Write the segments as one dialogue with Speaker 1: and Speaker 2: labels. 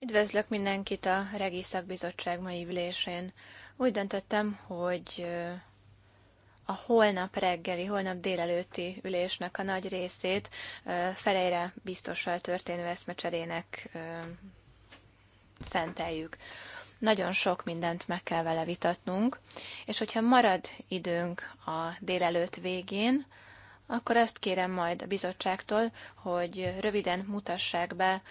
Speaker 1: Üdvözlök mindenkit a Regi Szakbizottság mai ülésén. Úgy döntöttem, hogy a holnap reggeli, holnap délelőtti ülésnek a nagy részét Ferejre biztossal történő eszmecserének szenteljük. Nagyon sok mindent meg kell vele vitatnunk, és hogyha marad időnk a délelőtt végén, akkor ezt kérem majd a bizottságtól, hogy röviden mutassák be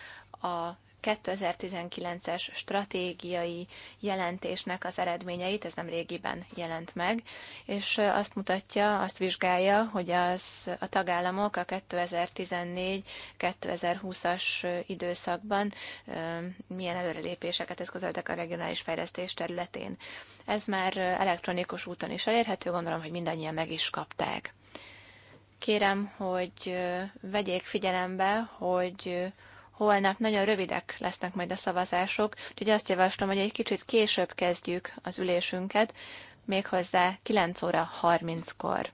Speaker 1: a 2019-es stratégiai jelentésnek az eredményeit, ez nem régiben jelent meg, és azt mutatja, azt vizsgálja, hogy az a tagállamok a 2014-2020-as időszakban milyen előrelépéseket eszközöltek a regionális fejlesztés területén. Ez már elektronikus úton is elérhető, gondolom, hogy mindannyian meg is kapták. Kérem, hogy vegyék figyelembe, hogy holnap nagyon rövidek lesznek majd a szavazások, úgyhogy azt javaslom, hogy egy kicsit később kezdjük az ülésünket, méghozzá 9 óra 30-kor.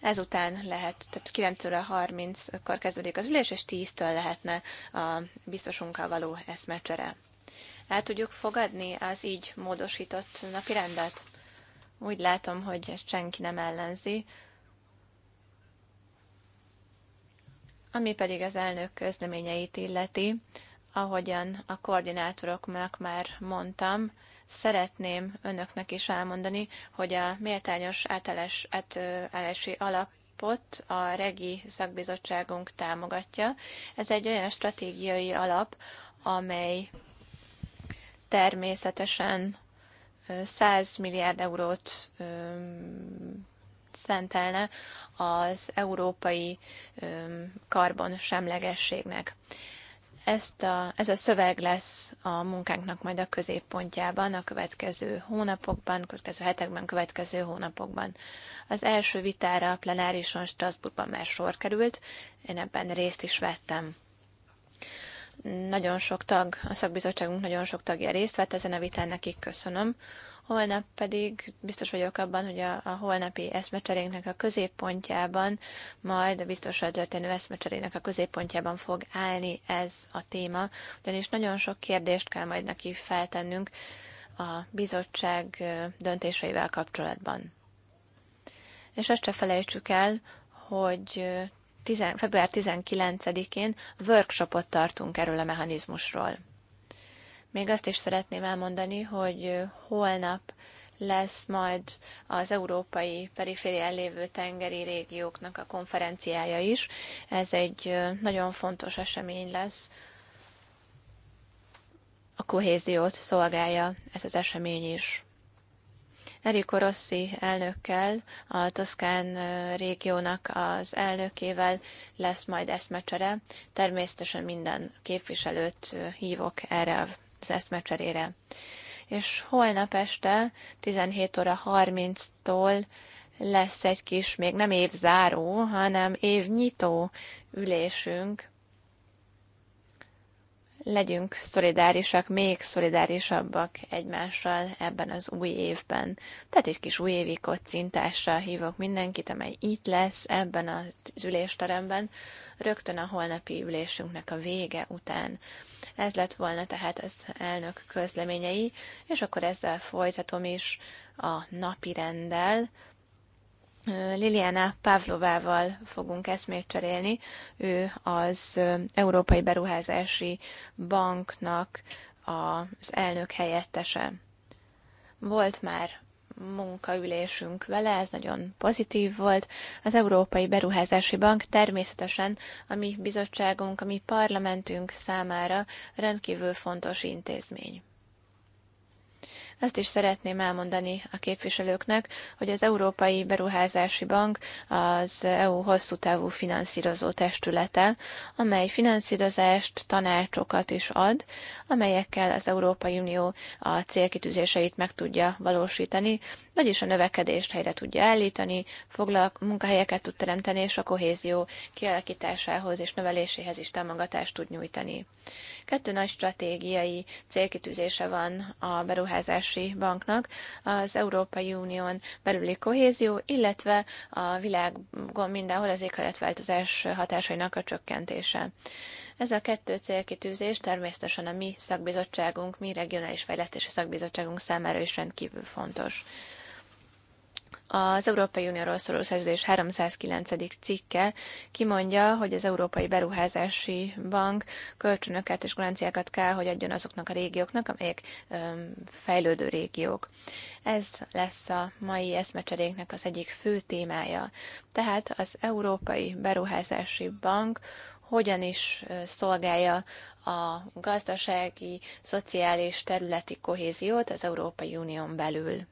Speaker 1: Ezután lehet, tehát 9 óra 30-kor kezdődik az ülés, és 10-től lehetne a biztosunkkal való eszmecsere. El tudjuk fogadni az így módosított napirendet? Úgy látom, hogy ezt senki nem ellenzi, Ami pedig az elnök közleményeit illeti, ahogyan a koordinátoroknak már mondtam, szeretném önöknek is elmondani, hogy a méltányos átállási alap alapot a REGI szakbizottságunk támogatja. Ez egy olyan stratégiai alap, amely természetesen 100 milliárd eurót szentelne az európai karbon semlegességnek. Ezt a, ez a szöveg lesz a munkánknak majd a középpontjában a következő hónapokban, következő hetekben, következő hónapokban. Az első vitára a plenárison Strasbourgban már sor került, én ebben részt is vettem nagyon sok tag, a szakbizottságunk nagyon sok tagja részt vett ezen a vitán, nekik köszönöm. Holnap pedig biztos vagyok abban, hogy a, a holnapi eszmecserénknek a középpontjában, majd a biztosan történő eszmecserének a középpontjában fog állni ez a téma, ugyanis nagyon sok kérdést kell majd neki feltennünk a bizottság döntéseivel kapcsolatban. És azt se felejtsük el, hogy február 19-én workshopot tartunk erről a mechanizmusról. Még azt is szeretném elmondani, hogy holnap lesz majd az európai periférián lévő tengeri régióknak a konferenciája is. Ez egy nagyon fontos esemény lesz. A kohéziót szolgálja ez az esemény is. Eriko Rossi elnökkel, a Toszkán régiónak az elnökével lesz majd eszmecsere. Természetesen minden képviselőt hívok erre a az eszmecserére. És holnap este 17 óra 30-tól lesz egy kis, még nem évzáró, hanem évnyitó ülésünk. Legyünk szolidárisak, még szolidárisabbak egymással ebben az új évben. Tehát egy kis újévi kocintással hívok mindenkit, amely itt lesz ebben az ülésteremben, rögtön a holnapi ülésünknek a vége után. Ez lett volna tehát az elnök közleményei, és akkor ezzel folytatom is a napi rendel. Liliana Pavlovával fogunk eszmét cserélni. Ő az Európai Beruházási Banknak az elnök helyettese. Volt már munkaülésünk vele, ez nagyon pozitív volt. Az Európai Beruházási Bank természetesen a mi bizottságunk, a mi parlamentünk számára rendkívül fontos intézmény. Azt is szeretném elmondani a képviselőknek, hogy az Európai Beruházási Bank az EU hosszú távú finanszírozó testülete, amely finanszírozást, tanácsokat is ad, amelyekkel az Európai Unió a célkitűzéseit meg tudja valósítani, vagyis a növekedést helyre tudja állítani, foglalk, munkahelyeket tud teremteni, és a kohézió kialakításához és növeléséhez is támogatást tud nyújtani. Kettő nagy stratégiai célkitűzése van a beruházás Beruházási Banknak az Európai Unión belüli kohézió, illetve a világon mindenhol az éghajlatváltozás hatásainak a csökkentése. Ez a kettő célkitűzés természetesen a mi szakbizottságunk, mi regionális fejlesztési szakbizottságunk számára is rendkívül fontos. Az Európai Unióról szóló szerződés 309. cikke kimondja, hogy az Európai Beruházási Bank kölcsönöket és garanciákat kell, hogy adjon azoknak a régióknak, amelyek fejlődő régiók. Ez lesz a mai eszmecseréknek az egyik fő témája. Tehát az Európai Beruházási Bank hogyan is szolgálja a gazdasági, szociális, területi kohéziót az Európai Unión belül.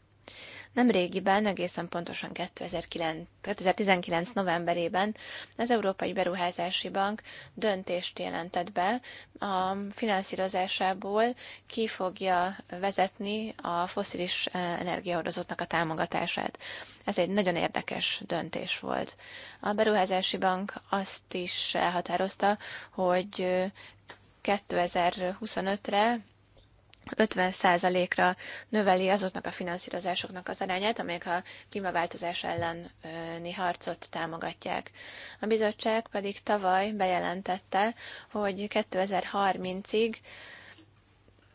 Speaker 1: Nem régiben, egészen pontosan 2009, 2019 novemberében az Európai Beruházási Bank döntést jelentett be a finanszírozásából ki fogja vezetni a foszilis eh, energiahordozóknak a támogatását. Ez egy nagyon érdekes döntés volt. A Beruházási Bank azt is elhatározta, hogy 2025-re eh, 50%-ra növeli azoknak a finanszírozásoknak az arányát, amelyek a klímaváltozás elleni harcot támogatják. A bizottság pedig tavaly bejelentette, hogy 2030-ig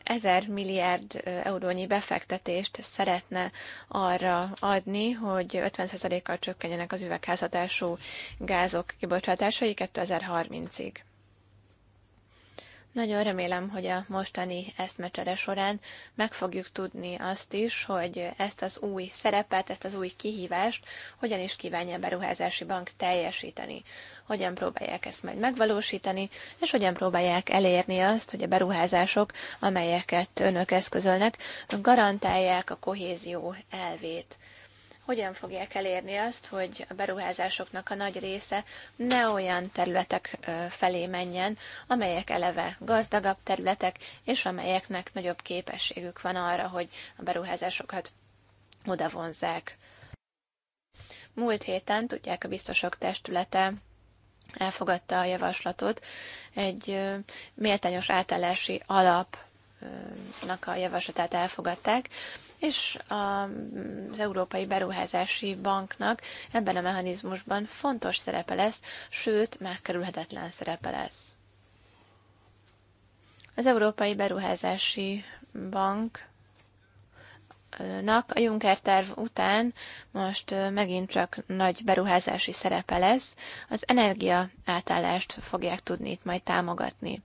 Speaker 1: 1000 milliárd eurónyi befektetést szeretne arra adni, hogy 50%-kal csökkenjenek az üvegházhatású gázok kibocsátásai 2030-ig. Nagyon remélem, hogy a mostani eszmecsere során meg fogjuk tudni azt is, hogy ezt az új szerepet, ezt az új kihívást hogyan is kívánja a beruházási bank teljesíteni, hogyan próbálják ezt majd megvalósítani, és hogyan próbálják elérni azt, hogy a beruházások, amelyeket önök eszközölnek, garantálják a kohézió elvét hogyan fogják elérni azt, hogy a beruházásoknak a nagy része ne olyan területek felé menjen, amelyek eleve gazdagabb területek, és amelyeknek nagyobb képességük van arra, hogy a beruházásokat odavonzzák. Múlt héten, tudják, a biztosok testülete elfogadta a javaslatot egy méltányos átállási alapnak a javaslatát elfogadták, és az Európai Beruházási Banknak ebben a mechanizmusban fontos szerepe lesz, sőt, megkerülhetetlen szerepe lesz. Az Európai Beruházási Bank a Juncker terv után most megint csak nagy beruházási szerepe lesz, az energia átállást fogják tudni itt majd támogatni.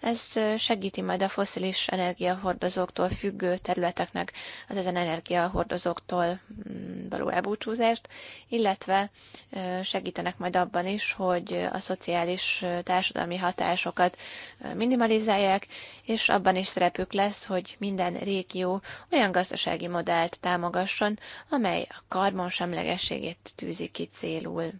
Speaker 1: Ez segíti majd a foszilis energiahordozóktól függő területeknek az ezen energiahordozóktól mm, való elbúcsúzást, illetve segítenek majd abban is, hogy a szociális társadalmi hatásokat minimalizálják, és abban is szerepük lesz, hogy minden régió olyan gazdasági modellt támogasson, amely a karbonsemlegességét tűzi ki célul.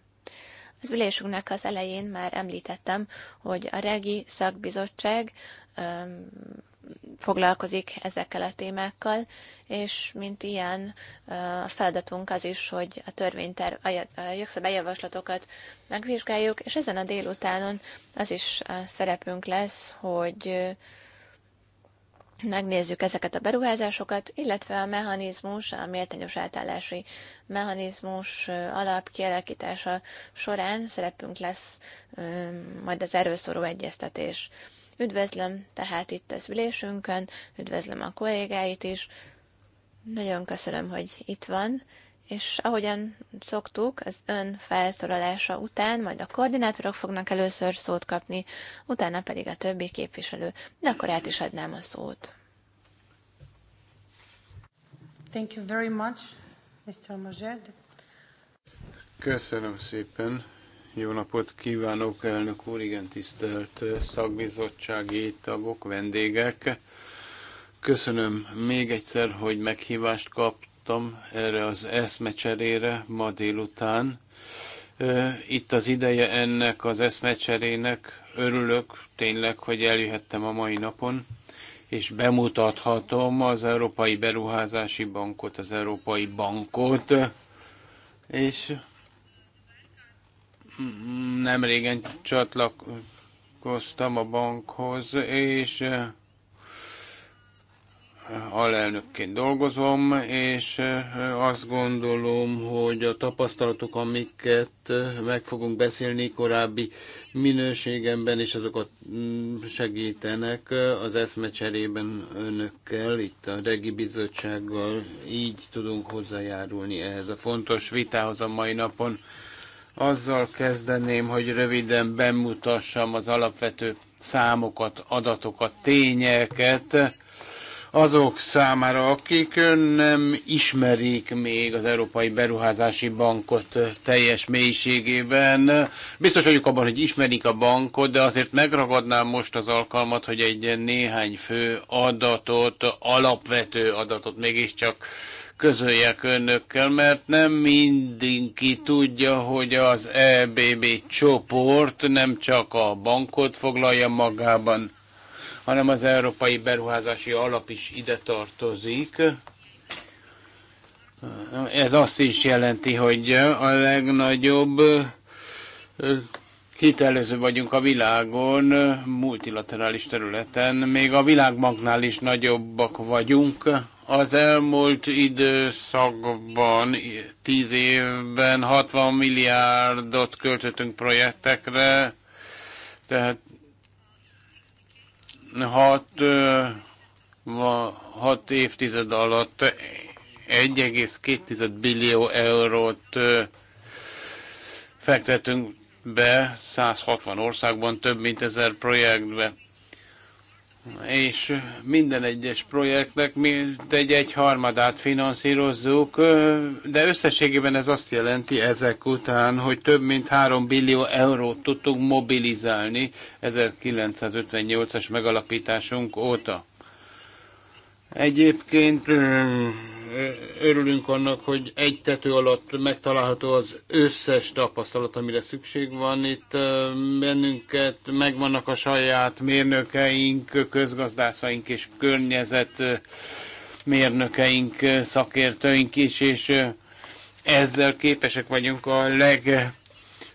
Speaker 1: Az ülésünknek az elején már említettem, hogy a Regi Szakbizottság foglalkozik ezekkel a témákkal, és mint ilyen a feladatunk az is, hogy a törvényter, a jogszabályjavaslatokat megvizsgáljuk, és ezen a délutánon az is a szerepünk lesz, hogy megnézzük ezeket a beruházásokat, illetve a mechanizmus, a méltányos átállási mechanizmus kialakítása során szerepünk lesz majd az erőszorú egyeztetés. Üdvözlöm tehát itt az ülésünkön, üdvözlöm a kollégáit is, nagyon köszönöm, hogy itt van, és ahogyan szoktuk, az ön felszólalása után majd a koordinátorok fognak először szót kapni, utána pedig a többi képviselő. De akkor át is adnám a szót.
Speaker 2: Thank you very much, Mr. Majed.
Speaker 3: Köszönöm szépen. Jó napot kívánok, elnök úr, igen tisztelt szakbizottsági tagok, vendégek. Köszönöm még egyszer, hogy meghívást kaptam meghívtam erre az eszmecserére ma délután. Itt az ideje ennek az eszmecserének. Örülök tényleg, hogy eljöhettem a mai napon, és bemutathatom az Európai Beruházási Bankot, az Európai Bankot, és nem régen csatlakoztam a bankhoz, és alelnökként dolgozom, és azt gondolom, hogy a tapasztalatok, amiket meg fogunk beszélni korábbi minőségemben, és azokat mm, segítenek az eszmecserében önökkel, itt a Regi Bizottsággal, így tudunk hozzájárulni ehhez a fontos vitához a mai napon. Azzal kezdeném, hogy röviden bemutassam az alapvető számokat, adatokat, tényeket, azok számára, akik nem ismerik még az Európai Beruházási Bankot teljes mélységében. Biztos vagyok abban, hogy ismerik a bankot, de azért megragadnám most az alkalmat, hogy egy néhány fő adatot, alapvető adatot mégiscsak közöljek önökkel, mert nem mindenki tudja, hogy az EBB csoport nem csak a bankot foglalja magában, hanem az Európai Beruházási Alap is ide tartozik. Ez azt is jelenti, hogy a legnagyobb hitelező vagyunk a világon, multilaterális területen, még a világbanknál is nagyobbak vagyunk. Az elmúlt időszakban, tíz évben 60 milliárdot költöttünk projektekre, tehát hat, hat évtized alatt 1,2 billió eurót fektetünk be 160 országban több mint ezer projektbe és minden egyes projektnek mi egy harmadát finanszírozzuk, de összességében ez azt jelenti ezek után, hogy több mint 3 billió eurót tudtunk mobilizálni 1958-as megalapításunk óta. Egyébként örülünk annak, hogy egy tető alatt megtalálható az összes tapasztalat, amire szükség van. Itt bennünket megvannak a saját mérnökeink, közgazdászaink és környezet mérnökeink, szakértőink is, és ezzel képesek vagyunk a leg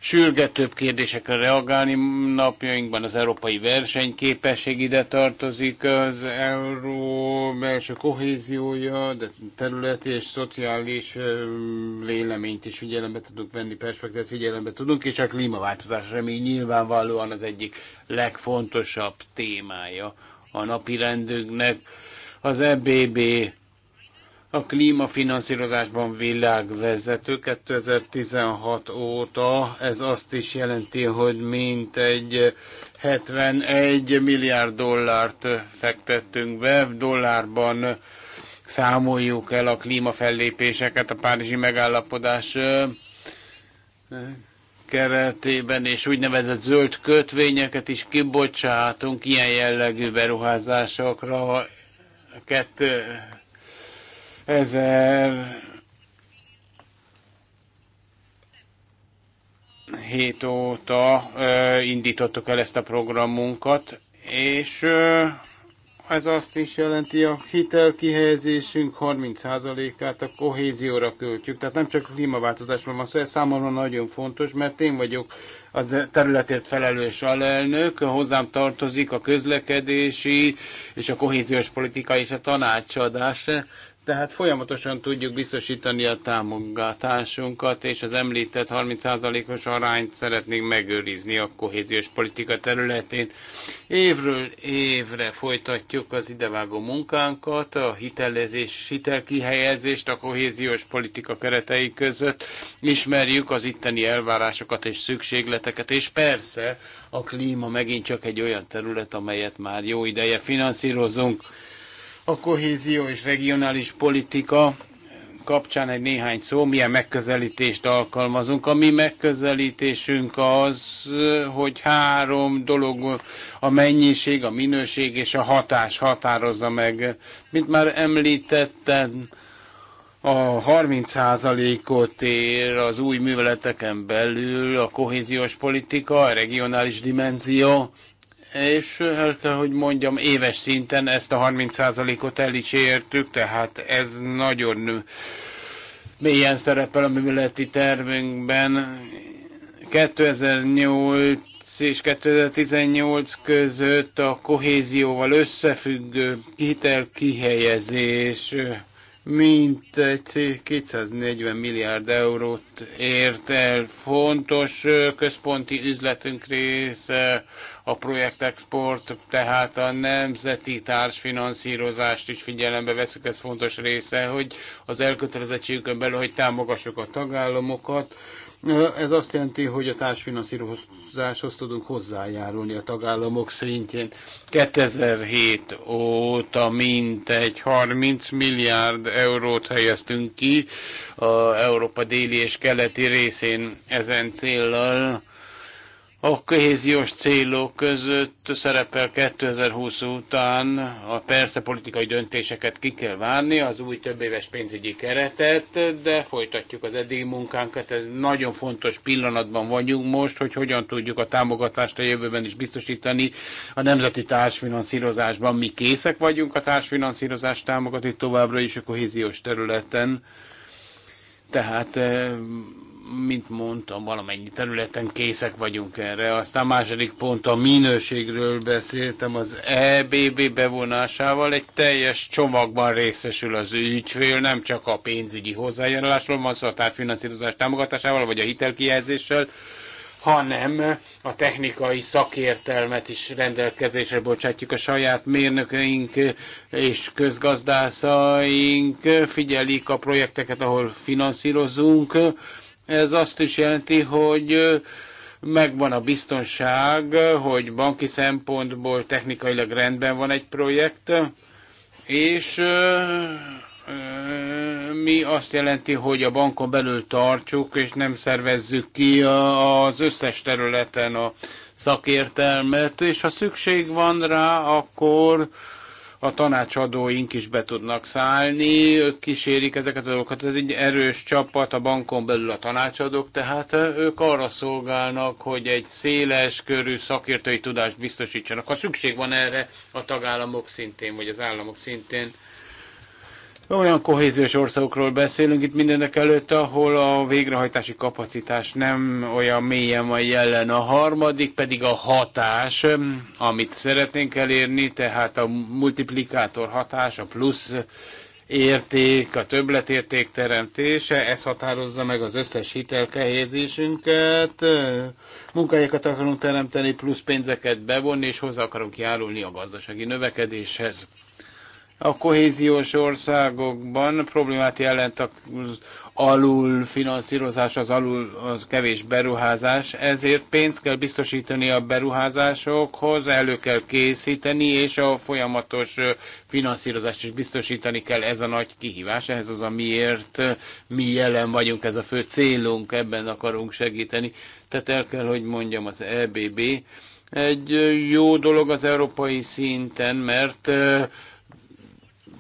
Speaker 3: sürgetőbb kérdésekre reagálni. Napjainkban az európai versenyképesség ide tartozik, az euró belső kohéziója, de területi és szociális véleményt is figyelembe tudunk venni, perspektívát figyelembe tudunk, és a klímaváltozás remény nyilvánvalóan az egyik legfontosabb témája a napi rendünknek. Az EBB a klímafinanszírozásban világvezető 2016 óta. Ez azt is jelenti, hogy mintegy 71 milliárd dollárt fektettünk be, dollárban számoljuk el a klímafellépéseket a Párizsi megállapodás keretében, és úgynevezett zöld kötvényeket is kibocsátunk ilyen jellegű beruházásokra ezer 7 óta ö, indítottuk el ezt a programunkat, és ö, ez azt is jelenti, a kihelyezésünk 30%-át a kohézióra költjük. Tehát nem csak a klímaváltozásról van szó, ez számomra nagyon fontos, mert én vagyok a területért felelős alelnök, hozzám tartozik a közlekedési és a kohéziós politika és a tanácsadás. Tehát folyamatosan tudjuk biztosítani a támogatásunkat, és az említett 30%-os arányt szeretnénk megőrizni a kohéziós politika területén. Évről évre folytatjuk az idevágó munkánkat, a hitelezés, hitelkihelyezést a kohéziós politika keretei között. Ismerjük az itteni elvárásokat és szükségleteket, és persze a klíma megint csak egy olyan terület, amelyet már jó ideje finanszírozunk a kohézió és regionális politika kapcsán egy néhány szó, milyen megközelítést alkalmazunk. A mi megközelítésünk az, hogy három dolog, a mennyiség, a minőség és a hatás határozza meg. Mint már említettem, a 30%-ot ér az új műveleteken belül a kohéziós politika, a regionális dimenzió, és el kell, hogy mondjam, éves szinten ezt a 30%-ot el is értük, tehát ez nagyon mélyen szerepel a műveleti tervünkben. 2008 és 2018 között a kohézióval összefüggő hitelkihelyezés kihelyezés mint egy 240 milliárd eurót ért el. Fontos központi üzletünk része a export, tehát a nemzeti társfinanszírozást is figyelembe veszük, ez fontos része, hogy az elkötelezettségünkön belül, hogy támogassuk a tagállamokat, ez azt jelenti, hogy a társfinanszírozáshoz tudunk hozzájárulni a tagállamok szintjén. 2007 óta mintegy 30 milliárd eurót helyeztünk ki a Európa déli és keleti részén ezen céllal a kohéziós célok között szerepel 2020 után, a persze politikai döntéseket ki kell várni, az új többéves pénzügyi keretet, de folytatjuk az eddigi munkánkat. Ez nagyon fontos pillanatban vagyunk most, hogy hogyan tudjuk a támogatást a jövőben is biztosítani. A nemzeti társfinanszírozásban mi készek vagyunk a társfinanszírozást támogatni továbbra is a kohéziós területen. Tehát eh, mint mondtam, valamennyi területen készek vagyunk erre. Aztán második pont a minőségről beszéltem, az EBB bevonásával egy teljes csomagban részesül az ügyfél, nem csak a pénzügyi hozzájárulásról van szó, a tárfinanszírozás támogatásával, vagy a hitelkijelzéssel, hanem a technikai szakértelmet is rendelkezésre bocsátjuk a saját mérnökeink és közgazdászaink, figyelik a projekteket, ahol finanszírozunk, ez azt is jelenti, hogy megvan a biztonság, hogy banki szempontból technikailag rendben van egy projekt, és mi azt jelenti, hogy a bankon belül tartsuk, és nem szervezzük ki az összes területen a szakértelmet, és ha szükség van rá, akkor a tanácsadóink is be tudnak szállni, ők kísérik ezeket a dolgokat. Ez egy erős csapat a bankon belül a tanácsadók, tehát ők arra szolgálnak, hogy egy széles körű szakértői tudást biztosítsanak. Ha szükség van erre a tagállamok szintén, vagy az államok szintén, olyan kohéziós országokról beszélünk itt mindenek előtt, ahol a végrehajtási kapacitás nem olyan mélyen van jelen. A harmadik pedig a hatás, amit szeretnénk elérni, tehát a multiplikátor hatás, a plusz érték, a többletérték teremtése, ez határozza meg az összes hitelkehézésünket. Munkájákat akarunk teremteni, plusz pénzeket bevonni, és hozzá akarunk járulni a gazdasági növekedéshez a kohéziós országokban problémát jelent az alul finanszírozás, az alul az kevés beruházás, ezért pénzt kell biztosítani a beruházásokhoz, elő kell készíteni, és a folyamatos finanszírozást is biztosítani kell. Ez a nagy kihívás, ehhez az, A miért mi jelen vagyunk, ez a fő célunk, ebben akarunk segíteni. Tehát el kell, hogy mondjam, az EBB egy jó dolog az európai szinten, mert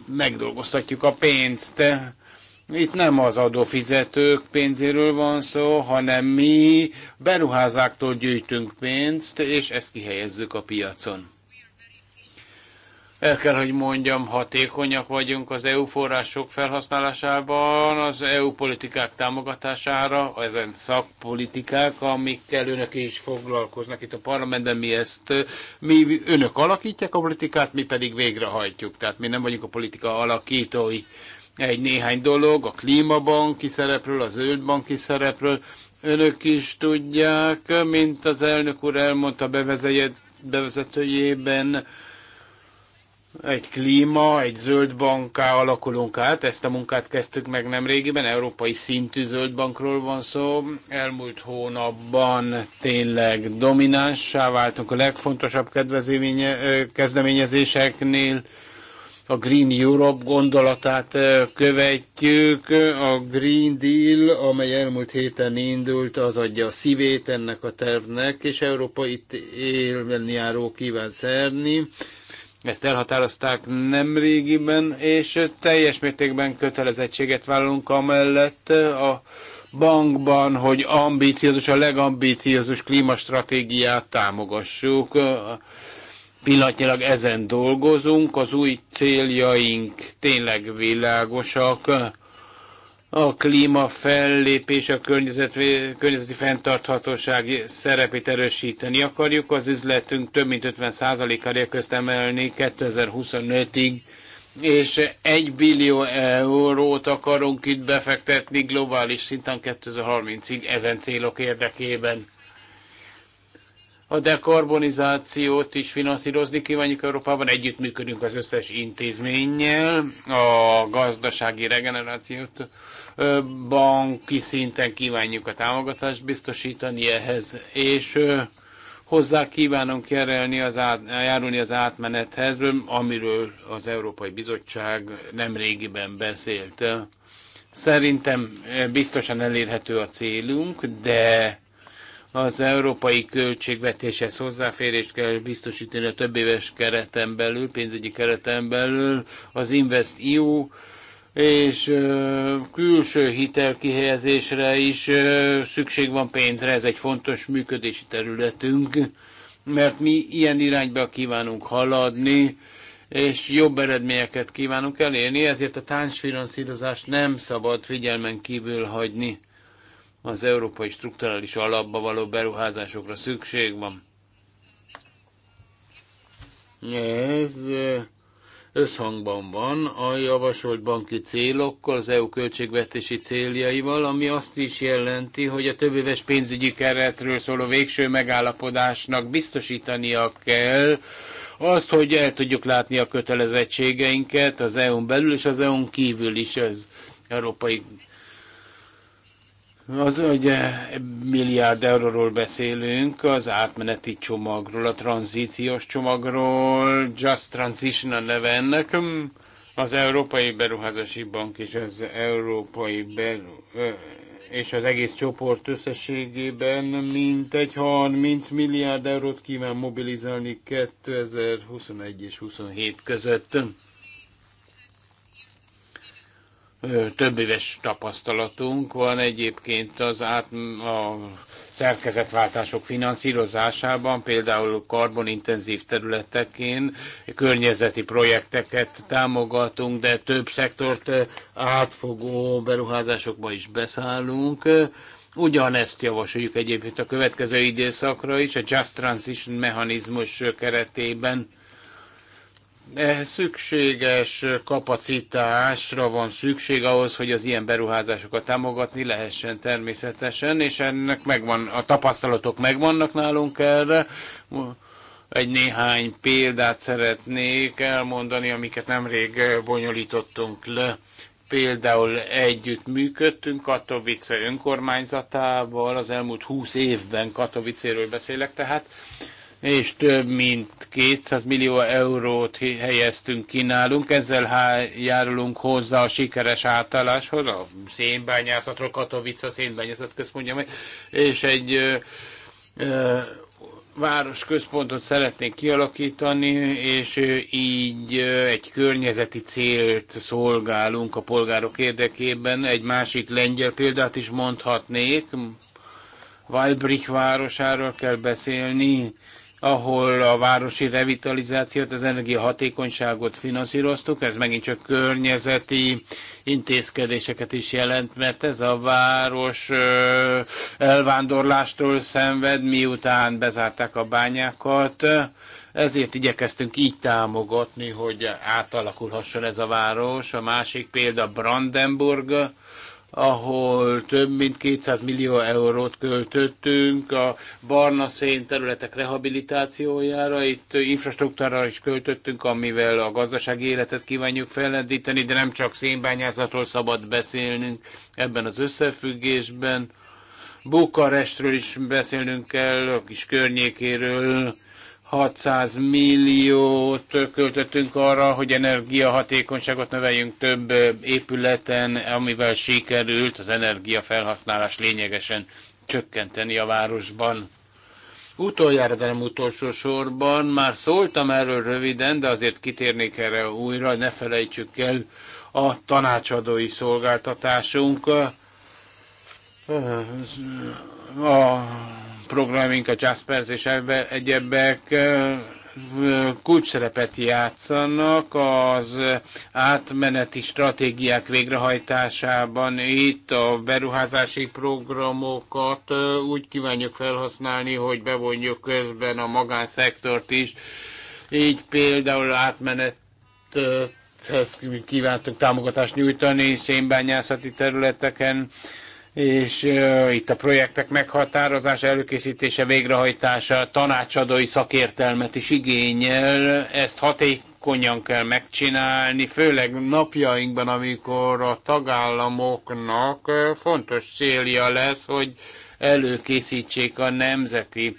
Speaker 3: megdolgoztatjuk a pénzt. Itt nem az adófizetők pénzéről van szó, hanem mi beruházáktól gyűjtünk pénzt, és ezt kihelyezzük a piacon. El kell, hogy mondjam, hatékonyak vagyunk az EU források felhasználásában, az EU politikák támogatására, ezen szakpolitikák, amikkel önök is foglalkoznak itt a parlamentben, mi ezt, mi önök alakítják a politikát, mi pedig végrehajtjuk. Tehát mi nem vagyunk a politika alakítói. Egy néhány dolog, a klímabanki szerepről, a zöldbanki szerepről, önök is tudják, mint az elnök úr elmondta bevezetőjében, egy klíma, egy zöld banká alakulunk át, ezt a munkát kezdtük meg nem régiben európai szintű zöld bankról van szó. Elmúlt hónapban tényleg dominánssá váltunk a legfontosabb kezdeményezéseknél. A Green Europe gondolatát követjük. A Green Deal, amely elmúlt héten indult, az adja a szívét ennek a tervnek, és Európa itt élni járó kíván szerni ezt elhatározták nem régiben, és teljes mértékben kötelezettséget vállalunk amellett a bankban, hogy ambíciózus, a legambíciózus klímastratégiát támogassuk. Pillanatnyilag ezen dolgozunk, az új céljaink tényleg világosak a klíma fellépés, a környezet, környezeti fenntarthatóság szerepét erősíteni akarjuk. Az üzletünk több mint 50%-ára közt emelni 2025-ig, és 1 billió eurót akarunk itt befektetni globális szinten 2030-ig ezen célok érdekében. A dekarbonizációt is finanszírozni kívánjuk Európában, együttműködünk az összes intézménnyel, a gazdasági regenerációt banki szinten kívánjuk a támogatást biztosítani ehhez, és hozzá kívánunk kerelni az, át, járulni az átmenethez, amiről az Európai Bizottság nem régiben beszélt. Szerintem biztosan elérhető a célunk, de az európai költségvetéshez hozzáférést kell biztosítani a többéves éves kereten belül, pénzügyi kereten belül. Az InvestEU és külső hitelkihelyezésre is szükség van pénzre, ez egy fontos működési területünk, mert mi ilyen irányba kívánunk haladni, és jobb eredményeket kívánunk elérni, ezért a társfinanszírozást nem szabad figyelmen kívül hagyni. Az európai strukturális alapba való beruházásokra szükség van. Ez összhangban van a javasolt banki célokkal, az EU költségvetési céljaival, ami azt is jelenti, hogy a többéves pénzügyi keretről szóló végső megállapodásnak biztosítania kell, azt, hogy el tudjuk látni a kötelezettségeinket az EU-n belül és az EU-n kívül is az európai az, hogy eh, milliárd euróról beszélünk, az átmeneti csomagról, a tranzíciós csomagról, Just Transition a neve ennek, az Európai Beruházási Bank és az Európai Beru és az egész csoport összességében mintegy 30 milliárd eurót kíván mobilizálni 2021 és 27 között több éves tapasztalatunk van egyébként az át, a szerkezetváltások finanszírozásában, például karbonintenzív területekén környezeti projekteket támogatunk, de több szektort átfogó beruházásokba is beszállunk. Ugyanezt javasoljuk egyébként a következő időszakra is, a Just Transition mechanizmus keretében Eh, szükséges kapacitásra van szükség ahhoz, hogy az ilyen beruházásokat támogatni lehessen természetesen, és ennek megvan, a tapasztalatok megvannak nálunk erre. Egy néhány példát szeretnék elmondani, amiket nemrég bonyolítottunk le. Például együtt működtünk Katowice önkormányzatával, az elmúlt 20 évben Katowicéről beszélek, tehát és több mint 200 millió eurót helyeztünk ki nálunk, ezzel járulunk hozzá a sikeres átálláshoz, a szénbányászatról, Katowice szénbányászat központja meg, és egy ö, ö, városközpontot szeretnénk kialakítani, és így egy környezeti célt szolgálunk a polgárok érdekében. Egy másik lengyel példát is mondhatnék, Walbrich városáról kell beszélni, ahol a városi revitalizációt, az energiahatékonyságot finanszíroztuk, ez megint csak környezeti intézkedéseket is jelent, mert ez a város elvándorlástól szenved, miután bezárták a bányákat, ezért igyekeztünk így támogatni, hogy átalakulhasson ez a város. A másik példa Brandenburg, ahol több mint 200 millió eurót költöttünk a barna szén területek rehabilitációjára, itt infrastruktúrára is költöttünk, amivel a gazdasági életet kívánjuk fellendíteni, de nem csak szénbányászatról szabad beszélnünk ebben az összefüggésben. Bukarestről is beszélnünk kell, a kis környékéről, 600 milliót költöttünk arra, hogy energiahatékonyságot növeljünk több épületen, amivel sikerült az energiafelhasználás lényegesen csökkenteni a városban. Utoljára, de nem utolsó sorban, már szóltam erről röviden, de azért kitérnék erre újra, ne felejtsük el a tanácsadói szolgáltatásunk. A programink a Jaspers és egyebek kulcs szerepet játszanak az átmeneti stratégiák végrehajtásában. Itt a beruházási programokat úgy kívánjuk felhasználni, hogy bevonjuk közben a magánszektort is. Így például átmenet kívántuk támogatást nyújtani szénbányászati területeken, és uh, itt a projektek meghatározása, előkészítése, végrehajtása tanácsadói szakértelmet is igényel, ezt hatékonyan kell megcsinálni, főleg napjainkban, amikor a tagállamoknak fontos célja lesz, hogy előkészítsék a nemzeti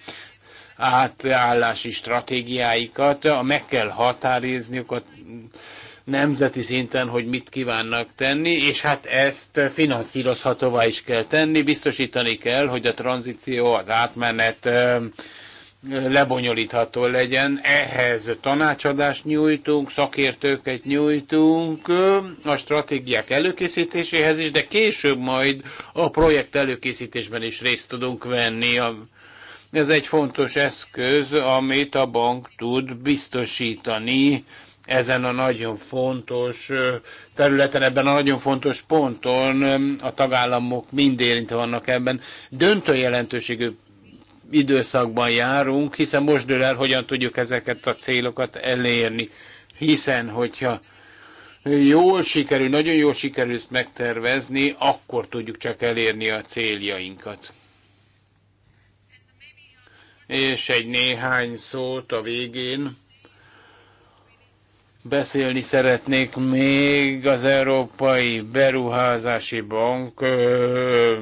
Speaker 3: átállási stratégiáikat, meg kell határozniuk a nemzeti szinten, hogy mit kívánnak tenni, és hát ezt finanszírozhatóvá is kell tenni, biztosítani kell, hogy a tranzíció, az átmenet lebonyolítható legyen. Ehhez tanácsadást nyújtunk, szakértőket nyújtunk a stratégiák előkészítéséhez is, de később majd a projekt előkészítésben is részt tudunk venni. Ez egy fontos eszköz, amit a bank tud biztosítani ezen a nagyon fontos területen, ebben a nagyon fontos ponton a tagállamok mind érintve vannak ebben. Döntő jelentőségű időszakban járunk, hiszen most dől el, hogyan tudjuk ezeket a célokat elérni. Hiszen, hogyha jól sikerül, nagyon jól sikerül ezt megtervezni, akkor tudjuk csak elérni a céljainkat. És egy néhány szót a végén beszélni szeretnék még az Európai Beruházási Bank ö,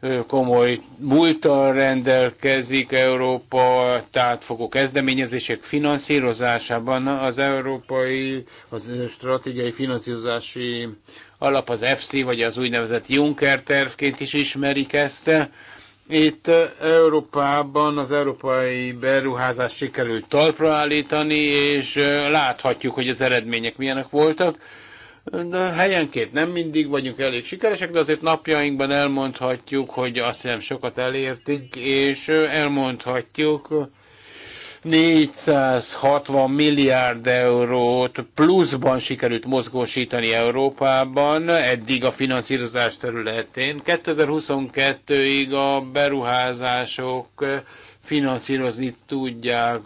Speaker 3: ö, komoly múltal rendelkezik Európa tátfogó kezdeményezések finanszírozásában. Az európai, az stratégiai finanszírozási alap az FC, vagy az úgynevezett Juncker tervként is ismerik ezt itt Európában az európai beruházás sikerült talpra állítani, és láthatjuk, hogy az eredmények milyenek voltak. De helyenként nem mindig vagyunk elég sikeresek, de azért napjainkban elmondhatjuk, hogy azt hiszem sokat elértünk, és elmondhatjuk, 460 milliárd eurót pluszban sikerült mozgósítani Európában, eddig a finanszírozás területén. 2022-ig a beruházások finanszírozni tudják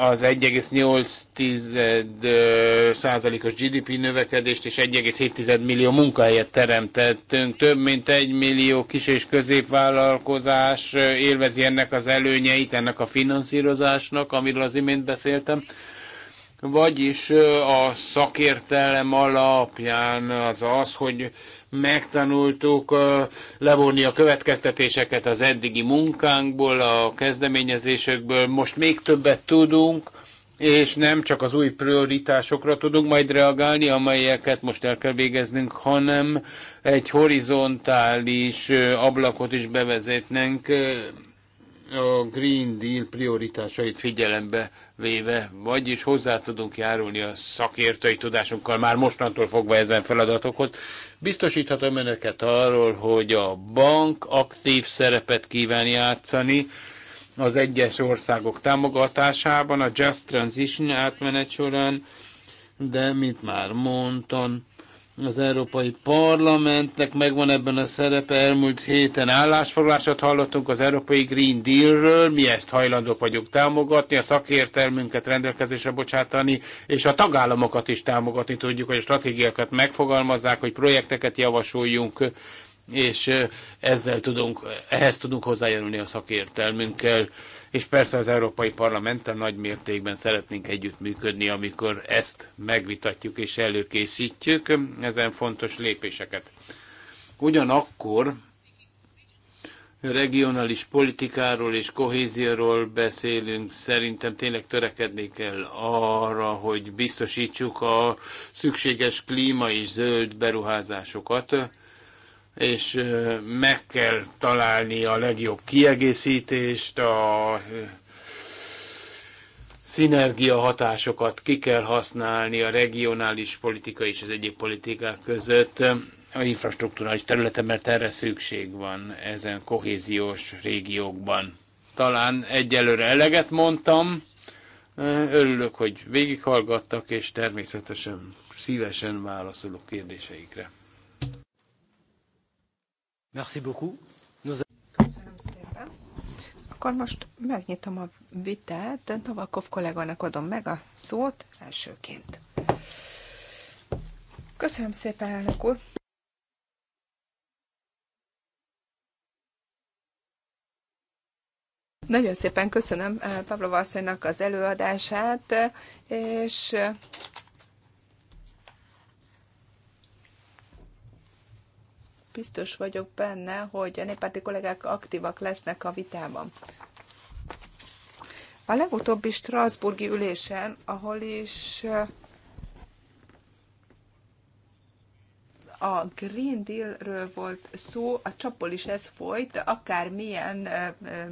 Speaker 3: az 1,8 százalékos GDP növekedést és 1,7 millió munkahelyet teremtettünk. Több mint 1 millió kis és középvállalkozás élvezi ennek az előnyeit, ennek a finanszírozásnak, amiről az imént beszéltem. Vagyis a szakértelem alapján az az, hogy megtanultuk levonni a következtetéseket az eddigi munkánkból, a kezdeményezésekből. Most még többet tudunk, és nem csak az új prioritásokra tudunk majd reagálni, amelyeket most el kell végeznünk, hanem egy horizontális ablakot is bevezetnénk a Green Deal prioritásait figyelembe véve, vagyis hozzá tudunk járulni a szakértői tudásunkkal már mostantól fogva ezen feladatokhoz. Biztosíthatom önöket arról, hogy a bank aktív szerepet kíván játszani az egyes országok támogatásában, a Just Transition átmenet során, de mint már mondtam, az Európai Parlamentnek megvan ebben a szerepe. Elmúlt héten állásfoglalásot hallottunk az Európai Green Dealről, mi ezt hajlandók vagyunk támogatni, a szakértelmünket rendelkezésre bocsátani, és a tagállamokat is támogatni tudjuk, hogy a stratégiákat megfogalmazzák, hogy projekteket javasoljunk, és ezzel tudunk, ehhez tudunk hozzájárulni a szakértelmünkkel és persze az Európai Parlamenttel nagy mértékben szeretnénk együttműködni, amikor ezt megvitatjuk és előkészítjük ezen fontos lépéseket. Ugyanakkor regionális politikáról és kohézióról beszélünk, szerintem tényleg törekedni kell arra, hogy biztosítsuk a szükséges klíma és zöld beruházásokat, és meg kell találni a legjobb kiegészítést, a szinergia hatásokat ki kell használni a regionális politika és az egyéb politikák között a infrastruktúrális területen, mert erre szükség van ezen kohéziós régiókban. Talán egyelőre eleget mondtam, örülök, hogy végighallgattak, és természetesen szívesen válaszolok kérdéseikre.
Speaker 1: Merci beaucoup.
Speaker 2: Nos... Köszönöm szépen. Akkor most megnyitom a vitát. Novakov kollégának adom meg a szót elsőként. Köszönöm szépen, elnök úr. Nagyon szépen köszönöm eh, Pavlova asszonynak az előadását, és biztos vagyok benne, hogy a néppárti kollégák aktívak lesznek a vitában. A legutóbbi Strasburgi ülésen, ahol is a Green Dealről volt szó, a csapból is ez folyt, akármilyen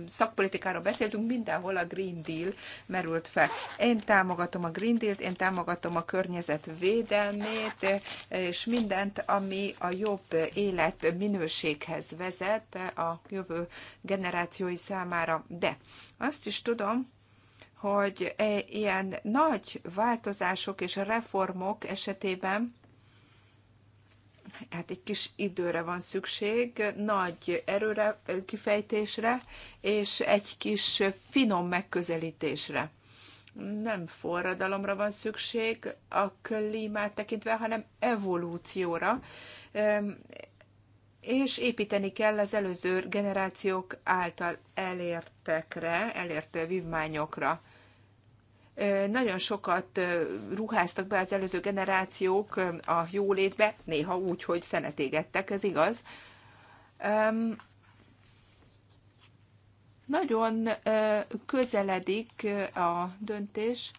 Speaker 2: szakpolitikáról beszéltünk, mindenhol a Green Deal merült fel. Én támogatom a Green Deal-t, én támogatom a környezet védelmét, és mindent, ami a jobb élet minőséghez vezet a jövő generációi számára. De azt is tudom, hogy e ilyen nagy változások és reformok esetében hát egy kis időre van szükség, nagy erőre, kifejtésre, és egy kis finom megközelítésre. Nem forradalomra van szükség a klímát tekintve, hanem evolúcióra, és építeni kell az előző generációk által elértekre, elért vívmányokra nagyon sokat ruháztak be az előző generációk a jólétbe, néha úgy, hogy szenetégettek, ez igaz. Nagyon közeledik a döntés.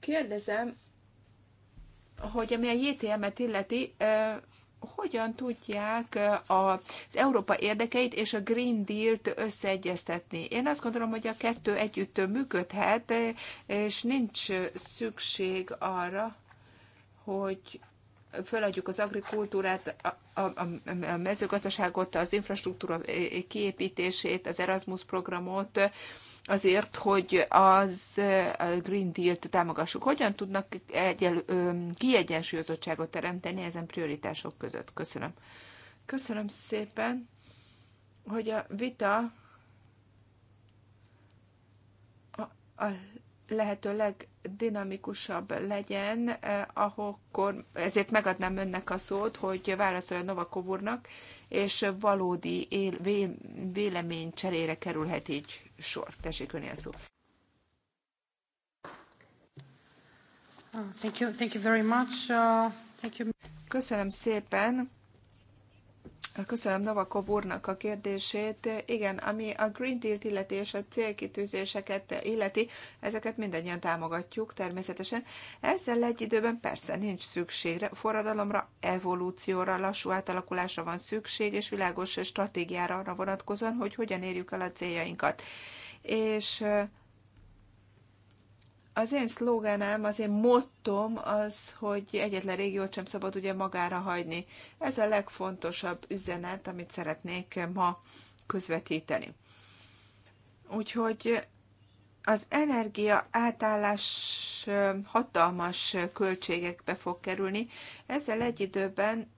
Speaker 2: Kérdezem, hogy ami a JTM-et illeti, hogyan tudják az Európa érdekeit és a Green Deal-t összeegyeztetni. Én azt gondolom, hogy a kettő együtt működhet, és nincs szükség arra, hogy föladjuk az agrikultúrát, a, a, a mezőgazdaságot, az infrastruktúra kiépítését, az Erasmus programot, azért, hogy az Green Deal-t támogassuk. Hogyan tudnak egyel, kiegyensúlyozottságot teremteni ezen prioritások között? Köszönöm. Köszönöm szépen, hogy a vita a, a lehető leg dinamikusabb legyen, eh, akkor ezért megadnám önnek a szót, hogy válaszolja Novakov úrnak, és valódi él, vé, cserére kerülhet így sor. Tessék önél szó. Oh, uh, Köszönöm szépen. Köszönöm Novakov úrnak a kérdését. Igen, ami a Green Deal-t illeti és a célkitűzéseket illeti, ezeket mindannyian támogatjuk természetesen. Ezzel egy időben persze nincs szükség forradalomra, evolúcióra, lassú átalakulásra van szükség, és világos stratégiára arra vonatkozóan, hogy hogyan érjük el a céljainkat. És az én szlógánám, az én mottom az, hogy egyetlen régiót sem szabad ugye magára hagyni. Ez a legfontosabb üzenet, amit szeretnék ma közvetíteni. Úgyhogy az energia átállás hatalmas költségekbe fog kerülni. Ezzel egy időben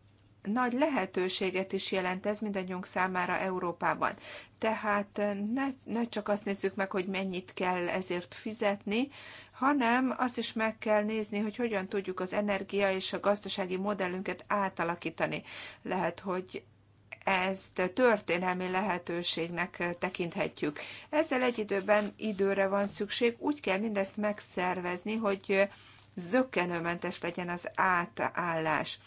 Speaker 2: nagy lehetőséget is jelent ez mindannyiunk számára Európában. Tehát ne, ne csak azt nézzük meg, hogy mennyit kell ezért fizetni, hanem azt is meg kell nézni, hogy hogyan tudjuk az energia és a gazdasági modellünket átalakítani. Lehet, hogy ezt történelmi lehetőségnek tekinthetjük. Ezzel egy időben időre van szükség, úgy kell mindezt megszervezni, hogy zöggenőmentes legyen az átállás.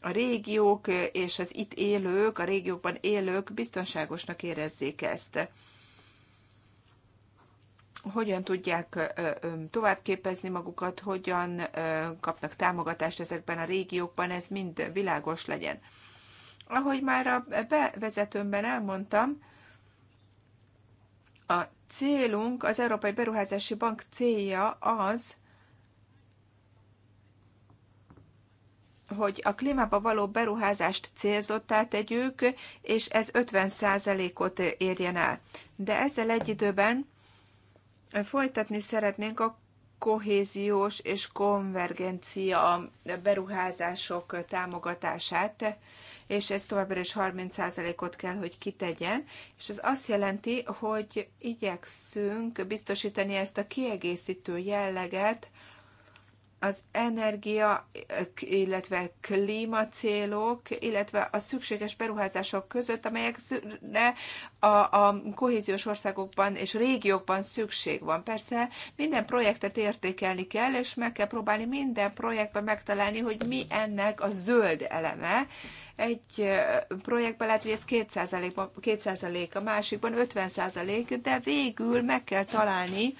Speaker 2: A régiók és az itt élők, a régiókban élők biztonságosnak érezzék ezt hogyan tudják továbbképezni magukat, hogyan kapnak támogatást ezekben a régiókban, ez mind világos legyen. Ahogy már a bevezetőmben elmondtam, a célunk, az Európai Beruházási Bank célja az, hogy a klímába való beruházást célzottá tegyük, és ez 50%-ot érjen el. De ezzel egy időben Folytatni szeretnénk a kohéziós és konvergencia beruházások támogatását, és ez továbbra is 30%-ot kell, hogy kitegyen, és ez azt jelenti, hogy igyekszünk biztosítani ezt a kiegészítő jelleget, az energia, illetve klímacélok, illetve a szükséges beruházások között, amelyekre a, a kohéziós országokban és régiókban szükség van. Persze minden projektet értékelni kell, és meg kell próbálni minden projektben megtalálni, hogy mi ennek a zöld eleme, egy projektben lehet, hogy ez 2%, 2% a másikban 50%, de végül meg kell találni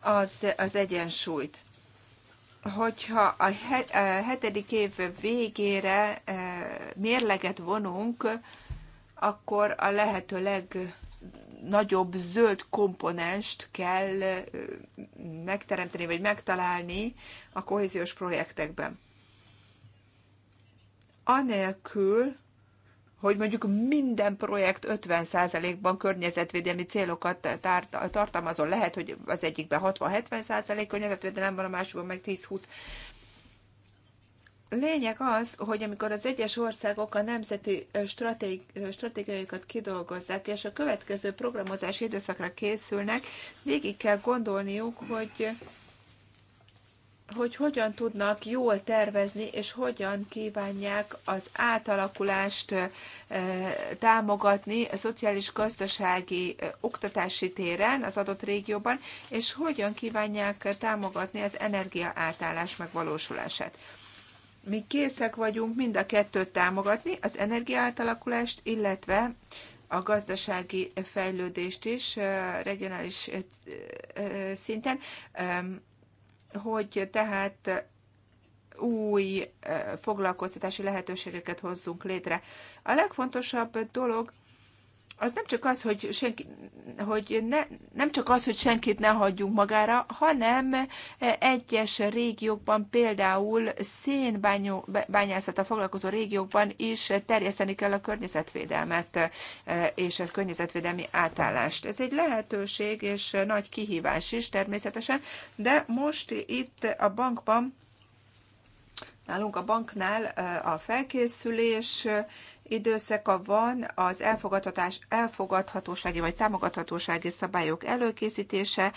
Speaker 2: az, az egyensúlyt hogyha a hetedik év végére e, mérleget vonunk, akkor a lehető legnagyobb zöld komponenst kell e, megteremteni, vagy megtalálni a kohéziós projektekben. Anélkül, hogy mondjuk minden projekt 50%-ban környezetvédelmi célokat tartalmazol. Lehet, hogy az egyikben 60-70% környezetvédelem van, a másikban meg 10-20. Lényeg az, hogy amikor az egyes országok a nemzeti stratégi- stratégiaikat kidolgozzák, és a következő programozási időszakra készülnek, végig kell gondolniuk, hogy hogy hogyan tudnak jól tervezni, és hogyan kívánják az átalakulást eh, támogatni a szociális-gazdasági eh, oktatási téren az adott régióban, és hogyan kívánják támogatni az energia átállás megvalósulását. Mi készek vagyunk mind a kettőt támogatni, az energiaátalakulást, illetve a gazdasági fejlődést is eh, regionális szinten hogy tehát új eh, foglalkoztatási lehetőségeket hozzunk létre. A legfontosabb dolog az nem csak az, hogy, senki, hogy ne, nem csak az, hogy senkit ne hagyjunk magára, hanem e, egyes régiókban, például szénbányászata foglalkozó régiókban is terjeszteni kell a környezetvédelmet e, és a környezetvédelmi átállást. Ez egy lehetőség és nagy kihívás is természetesen, de most itt a bankban Nálunk a banknál e, a felkészülés időszaka van az elfogadhatás, elfogadhatósági vagy támogathatósági szabályok előkészítése,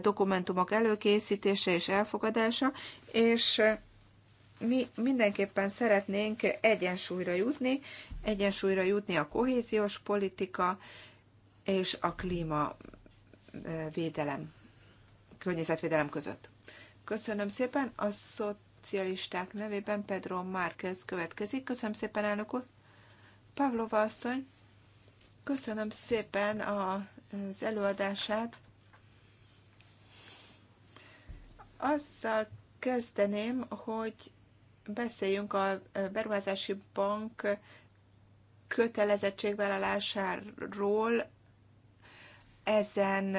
Speaker 2: dokumentumok előkészítése és elfogadása, és mi mindenképpen szeretnénk egyensúlyra jutni, egyensúlyra jutni a kohéziós politika és a klímavédelem, környezetvédelem között. Köszönöm szépen, a szót szocialisták nevében Pedro Márquez következik. Köszönöm szépen, elnök úr! Pavlova asszony, köszönöm szépen az előadását. Azzal kezdeném, hogy beszéljünk a beruházási bank kötelezettségvállalásáról ezen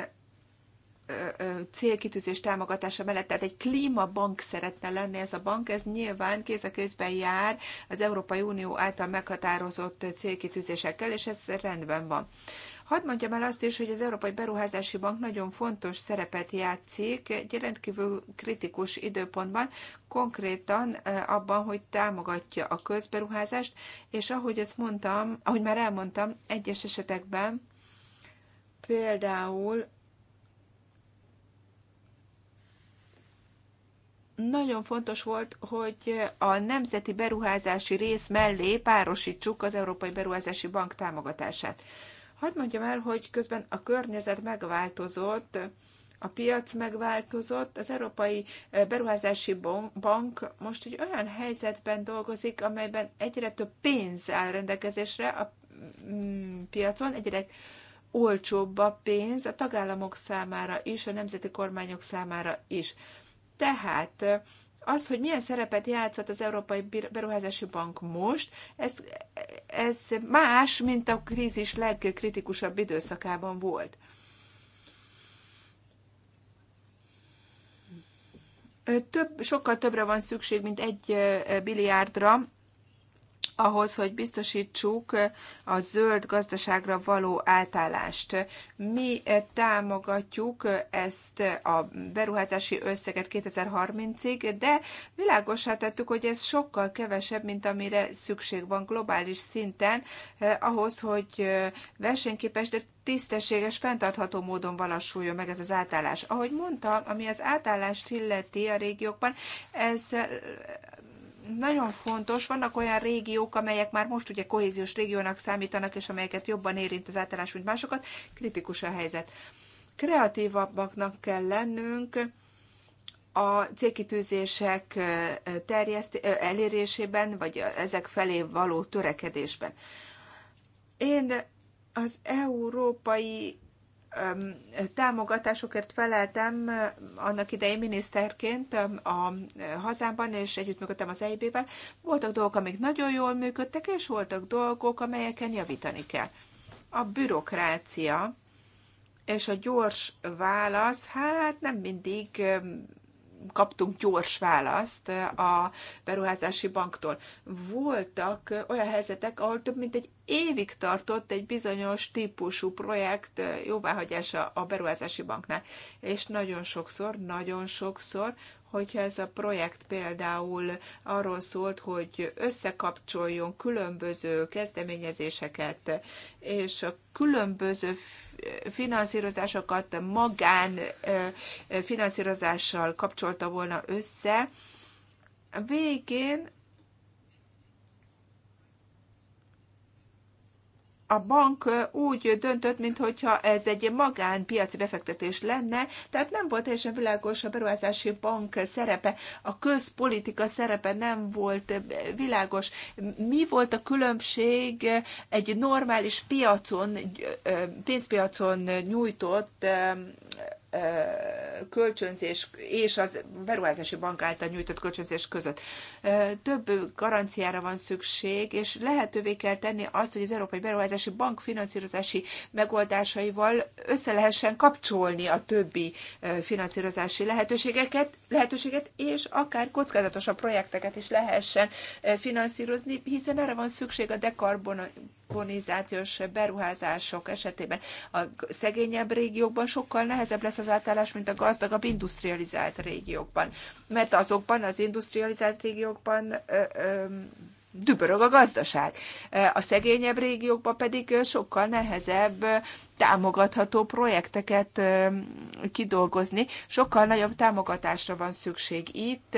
Speaker 2: célkitűzés támogatása mellett, tehát egy klímabank szeretne lenni ez a bank, ez nyilván kéz a kézben jár az Európai Unió által meghatározott célkitűzésekkel, és ez rendben van. Hadd mondjam el azt is, hogy az Európai Beruházási Bank nagyon fontos szerepet játszik egy rendkívül kritikus időpontban, konkrétan abban, hogy támogatja a közberuházást, és ahogy ezt mondtam, ahogy már elmondtam, egyes esetekben például nagyon fontos volt, hogy a nemzeti beruházási rész mellé párosítsuk az Európai Beruházási Bank támogatását. Hadd mondjam el, hogy közben a környezet megváltozott, a piac megváltozott, az Európai Beruházási Bank most egy olyan helyzetben dolgozik, amelyben egyre több pénz áll rendelkezésre a mm, piacon, egyre olcsóbb a pénz a tagállamok számára is, a nemzeti kormányok számára is. Tehát az, hogy milyen szerepet játszott az Európai Beruházási Bank most, ez, ez más, mint a krízis legkritikusabb időszakában volt. Több, sokkal többre van szükség, mint egy biliárdra ahhoz, hogy biztosítsuk a zöld gazdaságra való átállást. Mi eh, támogatjuk eh, ezt eh, a beruházási összeget 2030-ig, de világosá tettük, hogy ez sokkal kevesebb, mint amire szükség van globális szinten, ahhoz, hogy versenyképes, de tisztességes, fenntartható módon valósuljon meg ez az átállás. Ahogy mondtam, ami az átállást illeti a régiókban, ez nagyon fontos, vannak olyan régiók, amelyek már most ugye kohéziós régiónak számítanak, és amelyeket jobban érint az átállás, mint másokat, kritikus a helyzet. Kreatívabbaknak kell lennünk a célkitűzések terjeszt, elérésében, vagy ezek felé való törekedésben. Én az európai támogatásokért feleltem annak idején miniszterként a hazámban, és együttműködtem az EIB-vel. Voltak dolgok, amik nagyon jól működtek, és voltak dolgok, amelyeken javítani kell. A bürokrácia és a gyors válasz, hát nem mindig kaptunk gyors választ eh, a beruházási banktól. Voltak eh, olyan helyzetek, ahol több mint egy évig tartott egy bizonyos típusú projekt eh, jóváhagyása a beruházási banknál, és nagyon sokszor, nagyon sokszor hogyha ez a projekt például arról szólt, hogy összekapcsoljon különböző kezdeményezéseket, és a különböző finanszírozásokat magán finanszírozással kapcsolta volna össze, végén a bank úgy döntött, mintha ez egy magánpiaci befektetés lenne, tehát nem volt teljesen világos a beruházási bank szerepe, a közpolitika szerepe nem volt világos. Mi volt a különbség egy normális piacon, pénzpiacon nyújtott kölcsönzés és az beruházási bank által nyújtott kölcsönzés között. Több garanciára van szükség, és lehetővé kell tenni azt, hogy az Európai Beruházási Bank finanszírozási megoldásaival össze lehessen kapcsolni a többi finanszírozási lehetőségeket, lehetőséget, és akár kockázatosabb projekteket is lehessen finanszírozni, hiszen erre van szükség a dekarbon dekarbonizációs beruházások esetében a szegényebb régiókban sokkal nehezebb lesz az átállás, mint a gazdagabb industrializált régiókban. Mert azokban az industrializált régiókban ö, ö, dübörög a gazdaság. A szegényebb régiókban pedig sokkal nehezebb támogatható projekteket kidolgozni. Sokkal nagyobb támogatásra van szükség itt.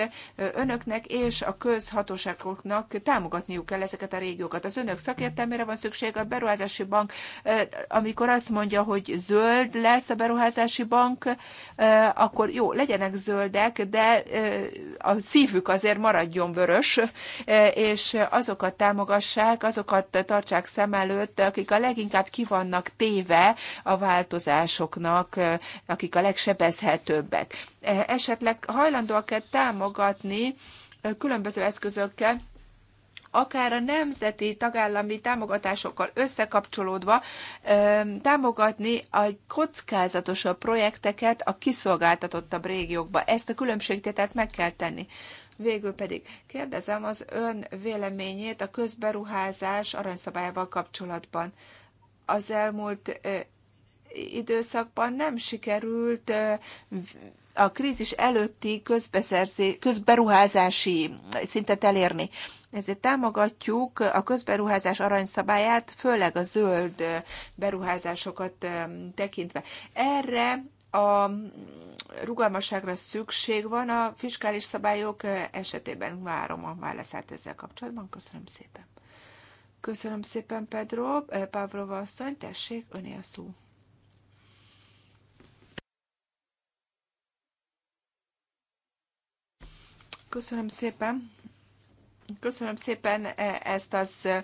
Speaker 2: Önöknek és a közhatóságoknak támogatniuk kell ezeket a régiókat. Az önök szakértelmére van szükség a beruházási bank, amikor azt mondja, hogy zöld lesz a beruházási bank, akkor jó, legyenek zöldek, de a szívük azért maradjon vörös, és azokat támogassák, azokat tartsák szem előtt, akik a leginkább kivannak téve, a változásoknak, akik a legsebezhetőbbek. E, esetleg hajlandóak-e támogatni különböző eszközökkel, akár a nemzeti tagállami támogatásokkal összekapcsolódva támogatni a kockázatosabb projekteket a kiszolgáltatottabb régiókba. Ezt a különbségtételt meg kell tenni. Végül pedig kérdezem az ön véleményét a közberuházás aranyszabályával kapcsolatban az elmúlt időszakban nem sikerült a krízis előtti közberuházási szintet elérni. Ezért támogatjuk a közberuházás aranyszabályát, főleg a zöld beruházásokat tekintve. Erre a rugalmasságra szükség van a fiskális szabályok esetében. Várom a válaszát ezzel kapcsolatban. Köszönöm szépen. Köszönöm szépen, Pedro. Eh, Pavlova asszony, tessék, öné a szó. Köszönöm szépen. Köszönöm szépen eh, ezt az eh,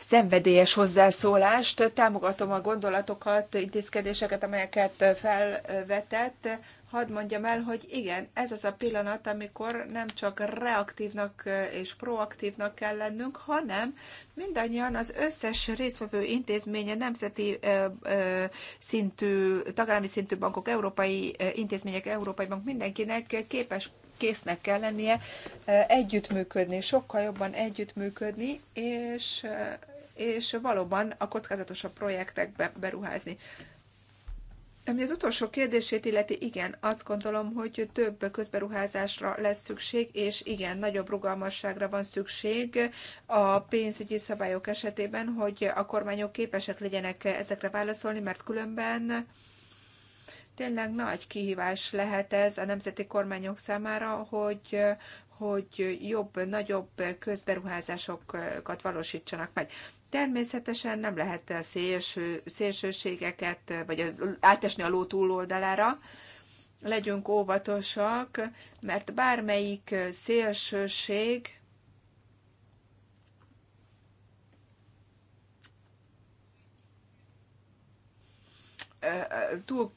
Speaker 2: szenvedélyes hozzászólást. Támogatom a gondolatokat, intézkedéseket, amelyeket felvetett hadd mondjam el, hogy igen, ez az a pillanat, amikor nem csak reaktívnak és proaktívnak kell lennünk, hanem mindannyian az összes résztvevő intézménye, nemzeti ö, ö, szintű, tagállami szintű bankok, európai intézmények, európai bank, mindenkinek képes késznek kell lennie együttműködni, sokkal jobban együttműködni, és, és valóban a kockázatosabb projektekbe beruházni. Ami az utolsó kérdését illeti, igen, azt gondolom, hogy több közberuházásra lesz szükség, és igen, nagyobb rugalmasságra van szükség a pénzügyi szabályok esetében, hogy a kormányok képesek legyenek ezekre válaszolni, mert különben tényleg nagy kihívás lehet ez a nemzeti kormányok számára, hogy hogy jobb, nagyobb közberuházásokat valósítsanak meg. Természetesen nem lehet a szélső, szélsőségeket, vagy átesni a ló túloldalára, legyünk óvatosak, mert bármelyik szélsőség túl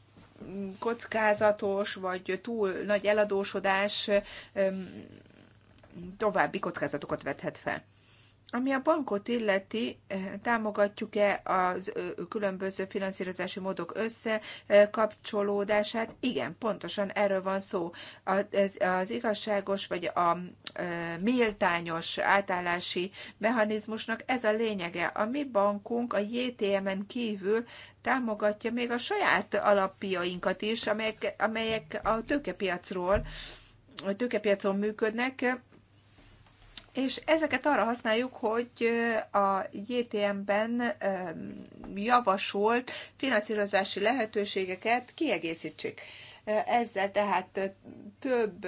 Speaker 2: kockázatos, vagy túl nagy eladósodás további kockázatokat vethet fel. Ami a bankot illeti, eh, támogatjuk-e a különböző finanszírozási módok összekapcsolódását? Igen, pontosan erről van szó. Az, az igazságos vagy a méltányos átállási mechanizmusnak ez a lényege. A mi bankunk a JTM-en kívül támogatja még a saját alapjainkat is, amelyek, amelyek a tőkepiacról, a tőkepiacon működnek, és ezeket arra használjuk, hogy a JTM-ben javasolt finanszírozási lehetőségeket kiegészítsék. Ezzel tehát több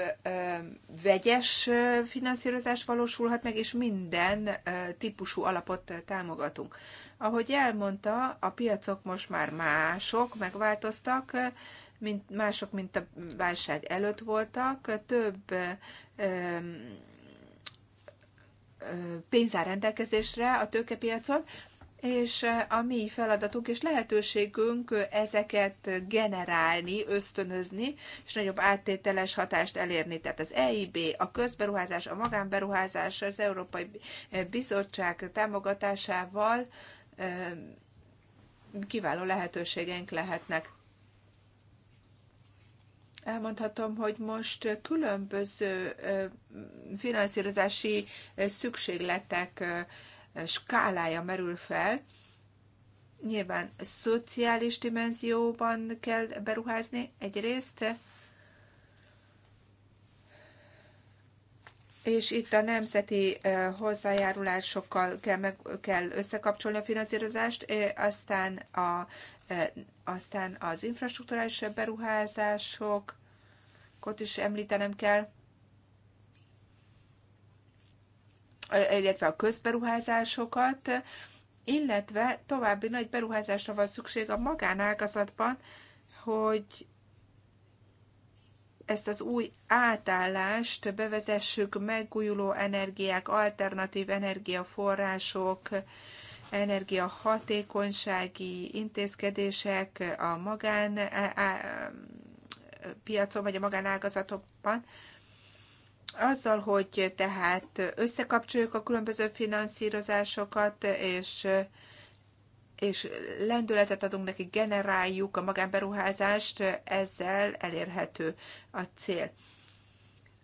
Speaker 2: vegyes finanszírozás valósulhat meg, és minden típusú alapot támogatunk. Ahogy elmondta, a piacok most már mások, megváltoztak, mint mások, mint a válság előtt voltak, több pénz áll rendelkezésre a tőkepiacon, és eh, a mi feladatunk és lehetőségünk eh, ezeket generálni, ösztönözni, és nagyobb áttételes hatást elérni. Tehát az EIB, a közberuházás, a magánberuházás, az Európai eh, Bizottság támogatásával kiváló lehetőségeink lehetnek elmondhatom, hogy most különböző finanszírozási szükségletek skálája merül fel. Nyilván szociális dimenzióban kell beruházni egyrészt, és itt a nemzeti hozzájárulásokkal kell, meg, kell összekapcsolni a finanszírozást, aztán a aztán az infrastruktúrális ott is említenem kell, illetve a közberuházásokat, illetve további nagy beruházásra van szükség a magánágazatban, hogy ezt az új átállást bevezessük megújuló energiák, alternatív energiaforrások energiahatékonysági intézkedések a magán piacon vagy a magánágazatokban, azzal, hogy tehát összekapcsoljuk a különböző finanszírozásokat, és, és lendületet adunk neki, generáljuk a magánberuházást, ezzel elérhető a cél.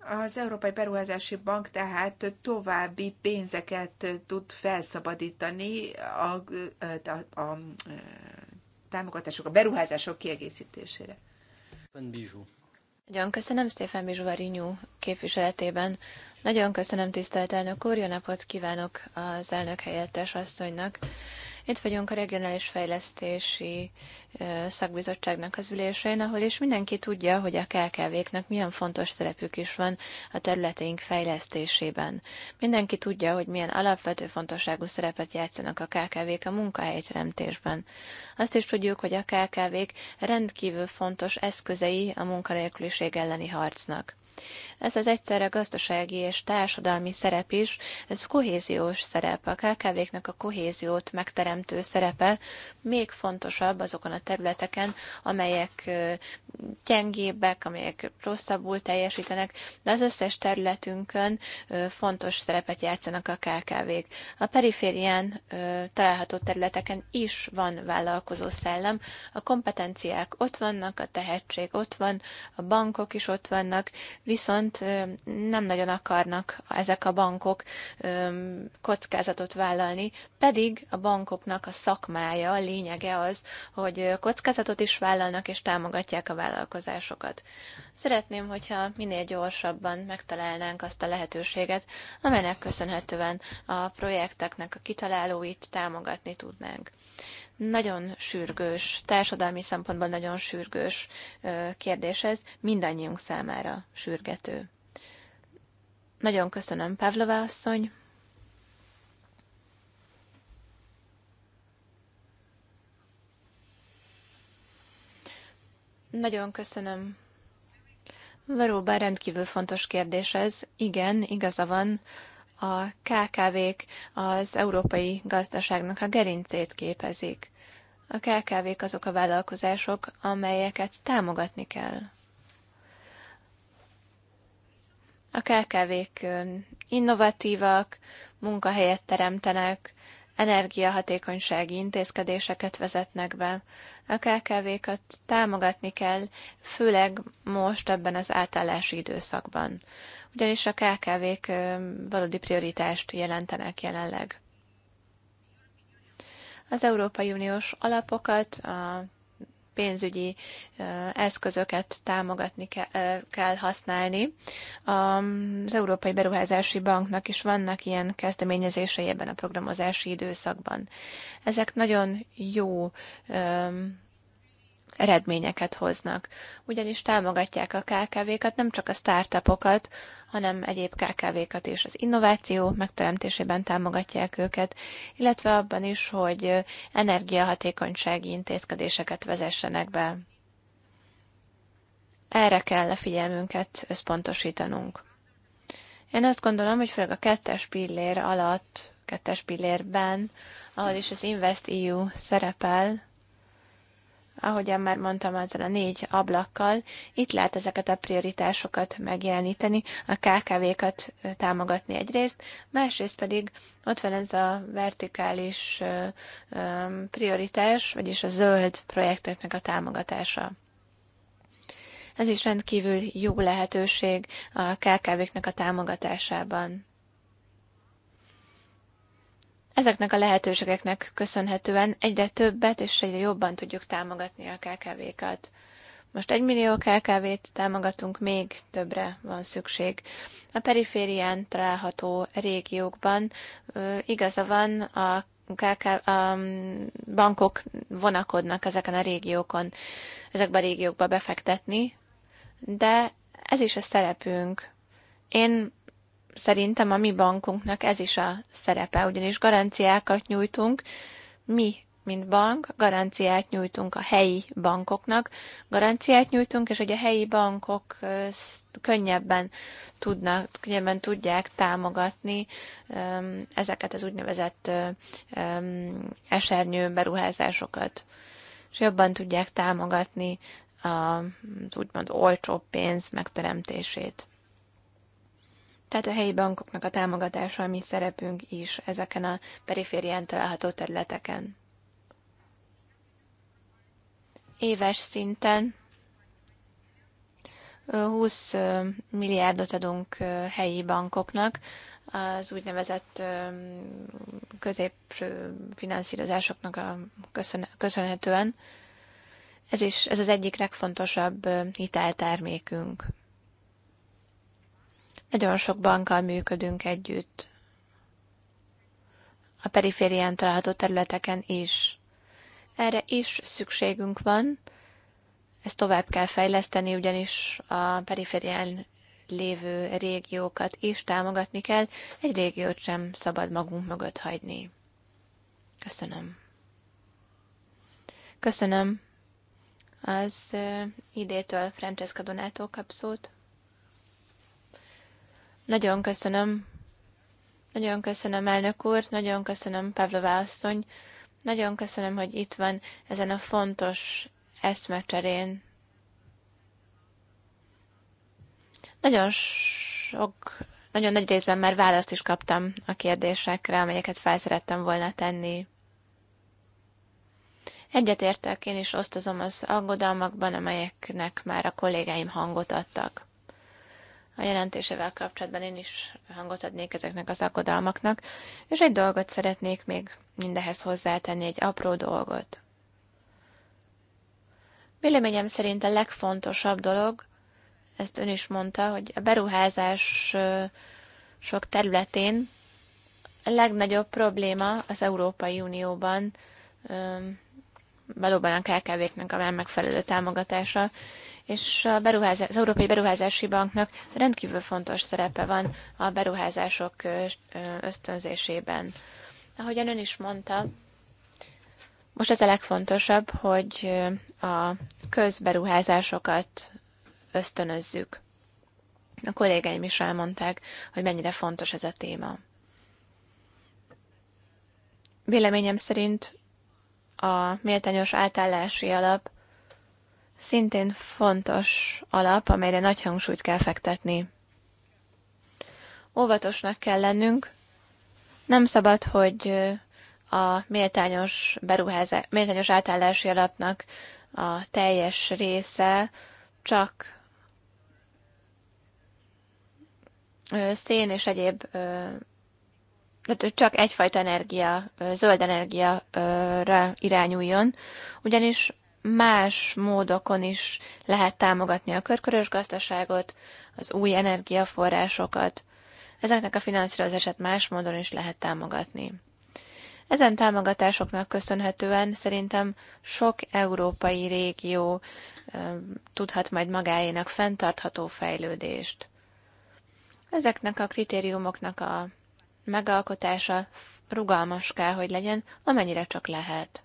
Speaker 2: Az Európai Beruházási Bank tehát további pénzeket tud felszabadítani a, a, a, a támogatások, a beruházások kiegészítésére.
Speaker 1: Nagyon köszönöm Stéphane Bizsuvarinyú képviseletében. Nagyon köszönöm tisztelt elnök úr, jó napot kívánok az elnök helyettes asszonynak. Itt vagyunk a Regionális Fejlesztési Szakbizottságnak az ülésén, ahol is mindenki tudja, hogy a KKV-knak milyen fontos szerepük is van a területeink fejlesztésében. Mindenki tudja, hogy milyen alapvető fontosságú szerepet játszanak a KKV-k a munkahelyteremtésben. Azt is tudjuk, hogy a KKV-k rendkívül fontos eszközei a munkanélküliség elleni harcnak. Ez az egyszerre gazdasági és társadalmi szerep is, ez kohéziós szerep, a kkv a kohéziót megteremtő szerepe még fontosabb azokon a területeken, amelyek gyengébbek, amelyek rosszabbul teljesítenek, de az összes területünkön fontos szerepet játszanak a KKV-k. A periférián található területeken is van vállalkozó szellem, a kompetenciák ott vannak, a tehetség ott van, a bankok is ott vannak, viszont nem nagyon akarnak ezek a bankok kockázatot vállalni, pedig a bankoknak a szakmája, a lényege az, hogy kockázatot is vállalnak és támogatják a vállalkozásokat. Szeretném, hogyha minél gyorsabban megtalálnánk azt a lehetőséget, amelynek köszönhetően a projekteknek a kitalálóit támogatni tudnánk. Nagyon sürgős, társadalmi szempontból nagyon sürgős kérdés ez, mindannyiunk számára sürgető. Nagyon köszönöm, Pavlova asszony. Nagyon köszönöm. Valóban rendkívül fontos kérdés ez. Igen, igaza van, a KKV-k az európai gazdaságnak a gerincét képezik. A KKV-k azok a vállalkozások, amelyeket támogatni kell. A KKV-k innovatívak, munkahelyet teremtenek, energiahatékonysági intézkedéseket vezetnek be. A KKV-kat támogatni kell, főleg most ebben az átállási időszakban, ugyanis a KKV-k valódi prioritást jelentenek jelenleg. Az Európai Uniós alapokat, a pénzügyi eszközöket támogatni kell használni. Az Európai Beruházási Banknak is vannak ilyen kezdeményezései ebben a programozási időszakban. Ezek nagyon jó eredményeket hoznak, ugyanis támogatják a KKV-kat, nem csak a startupokat, hanem egyéb KKV-kat is. Az innováció megteremtésében támogatják őket, illetve abban is, hogy energiahatékonysági intézkedéseket vezessenek be. Erre kell a figyelmünket összpontosítanunk. Én azt gondolom, hogy főleg a kettes pillér alatt, kettes pillérben, ahol is az InvestEU szerepel, ahogyan már mondtam, azzal a négy ablakkal, itt lehet ezeket a prioritásokat megjeleníteni, a KKV-kat támogatni egyrészt, másrészt pedig ott van ez a vertikális prioritás, vagyis a zöld projekteknek a támogatása. Ez is rendkívül jó lehetőség a KKV-knek a támogatásában. Ezeknek a lehetőségeknek köszönhetően egyre többet és egyre jobban tudjuk támogatni a KKV-kat. Most egy millió KKV-t támogatunk, még többre van szükség. A periférián található régiókban igaza van, a, KK, a mm, bankok vonakodnak ezeken a régiókon, ezekbe a régiókba befektetni, de ez is a szerepünk. Én szerintem a mi bankunknak ez is a szerepe, ugyanis garanciákat nyújtunk, mi mint bank, garanciát nyújtunk a helyi bankoknak, garanciát nyújtunk, és hogy a helyi bankok könnyebben tudnak, könnyebben tudják támogatni ezeket az úgynevezett esernyő beruházásokat, és jobban tudják támogatni az úgymond olcsó pénz megteremtését tehát a helyi bankoknak a támogatása mi szerepünk is ezeken a periférián található területeken. Éves szinten 20 milliárdot adunk helyi bankoknak az úgynevezett középső finanszírozásoknak a köszönhetően. Ez is ez az egyik legfontosabb hiteltermékünk. Nagyon sok bankkal működünk együtt. A periférián található területeken is. Erre is szükségünk van. Ezt tovább kell fejleszteni, ugyanis a periférián lévő régiókat is támogatni kell, egy régiót sem szabad magunk mögött hagyni. Köszönöm. Köszönöm. Az idétől Francesca Donátó kapszót. Nagyon köszönöm. Nagyon köszönöm, elnök úr, nagyon köszönöm, Pavlova asszony. Nagyon köszönöm, hogy itt van ezen a fontos eszmecserén. Nagyon sok, nagyon nagy részben már választ is kaptam a kérdésekre, amelyeket felszerettem volna tenni. Egyetértek, én is osztozom az aggodalmakban, amelyeknek már a kollégáim hangot adtak. A jelentésével kapcsolatban én is hangot adnék ezeknek az aggodalmaknak, és egy dolgot szeretnék még mindehhez hozzátenni, egy apró dolgot. Véleményem szerint a legfontosabb dolog, ezt ön is mondta, hogy a beruházás sok területén a legnagyobb probléma az Európai Unióban valóban a KKV-knak a már megfelelő támogatása, és a beruházás, az Európai Beruházási Banknak rendkívül fontos szerepe van a beruházások ösztönzésében. Ahogyan ön is mondta, most ez a legfontosabb, hogy a közberuházásokat ösztönözzük. A kollégáim is elmondták, hogy mennyire fontos ez a téma. Véleményem szerint a méltányos átállási alap szintén fontos alap, amelyre nagy hangsúlyt kell fektetni. Óvatosnak kell lennünk, nem szabad, hogy a méltányos, beruházá, méltányos átállási alapnak a teljes része csak szén és egyéb tehát csak egyfajta energia, zöld energiára irányuljon, ugyanis más módokon is lehet támogatni a körkörös gazdaságot, az új energiaforrásokat. Ezeknek a finanszírozását más módon is lehet támogatni. Ezen támogatásoknak köszönhetően szerintem sok európai régió tudhat majd magáénak fenntartható fejlődést. Ezeknek a kritériumoknak a megalkotása rugalmas kell, hogy legyen, amennyire csak lehet.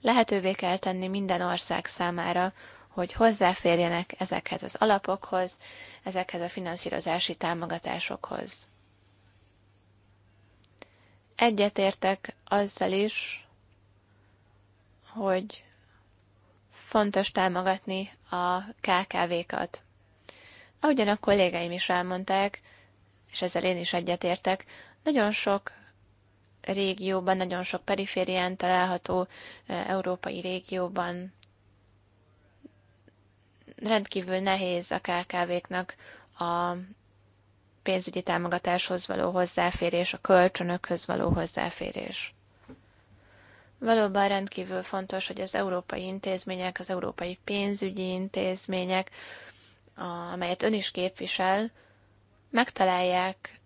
Speaker 1: Lehetővé kell tenni minden ország számára, hogy hozzáférjenek ezekhez az alapokhoz, ezekhez a finanszírozási támogatásokhoz. Egyetértek azzal is, hogy fontos támogatni a KKV-kat. Ahogyan a kollégáim is elmondták, és ezzel én is egyetértek, nagyon sok régióban, nagyon sok periférián található e, európai régióban rendkívül nehéz a KKV-knak a pénzügyi támogatáshoz való hozzáférés, a kölcsönökhöz való hozzáférés. Valóban rendkívül fontos, hogy az európai intézmények, az európai pénzügyi intézmények, amelyet ön is képvisel, megtalálják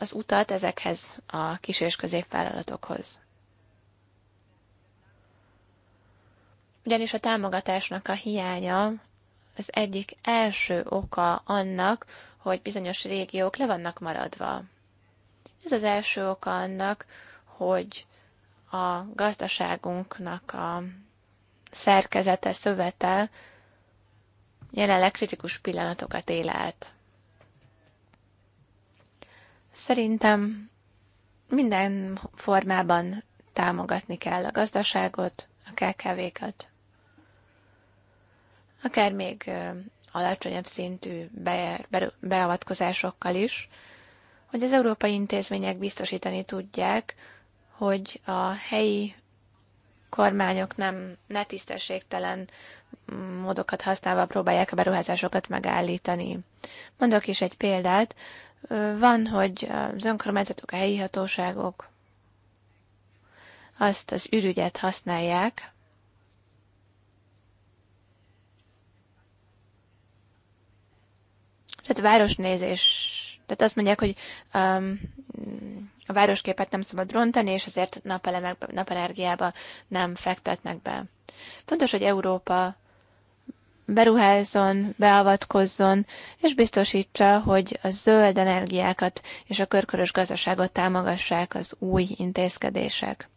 Speaker 1: az utat ezekhez a kis és középvállalatokhoz. Ugyanis a támogatásnak a hiánya az egyik első oka annak, hogy bizonyos régiók le vannak maradva. Ez az első oka annak, hogy a gazdaságunknak a szerkezete, szövete jelenleg kritikus pillanatokat él át. Szerintem minden formában támogatni kell a gazdaságot, a KKV-kat, akár még alacsonyabb szintű beavatkozásokkal is, hogy az európai intézmények biztosítani tudják, hogy a helyi kormányok nem ne tisztességtelen módokat használva próbálják a beruházásokat megállítani. Mondok is egy példát, van, hogy az önkormányzatok, a helyi hatóságok azt az ürügyet használják, tehát városnézés, tehát azt mondják, hogy um, a városképet nem szabad rontani, és ezért napenergiába nem fektetnek be. Fontos, hogy Európa beruházzon, beavatkozzon, és biztosítsa, hogy a zöld energiákat és a körkörös gazdaságot támogassák az új intézkedések.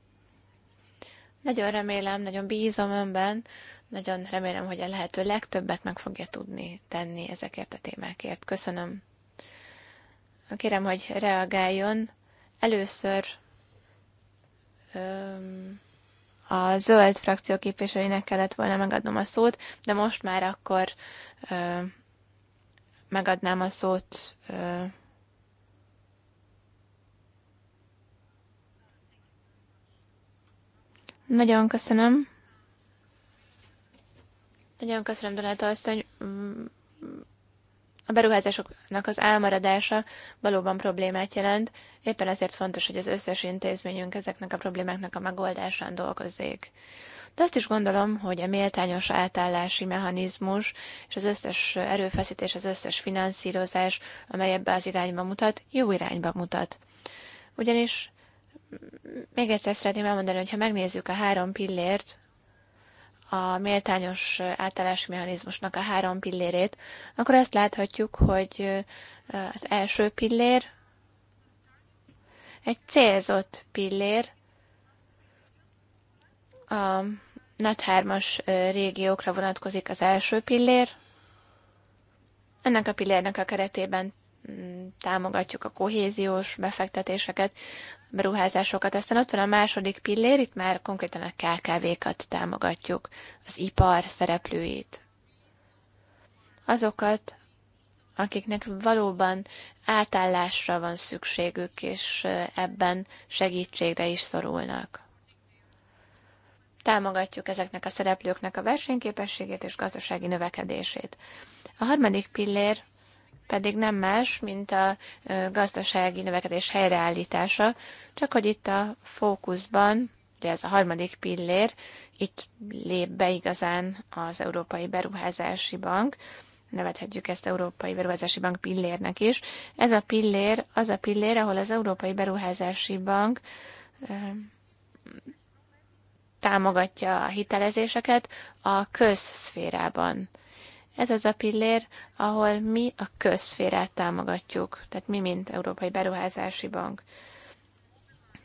Speaker 1: Nagyon remélem, nagyon bízom önben, nagyon remélem, hogy a lehető legtöbbet meg fogja tudni tenni ezekért a témákért. Köszönöm. Kérem, hogy reagáljon. Először öm, a zöld frakció képviselőinek kellett volna megadnom a szót, de most már akkor ö, megadnám a szót ö, Nagyon köszönöm. Nagyon köszönöm, Donát asszony. Mm, a beruházásoknak az elmaradása valóban problémát jelent, éppen ezért fontos, hogy az összes intézményünk ezeknek a problémáknak a megoldásán dolgozzék. De azt is gondolom, hogy a méltányos átállási mechanizmus és az összes erőfeszítés, az összes finanszírozás, amely ebbe az irányba mutat, jó irányba mutat. Ugyanis még egyszer szeretném elmondani, hogy ha megnézzük a három pillért, a méltányos átállási mechanizmusnak a három pillérét, akkor ezt láthatjuk, hogy az első pillér egy célzott pillér a NAT 3 régiókra vonatkozik az első pillér. Ennek a pillérnek a keretében Mm, támogatjuk a kohéziós befektetéseket, beruházásokat. Aztán ott van a második pillér, itt már konkrétan a KKV-kat támogatjuk, az ipar szereplőit. Azokat, akiknek valóban átállásra van szükségük, és ebben segítségre is szorulnak. Támogatjuk ezeknek a szereplőknek a versenyképességét és gazdasági növekedését. A harmadik pillér pedig nem más, mint a gazdasági növekedés helyreállítása, csak hogy itt a fókuszban, ugye ez a harmadik pillér, itt lép be igazán az Európai Beruházási Bank, nevethetjük ezt Európai Beruházási Bank pillérnek is. Ez a pillér az a pillér, ahol az Európai Beruházási Bank támogatja a hitelezéseket a közszférában. Ez az a pillér, ahol mi a közszférát támogatjuk, tehát mi, mint Európai Beruházási Bank,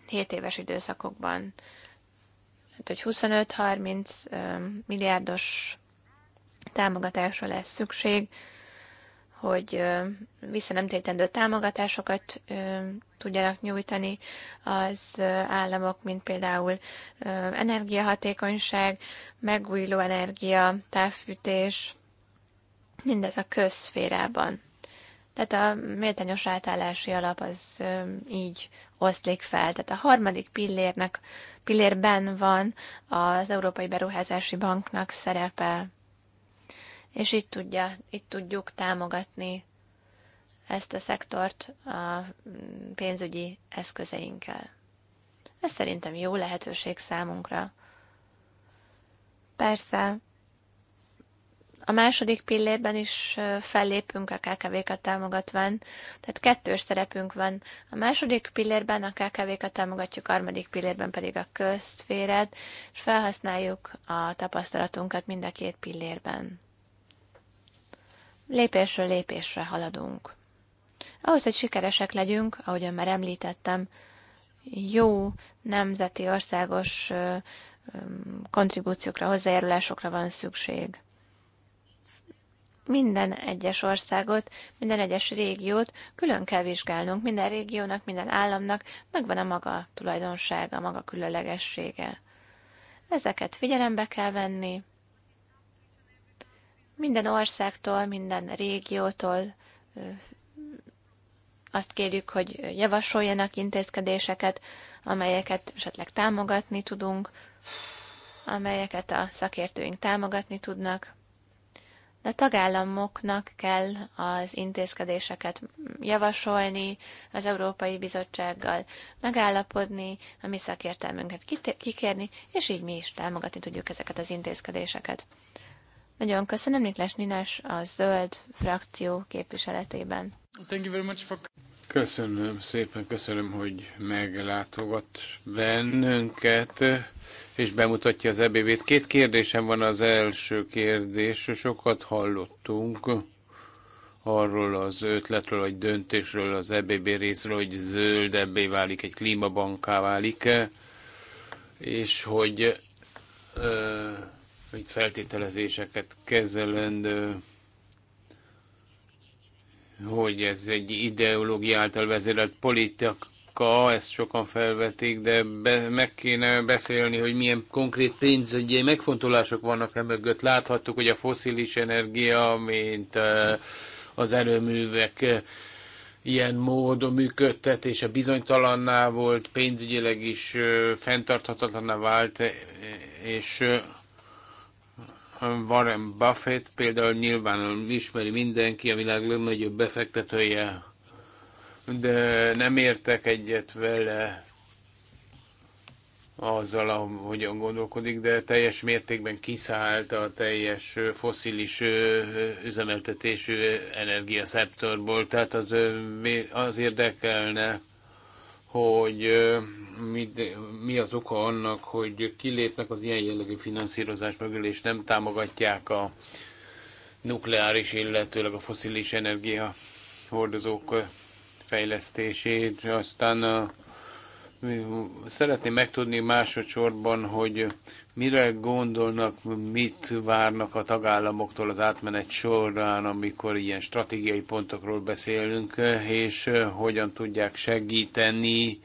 Speaker 1: 7 éves időszakokban, hát, hogy 25-30 milliárdos támogatásra lesz szükség, hogy visszanemtétendő támogatásokat tudjanak nyújtani az államok, mint például energiahatékonyság, megújuló energia, távfűtés, Mindez a közszférában. Tehát a méltányos átállási alap az így oszlik fel. Tehát a harmadik pillérnek, pillérben van az Európai Beruházási Banknak szerepe. És itt, tudja, itt tudjuk támogatni ezt a szektort a pénzügyi eszközeinkkel. Ez szerintem jó lehetőség számunkra. Persze, a második pillérben is fellépünk a KKV-kat támogatván, tehát kettős szerepünk van. A második pillérben a KKV-kat támogatjuk, a harmadik pillérben pedig a közszférát, és felhasználjuk a tapasztalatunkat mind a két pillérben. Lépésről lépésre haladunk. Ahhoz, hogy sikeresek legyünk, ahogyan már említettem, jó nemzeti országos kontribúciókra, hozzájárulásokra van szükség minden egyes országot, minden egyes régiót külön kell vizsgálnunk. Minden régiónak, minden államnak megvan a maga tulajdonsága, a maga különlegessége. Ezeket figyelembe kell venni. Minden országtól, minden régiótól azt kérjük, hogy javasoljanak intézkedéseket, amelyeket esetleg támogatni tudunk, amelyeket a szakértőink támogatni tudnak. A tagállamoknak kell az intézkedéseket javasolni, az Európai Bizottsággal megállapodni, a mi szakértelmünket kikérni, és így mi is támogatni tudjuk ezeket az intézkedéseket. Nagyon köszönöm Niklas Ninás a Zöld frakció képviseletében. Thank you very much for...
Speaker 3: Köszönöm szépen, köszönöm, hogy meglátogat bennünket és bemutatja az EBV-t. Két kérdésem van az első kérdés. Sokat hallottunk arról az ötletről, vagy döntésről, az EBB részről, hogy zöldebbé válik, egy klímabanká válik, és hogy ö, itt feltételezéseket kezelendő, hogy ez egy ideológia által vezérelt politika, munka, ezt sokan felvetik, de be, meg kéne beszélni, hogy milyen konkrét pénzügyi megfontolások vannak e mögött. Láthattuk, hogy a foszilis energia, mint az erőművek ilyen módon működtetése bizonytalanná volt, pénzügyileg is fenntarthatatlaná vált, és Warren Buffett például nyilván ismeri mindenki, a világ legnagyobb befektetője de nem értek egyet vele azzal, ahogyan gondolkodik, de teljes mértékben kiszállt a teljes foszilis üzemeltetésű energiaszektorból. Tehát az, az érdekelne, hogy mi az oka annak, hogy kilépnek az ilyen jellegű finanszírozás mögül, és nem támogatják a nukleáris, illetőleg a foszilis energia hordozók fejlesztését, aztán a, szeretném megtudni másodszorban, hogy mire gondolnak, mit várnak a tagállamoktól az átmenet során, amikor ilyen stratégiai pontokról beszélünk, és hogyan tudják segíteni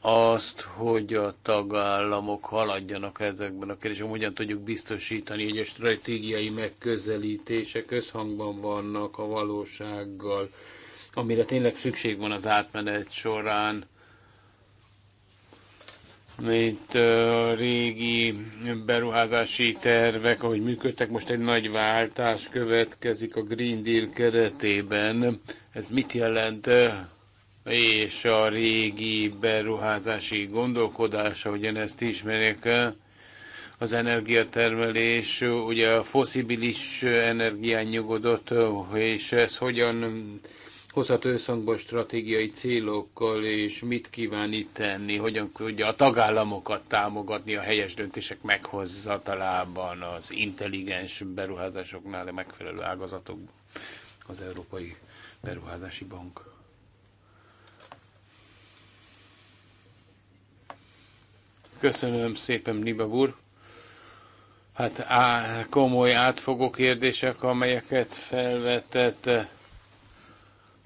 Speaker 3: azt, hogy a tagállamok haladjanak ezekben a kérdésekben, hogyan tudjuk biztosítani, hogy a stratégiai megközelítések összhangban vannak a valósággal, amire tényleg szükség van az átmenet során, mint a régi beruházási tervek, ahogy működtek, most egy nagy váltás következik a Green Deal keretében. Ez mit jelent? És a régi beruházási gondolkodás, ugyan ezt ismerjük, az energiatermelés, ugye a foszibilis energián nyugodott, és ez hogyan hozható összhangba stratégiai célokkal, és mit kíván itt tenni, hogyan tudja a tagállamokat támogatni a helyes döntések meghozatalában az intelligens beruházásoknál, a megfelelő ágazatokban az Európai Beruházási Bank. Köszönöm szépen, Niba úr. Hát á, komoly átfogó kérdések, amelyeket felvetett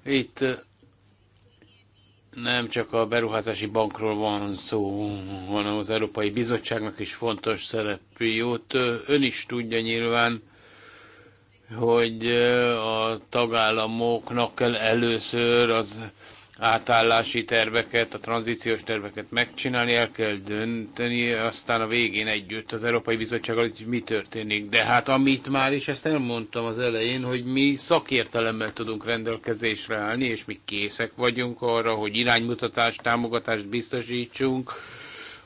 Speaker 3: itt nem csak a beruházási bankról van szó, hanem az Európai Bizottságnak is fontos szerepű jót. Ön is tudja nyilván, hogy a tagállamoknak kell először az átállási terveket, a tranzíciós terveket megcsinálni, el kell dönteni, aztán a végén együtt az Európai Bizottsággal, hogy mi történik. De hát amit már is ezt elmondtam az elején, hogy mi szakértelemmel tudunk rendelkezésre állni, és mi készek vagyunk arra, hogy iránymutatást, támogatást biztosítsunk,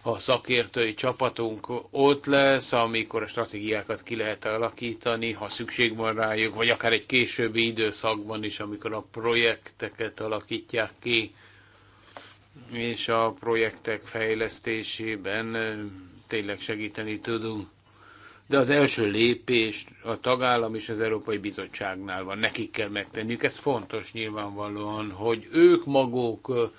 Speaker 3: a szakértői csapatunk ott lesz, amikor a stratégiákat ki lehet alakítani, ha szükség van rájuk, vagy akár egy későbbi időszakban is, amikor a projekteket alakítják ki, és a projektek fejlesztésében tényleg segíteni tudunk. De az első lépés a tagállam és az Európai Bizottságnál van. Nekik kell megtenniük. Ez fontos nyilvánvalóan, hogy ők maguk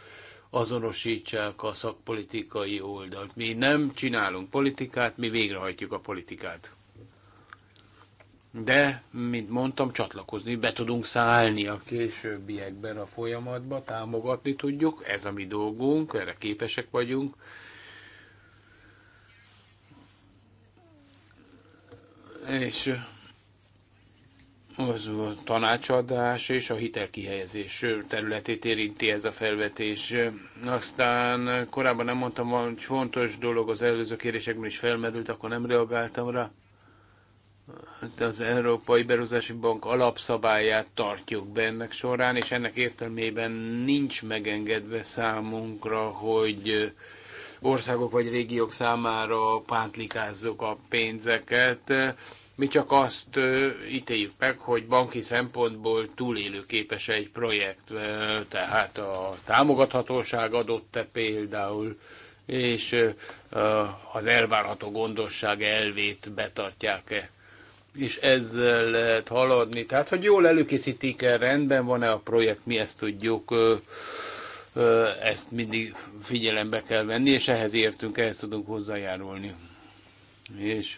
Speaker 3: azonosítsák a szakpolitikai oldalt. Mi nem csinálunk politikát, mi végrehajtjuk a politikát. De, mint mondtam, csatlakozni be tudunk szállni a későbbiekben a folyamatba, támogatni tudjuk, ez a mi dolgunk, erre képesek vagyunk. És az a tanácsadás és a hitelkihelyezés területét érinti ez a felvetés. Aztán korábban nem mondtam, hogy fontos dolog az előző kérdésekben is felmerült, akkor nem reagáltam rá. Az Európai Beruzási Bank alapszabályát tartjuk be ennek során, és ennek értelmében nincs megengedve számunkra, hogy országok vagy régiók számára pántlikázzuk a pénzeket mi csak azt ítéljük meg, hogy banki szempontból túlélő képes egy projekt, tehát a támogathatóság adott-e például, és az elvárható gondosság elvét betartják-e és ezzel lehet haladni. Tehát, hogy jól előkészítik e rendben van-e a projekt, mi ezt tudjuk, ezt mindig figyelembe kell venni, és ehhez értünk, ehhez tudunk hozzájárulni. És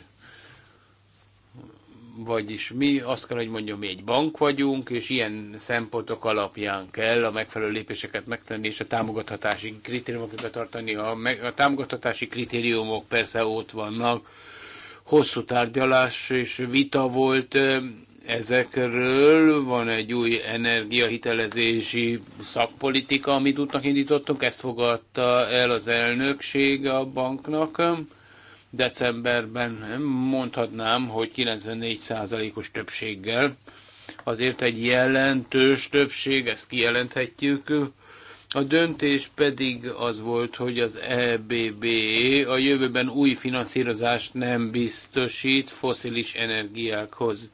Speaker 3: vagyis mi azt kell, hogy mondjam, mi egy bank vagyunk, és ilyen szempontok alapján kell a megfelelő lépéseket megtenni, és a támogathatási kritériumokat tartani. A, a támogathatási kritériumok persze ott vannak, hosszú tárgyalás és vita volt ezekről, van egy új energiahitelezési szakpolitika, amit útnak indítottunk, ezt fogadta el az elnökség a banknak, decemberben mondhatnám, hogy 94%-os többséggel. Azért egy jelentős többség, ezt kijelenthetjük. A döntés pedig az volt, hogy az EBB a jövőben új finanszírozást nem biztosít foszilis energiákhoz.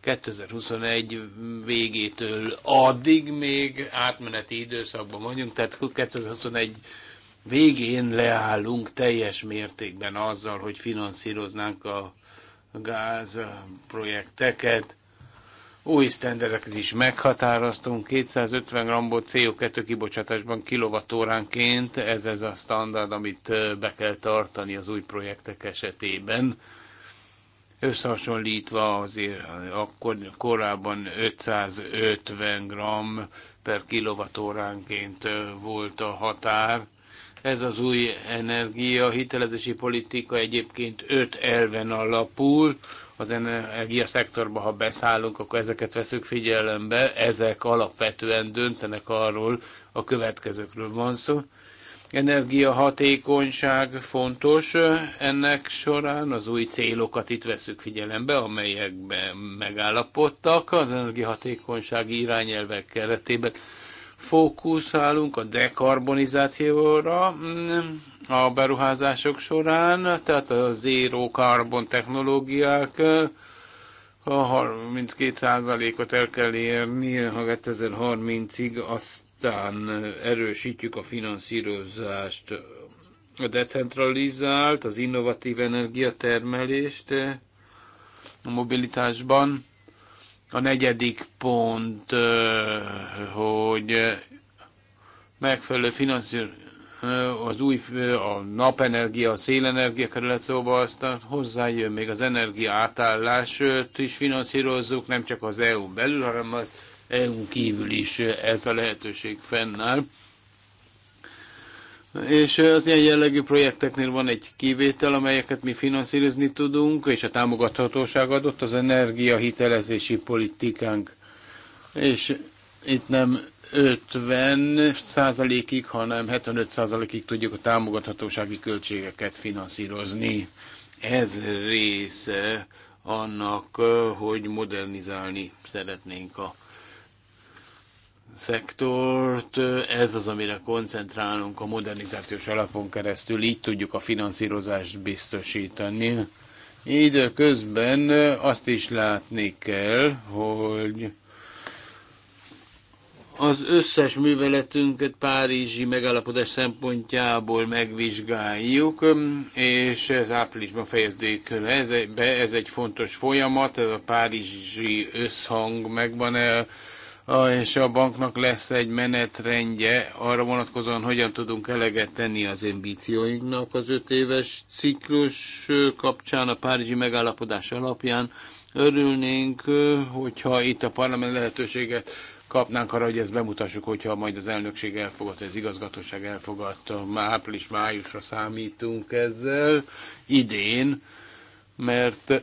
Speaker 3: 2021 végétől addig még átmeneti időszakban vagyunk, tehát 2021 végén leállunk teljes mértékben azzal, hogy finanszíroznánk a gázprojekteket. Új sztenderdeket is meghatároztunk, 250 grammot CO2 kibocsátásban kilovatóránként, ez ez a standard, amit be kell tartani az új projektek esetében. Összehasonlítva azért akkor korábban 550 gram per kilovatóránként volt a határ, ez az új energia hitelezési politika egyébként öt elven alapul, az energia szektorba ha beszállunk, akkor ezeket veszük figyelembe, ezek alapvetően döntenek arról, a következőkről van szó. Energia hatékonyság fontos ennek során, az új célokat itt veszük figyelembe, amelyekben megállapodtak az energiahatékonysági irányelvek keretében fókuszálunk a dekarbonizációra mm, a beruházások során, tehát a zéró karbon technológiák ha 32%-ot el kell érni a 2030-ig, aztán erősítjük a finanszírozást, a decentralizált, az innovatív energiatermelést a mobilitásban, a negyedik pont, hogy megfelelő finanszírozás az új, a napenergia, a szélenergia kerület szóba, aztán hozzájön még az energia átállás, is finanszírozzuk, nem csak az EU belül, hanem az EU kívül is ez a lehetőség fennáll. És az ilyen jellegű projekteknél van egy kivétel, amelyeket mi finanszírozni tudunk, és a támogathatóság adott az energiahitelezési politikánk. És itt nem 50 százalékig, hanem 75 százalékig tudjuk a támogathatósági költségeket finanszírozni. Ez része annak, hogy modernizálni szeretnénk a szektort, ez az, amire koncentrálunk a modernizációs alapon keresztül, így tudjuk a finanszírozást biztosítani. Időközben azt is látni kell, hogy az összes műveletünket Párizsi megállapodás szempontjából megvizsgáljuk, és ez áprilisban fejezzék be. Ez egy fontos folyamat, ez a Párizsi összhang megvan és a banknak lesz egy menetrendje arra vonatkozóan, hogyan tudunk eleget tenni az ambícióinknak az öt éves ciklus kapcsán, a Párizsi megállapodás alapján. Örülnénk, hogyha itt a parlament lehetőséget kapnánk arra, hogy ezt bemutassuk, hogyha majd az elnökség elfogadta, az igazgatóság elfogadta, már április-májusra számítunk ezzel idén, mert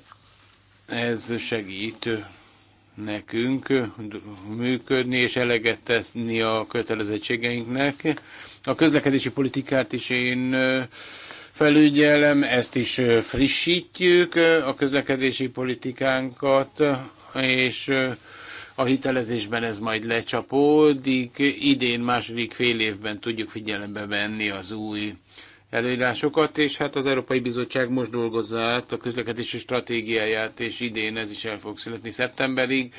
Speaker 3: ez segít nekünk működni és eleget tenni a kötelezettségeinknek. A közlekedési politikát is én felügyelem, ezt is frissítjük, a közlekedési politikánkat, és a hitelezésben ez majd lecsapódik. Idén második fél évben tudjuk figyelembe venni az új előírásokat, és hát az Európai Bizottság most dolgozza át a közlekedési stratégiáját, és idén ez is el fog születni szeptemberig.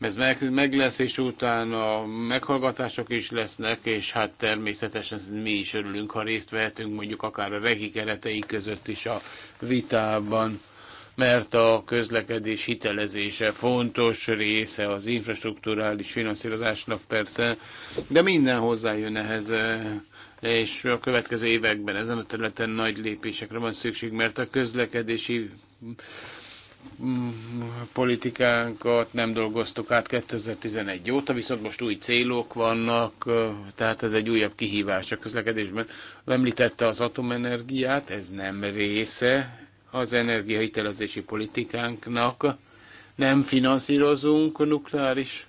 Speaker 3: Ez meg, meg lesz, és utána meghallgatások is lesznek, és hát természetesen mi is örülünk, ha részt vehetünk mondjuk akár a regi keretei között is a vitában mert a közlekedés hitelezése fontos része az infrastruktúrális finanszírozásnak persze, de minden hozzájön ehhez és a következő években ezen a területen nagy lépésekre van szükség, mert a közlekedési mm, politikánkat nem dolgoztuk át 2011 óta, viszont most új célok vannak, tehát ez egy újabb kihívás a közlekedésben. Említette az atomenergiát, ez nem része az energiahitelezési politikánknak, nem finanszírozunk nukleáris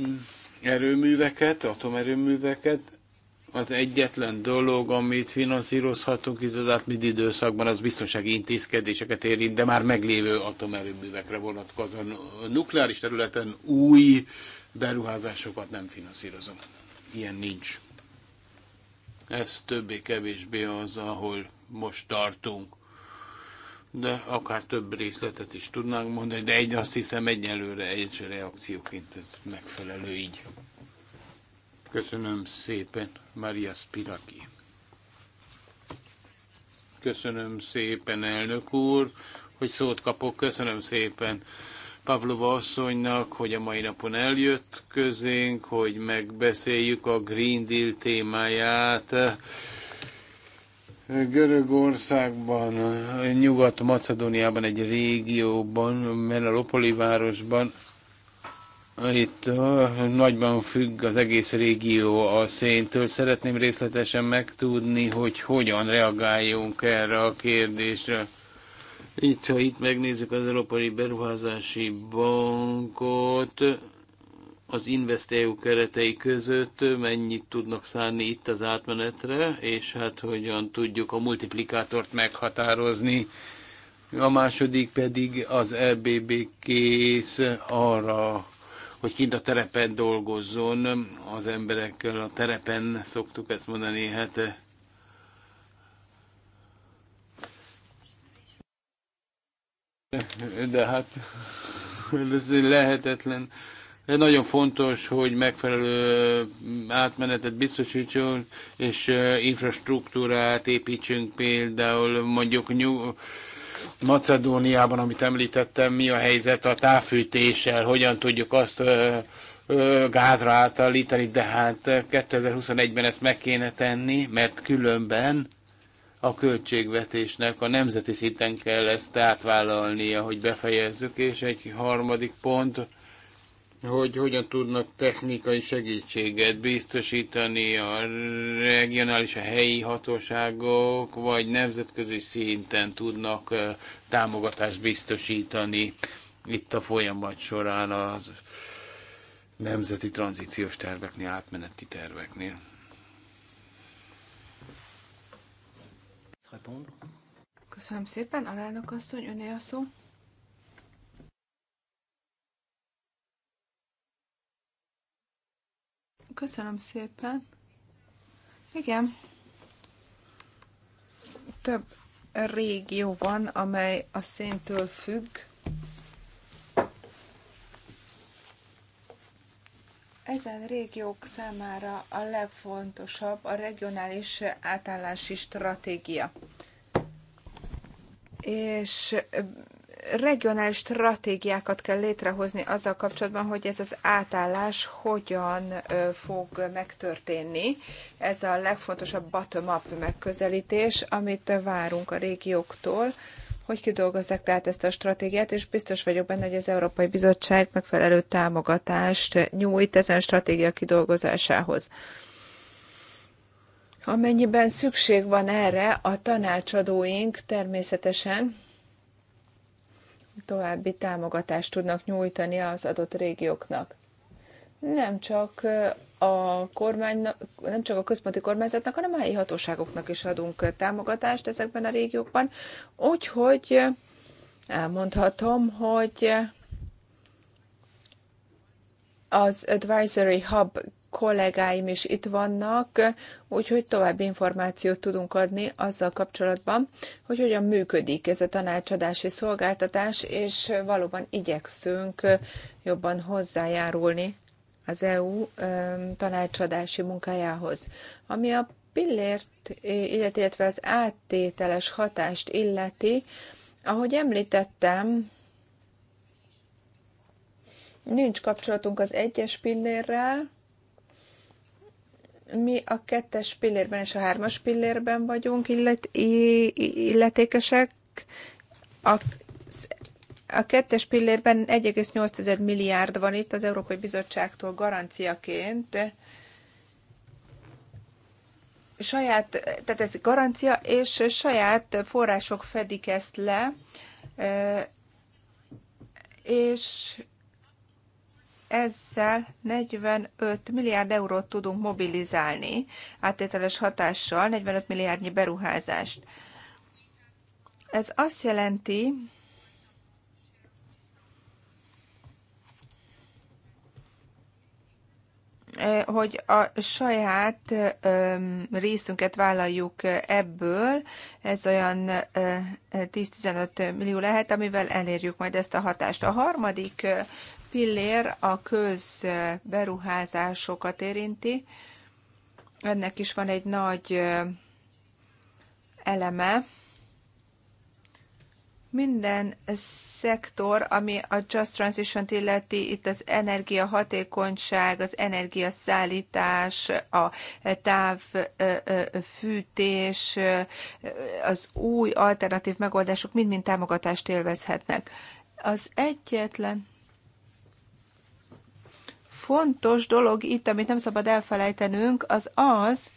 Speaker 3: mm, erőműveket, atomerőműveket, az egyetlen dolog, amit finanszírozhatunk az átmid időszakban, az biztonsági intézkedéseket érint, de már meglévő atomerőművekre vonatkozóan. A nukleáris területen új beruházásokat nem finanszírozunk. Ilyen nincs. Ez többé-kevésbé az, ahol most tartunk. De akár több részletet is tudnánk mondani, de egy azt hiszem egyelőre egy reakcióként ez megfelelő így. Köszönöm szépen, Maria Spiraki. Köszönöm szépen, elnök úr, hogy szót kapok. Köszönöm szépen Pavlova asszonynak, hogy a mai napon eljött közénk, hogy megbeszéljük a Green Deal témáját. Görögországban, Nyugat-Macedóniában, egy régióban, Melalopoli városban itt uh, nagyban függ az egész régió a széntől. Szeretném részletesen megtudni, hogy hogyan reagáljunk erre a kérdésre. Itt, ha itt megnézzük az Európai Beruházási Bankot, az InvestEU keretei között mennyit tudnak szállni itt az átmenetre, és hát hogyan tudjuk a multiplikátort meghatározni. A második pedig az EBB kész arra hogy kint a terepen dolgozzon az emberekkel, a terepen szoktuk ezt mondani, hát eh, de hát ez lehetetlen. De nagyon fontos, hogy megfelelő átmenetet biztosítson, és eh, infrastruktúrát építsünk például mondjuk nyug Macedóniában, amit említettem, mi a helyzet a távfűtéssel, hogyan tudjuk azt ö, ö, gázra átalítani, de hát 2021-ben ezt meg kéne tenni, mert különben a költségvetésnek a nemzeti szinten kell ezt átvállalnia, hogy befejezzük, és egy harmadik pont, hogy hogyan tudnak technikai segítséget biztosítani a regionális, a helyi hatóságok, vagy nemzetközi szinten tudnak támogatást biztosítani itt a folyamat során az nemzeti tranzíciós terveknél, átmeneti terveknél.
Speaker 2: Köszönöm szépen, alelnök asszony, öné a szó. Köszönöm szépen. Igen. Több régió van, amely a széntől függ. Ezen régiók számára a legfontosabb a regionális átállási stratégia. És regionális stratégiákat kell létrehozni azzal kapcsolatban, hogy ez az átállás hogyan fog megtörténni. Ez a legfontosabb bottom-up megközelítés, amit várunk a régióktól, hogy kidolgozzák tehát ezt a stratégiát, és biztos vagyok benne, hogy az Európai Bizottság megfelelő támogatást nyújt ezen stratégia kidolgozásához. Amennyiben szükség van erre, a tanácsadóink természetesen további támogatást tudnak nyújtani az adott régióknak. Nem csak a kormánynak, nem csak a központi kormányzatnak, hanem a helyi hatóságoknak is adunk támogatást ezekben a régiókban. Úgyhogy elmondhatom, hogy az Advisory Hub kollégáim is itt vannak, úgyhogy további információt tudunk adni azzal kapcsolatban, hogy hogyan működik ez a tanácsadási szolgáltatás, és valóban igyekszünk jobban hozzájárulni az EU tanácsadási munkájához. Ami a pillért, illetve az áttételes hatást illeti, ahogy említettem, nincs kapcsolatunk az egyes pillérrel, mi a kettes pillérben és a hármas pillérben vagyunk illet, illetékesek. A, a kettes pillérben 1,8 milliárd van itt az Európai Bizottságtól garanciaként. Saját, tehát ez garancia, és saját források fedik ezt le, és ezzel 45 milliárd eurót tudunk mobilizálni, áttételes hatással 45 milliárdnyi beruházást. Ez azt jelenti, eh, hogy a saját részünket vállaljuk ebből, ez olyan 10-15 eh, millió lehet, amivel elérjük majd ezt a hatást. A harmadik pillér a közberuházásokat érinti. Ennek is van egy nagy eleme. Minden szektor, ami a Just Transition-t illeti, itt az energiahatékonyság, az energiaszállítás, a távfűtés, az új alternatív megoldások mind-mind támogatást élvezhetnek. Az egyetlen fontos dolog itt, amit nem szabad elfelejtenünk, az az,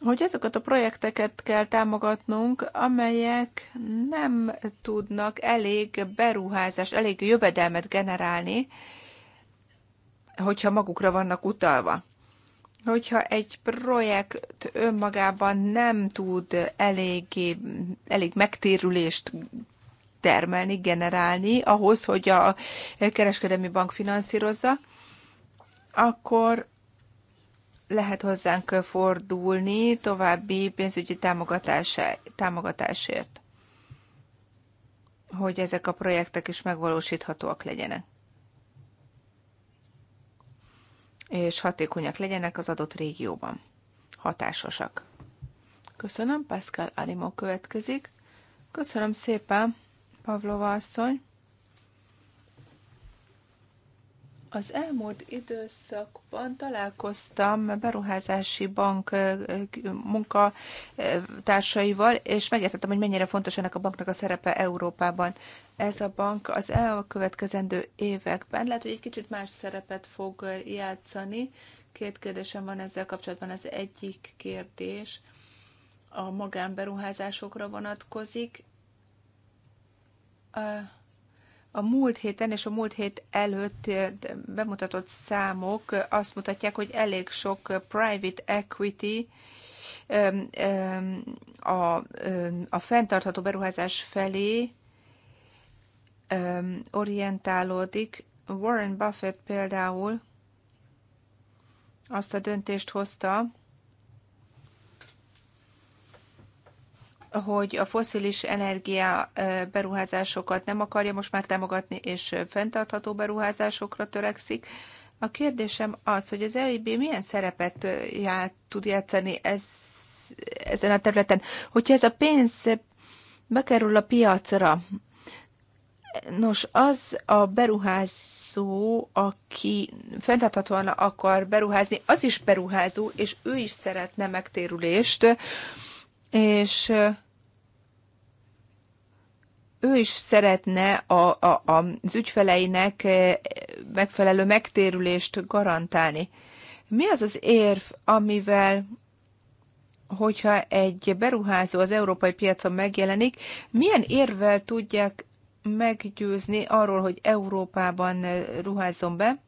Speaker 2: hogy azokat a projekteket kell támogatnunk, amelyek nem tudnak elég beruházást, elég jövedelmet generálni, hogyha magukra vannak utalva. Hogyha egy projekt önmagában nem tud elég, elég megtérülést termelni, generálni ahhoz, hogy a kereskedelmi bank finanszírozza, akkor lehet hozzánk fordulni további pénzügyi támogatásért, hogy ezek a projektek is megvalósíthatóak legyenek, és hatékonyak legyenek az adott régióban, hatásosak. Köszönöm, Pascal Arimo következik. Köszönöm szépen, Pavlova asszony. Az elmúlt időszakban találkoztam beruházási bank munkatársaival, és megértettem, hogy mennyire fontos ennek a banknak a szerepe Európában. Ez a bank az elkövetkezendő években lehet, hogy egy kicsit más szerepet fog játszani. Két kérdésem van ezzel kapcsolatban. Az egyik kérdés a magánberuházásokra vonatkozik. A múlt héten és a múlt hét előtt eh, bemutatott számok azt mutatják, hogy elég sok private equity a, a fenntartható beruházás felé orientálódik. Warren Buffett például azt a döntést hozta, hogy a foszilis energia beruházásokat nem akarja most már támogatni, és fenntartható beruházásokra törekszik. A kérdésem az, hogy az EIB milyen szerepet já, tud játszani ez, ezen a területen. Hogyha ez a pénz bekerül a piacra, Nos, az a beruházó, aki fenntarthatóan akar beruházni, az is beruházó, és ő is szeretne megtérülést, és ő is szeretne a, a, az ügyfeleinek eh, megfelelő megtérülést garantálni. Mi az az érv, amivel hogyha egy beruházó az európai piacon megjelenik, milyen érvel tudják meggyőzni arról, hogy Európában eh, ruházzon be?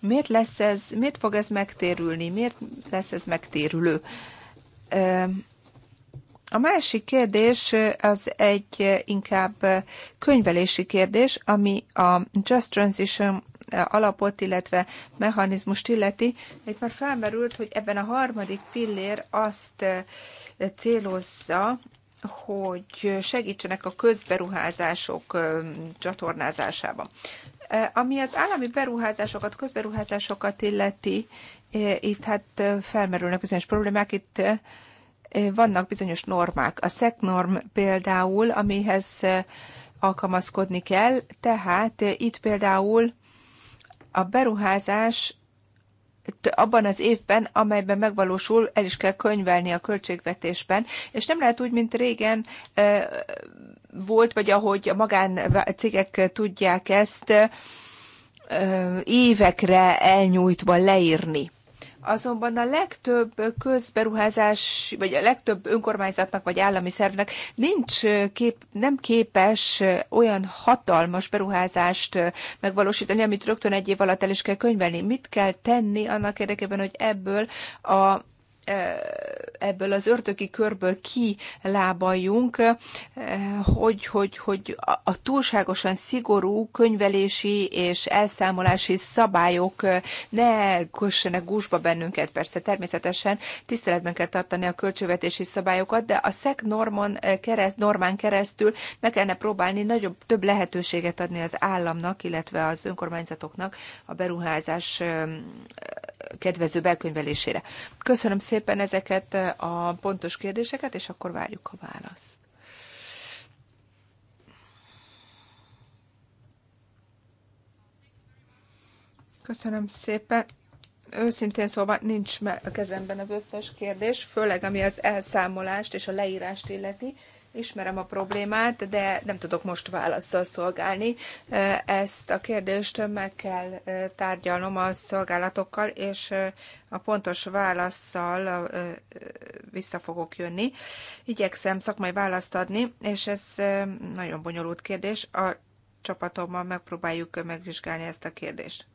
Speaker 2: Miért lesz ez, miért fog ez megtérülni? Miért lesz ez megtérülő? Ehm, a másik kérdés az egy inkább könyvelési kérdés, ami a Just Transition alapot, illetve mechanizmust illeti. Itt már felmerült, hogy ebben a harmadik pillér azt célozza, hogy segítsenek a közberuházások csatornázásában. Ami az állami beruházásokat, közberuházásokat illeti, itt hát felmerülnek bizonyos problémák, itt vannak bizonyos normák. A szeknorm például, amihez alkalmazkodni kell, tehát itt például a beruházás abban az évben, amelyben megvalósul, el is kell könyvelni a költségvetésben, és nem lehet úgy, mint régen volt, vagy ahogy a magáncégek tudják ezt évekre elnyújtva leírni azonban a legtöbb közberuházás, vagy a legtöbb önkormányzatnak, vagy állami szervnek nincs kép, nem képes olyan hatalmas beruházást megvalósítani, amit rögtön egy év alatt el is kell könyvelni. Mit kell tenni annak érdekében, hogy ebből a E, ebből az ördögi körből kilábaljunk, e, hogy, hogy, hogy a túlságosan szigorú könyvelési és elszámolási szabályok e, ne kössenek gúzsba bennünket. Persze természetesen tiszteletben kell tartani a költségvetési szabályokat, de a SZEC normon kereszt, normán keresztül meg kellene próbálni nagyobb, több lehetőséget adni az államnak, illetve az önkormányzatoknak a beruházás kedvező belkönyvelésére. Köszönöm szépen ezeket eh, a pontos kérdéseket, és akkor várjuk a választ. Köszönöm szépen. Őszintén szóval nincs a kezemben az összes kérdés, főleg ami az elszámolást és a leírást illeti. Ismerem a problémát, de nem tudok most válaszsal szolgálni. Ezt a kérdést meg kell tárgyalnom a szolgálatokkal, és a pontos válaszsal vissza fogok jönni. Igyekszem szakmai választ adni, és ez nagyon bonyolult kérdés. A csapatommal megpróbáljuk megvizsgálni ezt a kérdést.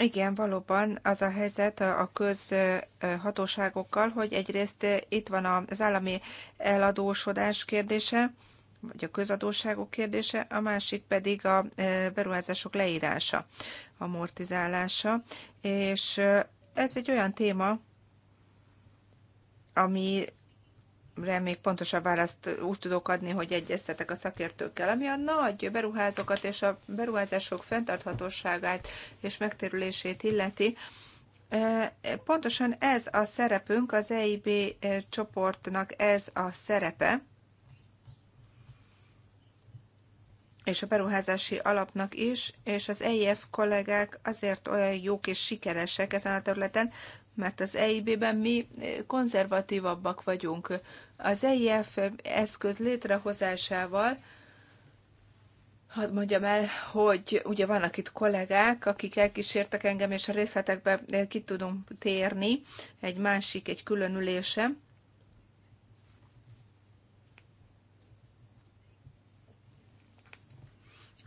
Speaker 2: Igen, valóban az a helyzet a közhatóságokkal, hogy egyrészt eh, itt van az állami eladósodás kérdése, vagy a közadóságok kérdése, a másik pedig a eh, beruházások leírása, amortizálása, és eh, ez egy olyan téma, ami még pontosabb választ úgy tudok adni, hogy egyeztetek a szakértőkkel, ami a nagy beruházokat és a beruházások fenntarthatóságát és megtérülését illeti. Pontosan ez a szerepünk, az EIB csoportnak ez a szerepe, és a beruházási alapnak is, és az EIF kollégák azért olyan jók és sikeresek ezen a területen, mert az EIB-ben mi konzervatívabbak vagyunk. Az EIF eszköz létrehozásával, hadd mondjam el, hogy ugye vannak itt kollégák, akik elkísértek engem, és a részletekbe ki tudunk térni egy másik, egy külön ülésem.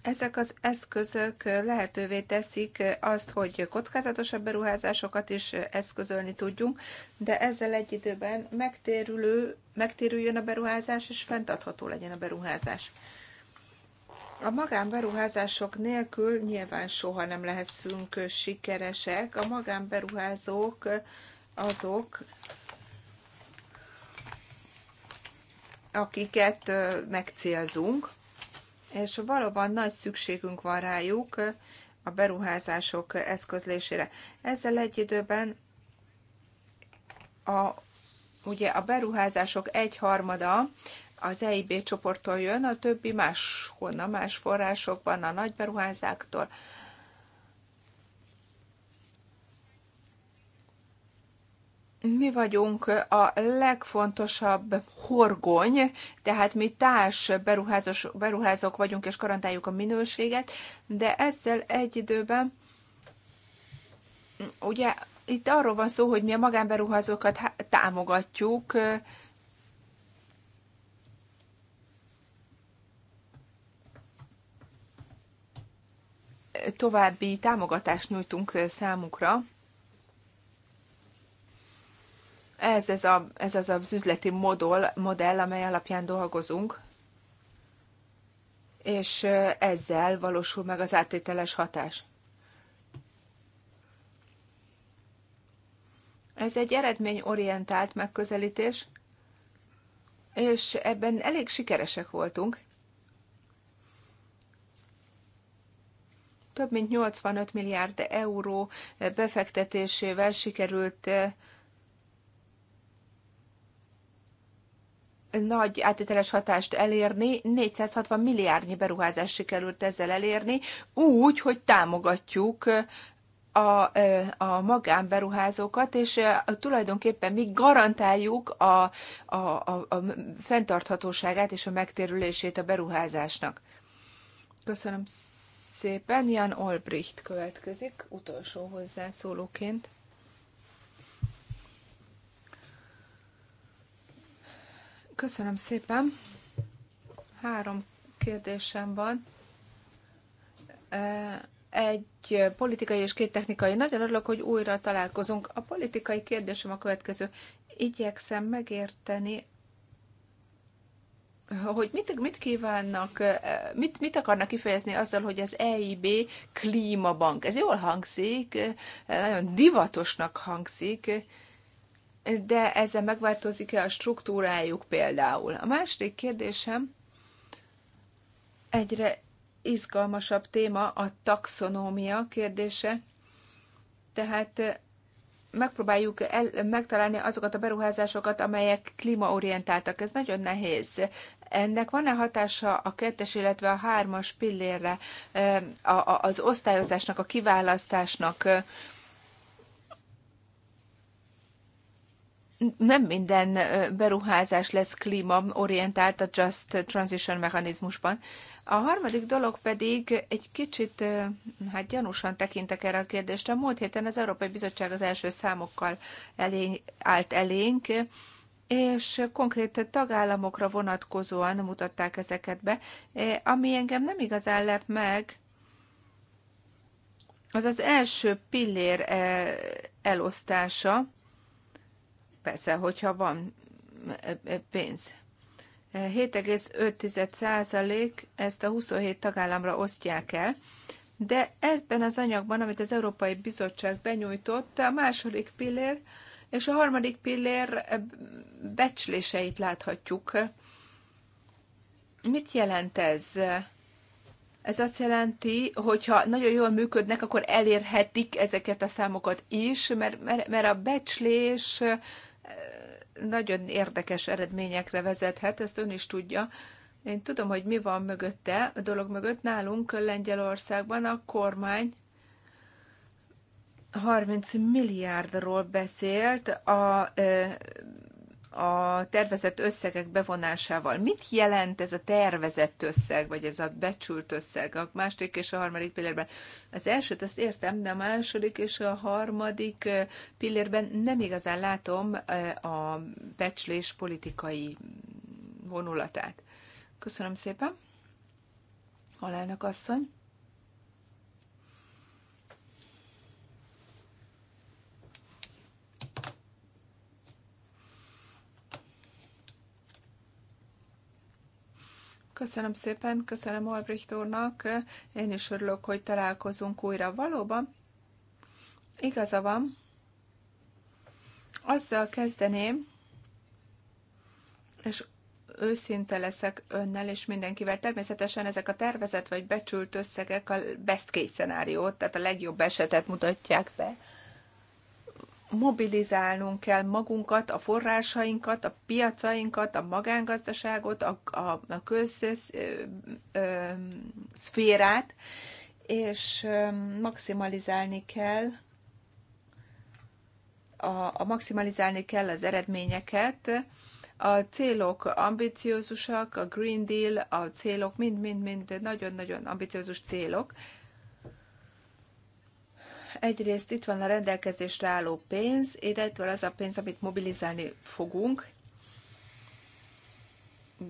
Speaker 2: Ezek az eszközök lehetővé teszik azt, hogy kockázatosabb beruházásokat is eszközölni tudjunk, de ezzel egy időben megtérülő, megtérüljön a beruházás, és fenntartható legyen a beruházás. A magánberuházások nélkül nyilván soha nem leszünk sikeresek. A magánberuházók azok, akiket megcélzunk, és valóban nagy szükségünk van rájuk a beruházások eszközlésére. Ezzel egy időben a, ugye a beruházások egyharmada az EIB csoporttól jön, a többi máshonnan, más forrásokban, a nagy beruházáktól, mi vagyunk a legfontosabb horgony, tehát mi társ beruházós, beruházók vagyunk, és garantáljuk a minőséget, de ezzel egy időben ugye itt arról van szó, hogy mi a magánberuházókat támogatjuk, további támogatást nyújtunk számukra, Ez, ez, a, ez az az üzleti modell, modell, amely alapján dolgozunk, és ezzel valósul meg az áttételes hatás. Ez egy eredményorientált megközelítés, és ebben elég sikeresek voltunk. Több mint 85 milliárd euró befektetésével sikerült nagy átételes hatást elérni, 460 milliárdnyi beruházás sikerült ezzel elérni, úgy, hogy támogatjuk a, a magánberuházókat, és tulajdonképpen mi garantáljuk a, a, a, a fenntarthatóságát és a megtérülését a beruházásnak. Köszönöm szépen. Jan Olbricht következik utolsó hozzászólóként. Köszönöm szépen. Három kérdésem van. Egy politikai és két technikai. Nagyon örülök, hogy újra találkozunk. A politikai kérdésem a következő. Igyekszem megérteni hogy mit, mit kívánnak, mit, mit akarnak kifejezni azzal, hogy az EIB klímabank. Ez jól hangzik, nagyon divatosnak hangzik, de ezzel megváltozik-e a struktúrájuk például? A második kérdésem egyre izgalmasabb téma a taxonómia kérdése. Tehát eh, megpróbáljuk el, megtalálni azokat a beruházásokat, amelyek klímaorientáltak. Ez nagyon nehéz. Ennek van-e hatása a kettes, illetve a hármas pillérre, eh, az osztályozásnak, a kiválasztásnak? nem minden beruházás lesz klímaorientált a Just Transition mechanizmusban. A harmadik dolog pedig egy kicsit, hát gyanúsan tekintek erre a kérdésre. Múlt héten az Európai Bizottság az első számokkal elé, állt elénk, és konkrét tagállamokra vonatkozóan mutatták ezeket be. Ami engem nem igazán lep meg, az az első pillér elosztása, Persze, hogyha van pénz. 7,5% ezt a 27 tagállamra osztják el, de ebben az anyagban, amit az Európai Bizottság benyújtott, a második pillér és a harmadik pillér becsléseit láthatjuk. Mit jelent ez? Ez azt jelenti, hogy ha nagyon jól működnek, akkor elérhetik ezeket a számokat is, mert, mert, mert a becslés nagyon érdekes eredményekre vezethet, ezt ön is tudja. Én tudom, hogy mi van mögötte, a dolog mögött nálunk Lengyelországban a kormány 30 milliárdról beszélt a a tervezett összegek bevonásával. Mit jelent ez a tervezett összeg, vagy ez a becsült összeg a második és a harmadik pillérben? Az elsőt azt értem, de a második és a harmadik pillérben nem igazán látom a becslés politikai vonulatát. Köszönöm szépen, alelnök asszony. Köszönöm szépen, köszönöm Albrecht úrnak. Én is örülök, hogy találkozunk újra. Valóban igaza van. Azzal kezdeném, és őszinte leszek önnel és mindenkivel. Természetesen ezek a tervezett vagy becsült összegek a best case szenáriót, tehát a legjobb esetet mutatják be mobilizálnunk kell magunkat, a forrásainkat, a piacainkat, a magángazdaságot, a, a, a közszférát, és maximalizálni kell a, a maximalizálni kell az eredményeket. A célok ambiciózusak, a Green Deal, a célok mind-mind-mind nagyon-nagyon ambiciózus célok, egyrészt itt van a rendelkezésre álló pénz, illetve az a pénz, amit mobilizálni fogunk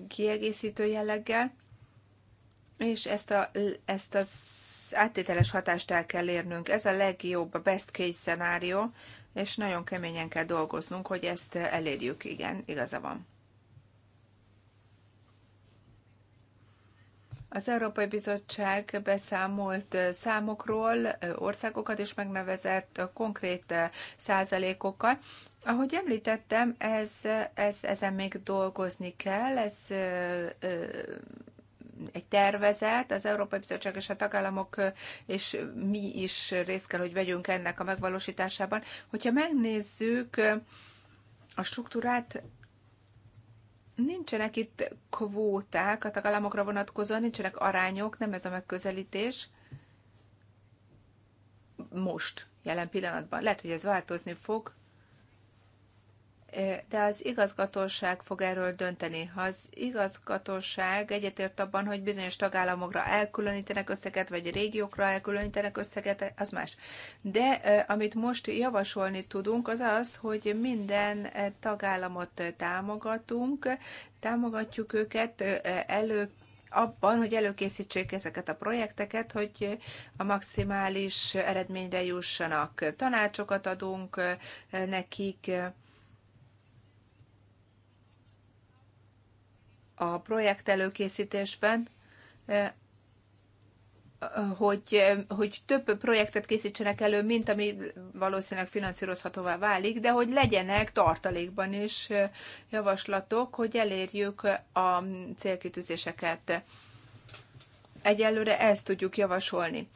Speaker 2: kiegészítő jelleggel, és ezt, a, ezt az áttételes hatást el kell érnünk. Ez a legjobb, a best case szenárió, és nagyon keményen kell dolgoznunk, hogy ezt elérjük. Igen, igaza van. Az Európai Bizottság beszámolt számokról, országokat is megnevezett konkrét százalékokkal. Ahogy említettem, ez, ez, ezen még dolgozni kell, ez egy tervezet, az Európai Bizottság és a tagállamok, és mi is részt kell, hogy vegyünk ennek a megvalósításában. Hogyha megnézzük a struktúrát, Nincsenek itt kvóták a tagállamokra vonatkozóan, nincsenek arányok, nem ez a megközelítés. Most, jelen pillanatban. Lehet, hogy ez változni fog, de az igazgatóság fog erről dönteni. Ha az igazgatóság egyetért abban, hogy bizonyos tagállamokra elkülönítenek összeget, vagy régiókra elkülönítenek összeget, az más. De amit most javasolni tudunk, az az, hogy minden tagállamot támogatunk, támogatjuk őket, elő abban, hogy előkészítsék ezeket a projekteket, hogy a maximális eredményre jussanak. Tanácsokat adunk nekik, a projekt előkészítésben, eh, hogy, eh, hogy több projektet készítsenek elő, mint ami valószínűleg finanszírozhatóvá válik, de hogy legyenek tartalékban is eh, javaslatok, hogy elérjük a célkitűzéseket. Egyelőre ezt tudjuk javasolni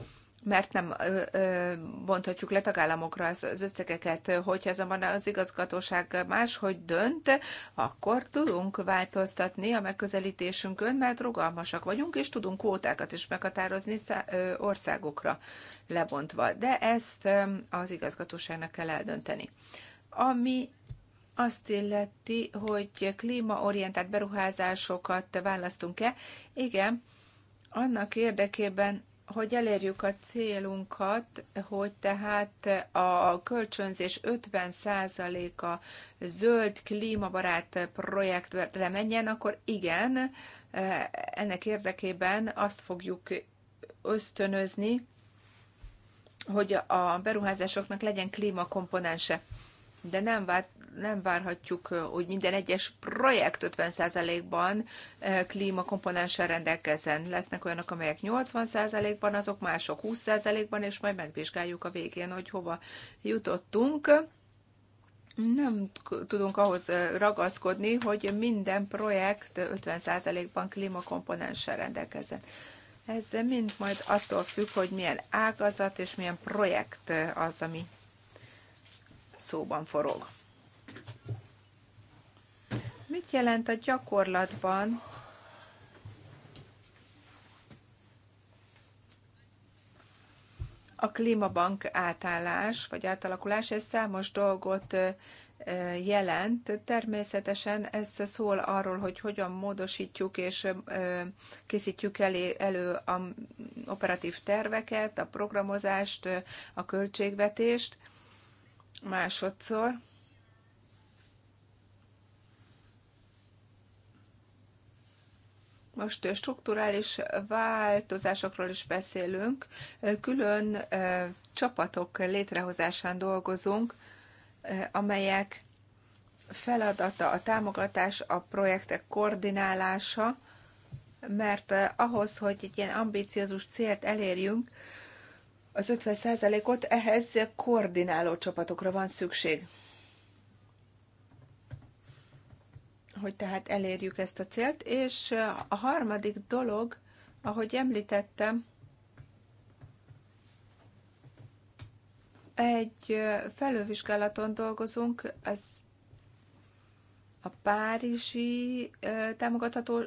Speaker 2: mert nem ö, ö, bonthatjuk le tagállamokra az, az összegeket. Hogyha azonban az igazgatóság máshogy dönt, akkor tudunk változtatni a megközelítésünkön, mert rugalmasak vagyunk, és tudunk kvótákat is meghatározni szá, ö, országokra lebontva. De ezt ö, az igazgatóságnak kell eldönteni. Ami azt illeti, hogy klímaorientált beruházásokat választunk-e? Igen, annak érdekében, hogy elérjük a célunkat, hogy tehát a kölcsönzés 50%-a zöld, klímabarát projektre menjen, akkor igen, ennek érdekében azt fogjuk ösztönözni, hogy a beruházásoknak legyen klímakomponense. De nem várt nem várhatjuk, hogy minden egyes projekt 50%-ban klímakomponenssel rendelkezzen. Lesznek olyanok, amelyek 80%-ban, azok mások 20%-ban, és majd megvizsgáljuk a végén, hogy hova jutottunk. Nem tudunk ahhoz ragaszkodni, hogy minden projekt 50%-ban klímakomponenssel rendelkezzen. Ez mind majd attól függ, hogy milyen ágazat és milyen projekt az, ami szóban forog mit jelent a gyakorlatban a klímabank átállás vagy átalakulás, ez számos dolgot jelent. Természetesen ez szól arról, hogy hogyan módosítjuk és készítjük elé, elő a operatív terveket, a programozást, a költségvetést másodszor. Most strukturális változásokról is beszélünk, külön csapatok létrehozásán dolgozunk, amelyek feladata a támogatás, a projektek koordinálása, mert ahhoz, hogy egy ilyen ambíciózus célt elérjünk, az 50%-ot ehhez koordináló csapatokra van szükség. hogy tehát elérjük ezt a célt. És a harmadik dolog, ahogy említettem, egy felővizsgálaton dolgozunk, ez a párizsi támogatható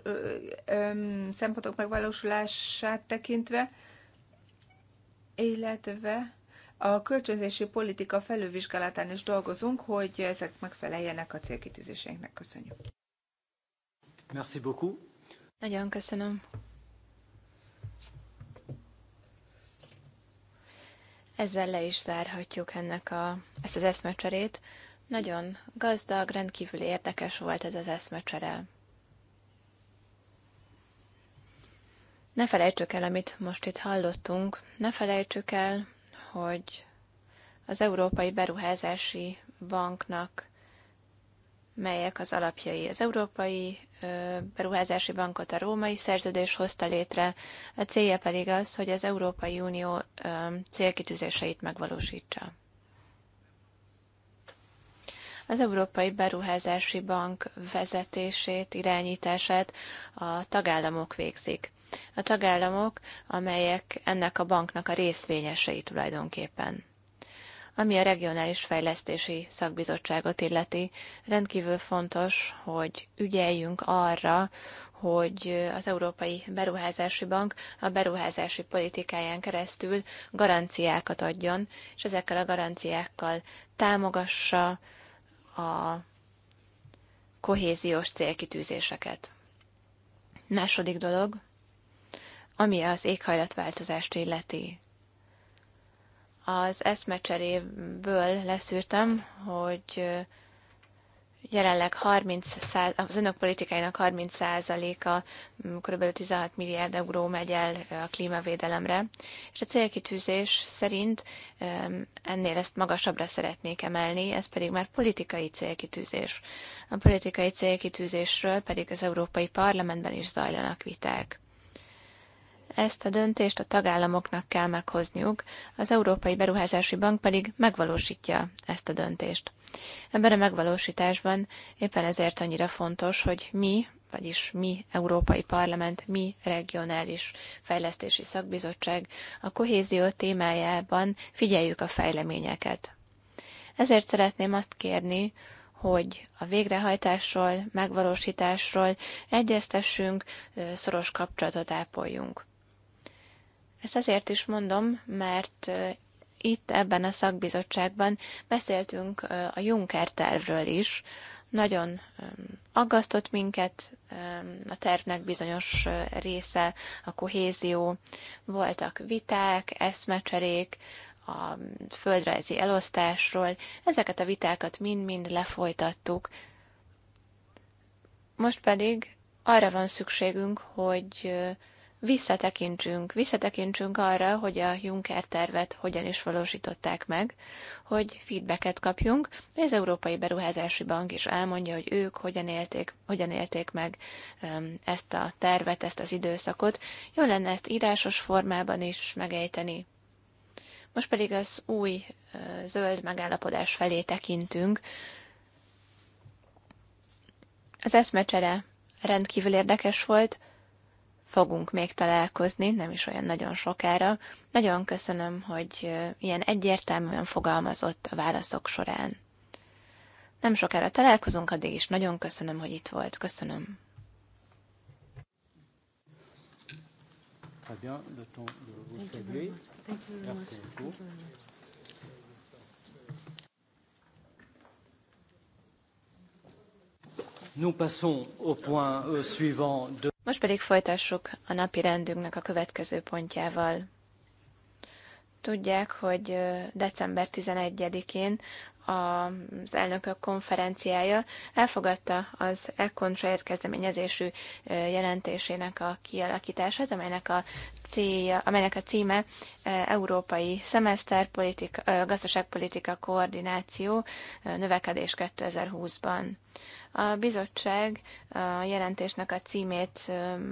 Speaker 2: szempontok megvalósulását tekintve, illetve a kölcsönzési politika felülvizsgálatán is dolgozunk, hogy ezek megfeleljenek a célkitűzéseinknek. Köszönjük.
Speaker 1: Merci beaucoup.
Speaker 2: Nagyon köszönöm.
Speaker 1: Ezzel le is zárhatjuk ennek a, ezt az eszmecserét. Nagyon gazdag, rendkívül érdekes volt ez az eszmecsere. Ne felejtsük el, amit most itt hallottunk, ne felejtsük el, hogy az Európai Beruházási Banknak melyek az alapjai az Európai Beruházási Bankot a római szerződés hozta létre, a célja pedig az, hogy az Európai Unió célkitűzéseit megvalósítsa. Az Európai Beruházási Bank vezetését, irányítását a tagállamok végzik. A tagállamok, amelyek ennek a banknak a részvényesei tulajdonképpen. Ami a regionális fejlesztési szakbizottságot illeti, rendkívül fontos, hogy ügyeljünk arra, hogy az Európai Beruházási Bank a beruházási politikáján keresztül garanciákat adjon, és ezekkel a garanciákkal támogassa a kohéziós célkitűzéseket. Második dolog, ami az éghajlatváltozást illeti az eszmecseréből leszűrtem, hogy jelenleg 30 száz, az önök politikájának 30%-a, kb. 16 milliárd euró megy el a klímavédelemre, és a célkitűzés szerint ennél ezt magasabbra szeretnék emelni, ez pedig már politikai célkitűzés. A politikai célkitűzésről pedig az Európai Parlamentben is zajlanak viták. Ezt a döntést a tagállamoknak kell meghozniuk, az Európai Beruházási Bank pedig megvalósítja ezt a döntést. Ebben a megvalósításban éppen ezért annyira fontos, hogy mi, vagyis mi Európai Parlament, mi regionális fejlesztési szakbizottság a kohézió témájában figyeljük a fejleményeket. Ezért szeretném azt kérni, hogy a végrehajtásról, megvalósításról egyeztessünk, szoros kapcsolatot ápoljunk. Ezt azért is mondom, mert itt ebben a szakbizottságban beszéltünk a Juncker tervről is. Nagyon aggasztott minket a tervnek bizonyos része, a kohézió, voltak viták, eszmecserék, a földrajzi elosztásról. Ezeket a vitákat mind-mind lefolytattuk. Most pedig arra van szükségünk, hogy visszatekintsünk, visszatekintsünk arra, hogy a Juncker tervet hogyan is valósították meg, hogy feedbacket kapjunk, hogy az Európai Beruházási Bank is elmondja, hogy ők hogyan élték, hogyan élték meg ezt a tervet, ezt az időszakot. Jó lenne ezt írásos formában is megejteni. Most pedig az új zöld megállapodás felé tekintünk. Az eszmecsere rendkívül érdekes volt, fogunk még találkozni, nem is olyan nagyon sokára. Nagyon köszönöm, hogy ilyen egyértelműen fogalmazott a válaszok során. Nem sokára találkozunk, addig is nagyon köszönöm, hogy itt volt. Köszönöm.
Speaker 3: Nous passons au point euh, suivant de
Speaker 1: most pedig folytassuk a napi rendünknek a következő pontjával. Tudják, hogy december 11-én az elnökök konferenciája elfogadta az ECON saját kezdeményezésű jelentésének a kialakítását, amelynek a, célja, amelynek a címe Európai Szemeszter politika, Gazdaságpolitika Koordináció Növekedés 2020-ban. A bizottság a jelentésnek a címét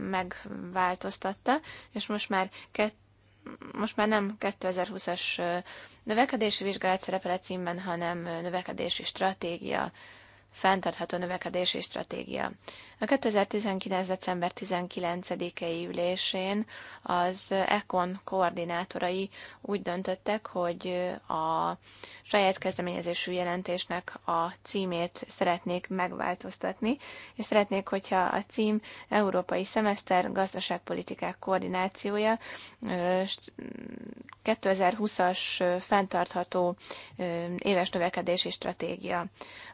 Speaker 1: megváltoztatta, és most már kettő most már nem 2020-as növekedési vizsgálat szerepel a címben, hanem növekedési stratégia fenntartható növekedési stratégia. A 2019. december 19-i ülésén az ECON koordinátorai úgy döntöttek, hogy a saját kezdeményezésű jelentésnek a címét szeretnék megváltoztatni, és szeretnék, hogyha a cím Európai Szemeszter Gazdaságpolitikák Koordinációja 2020-as fenntartható éves növekedési stratégia.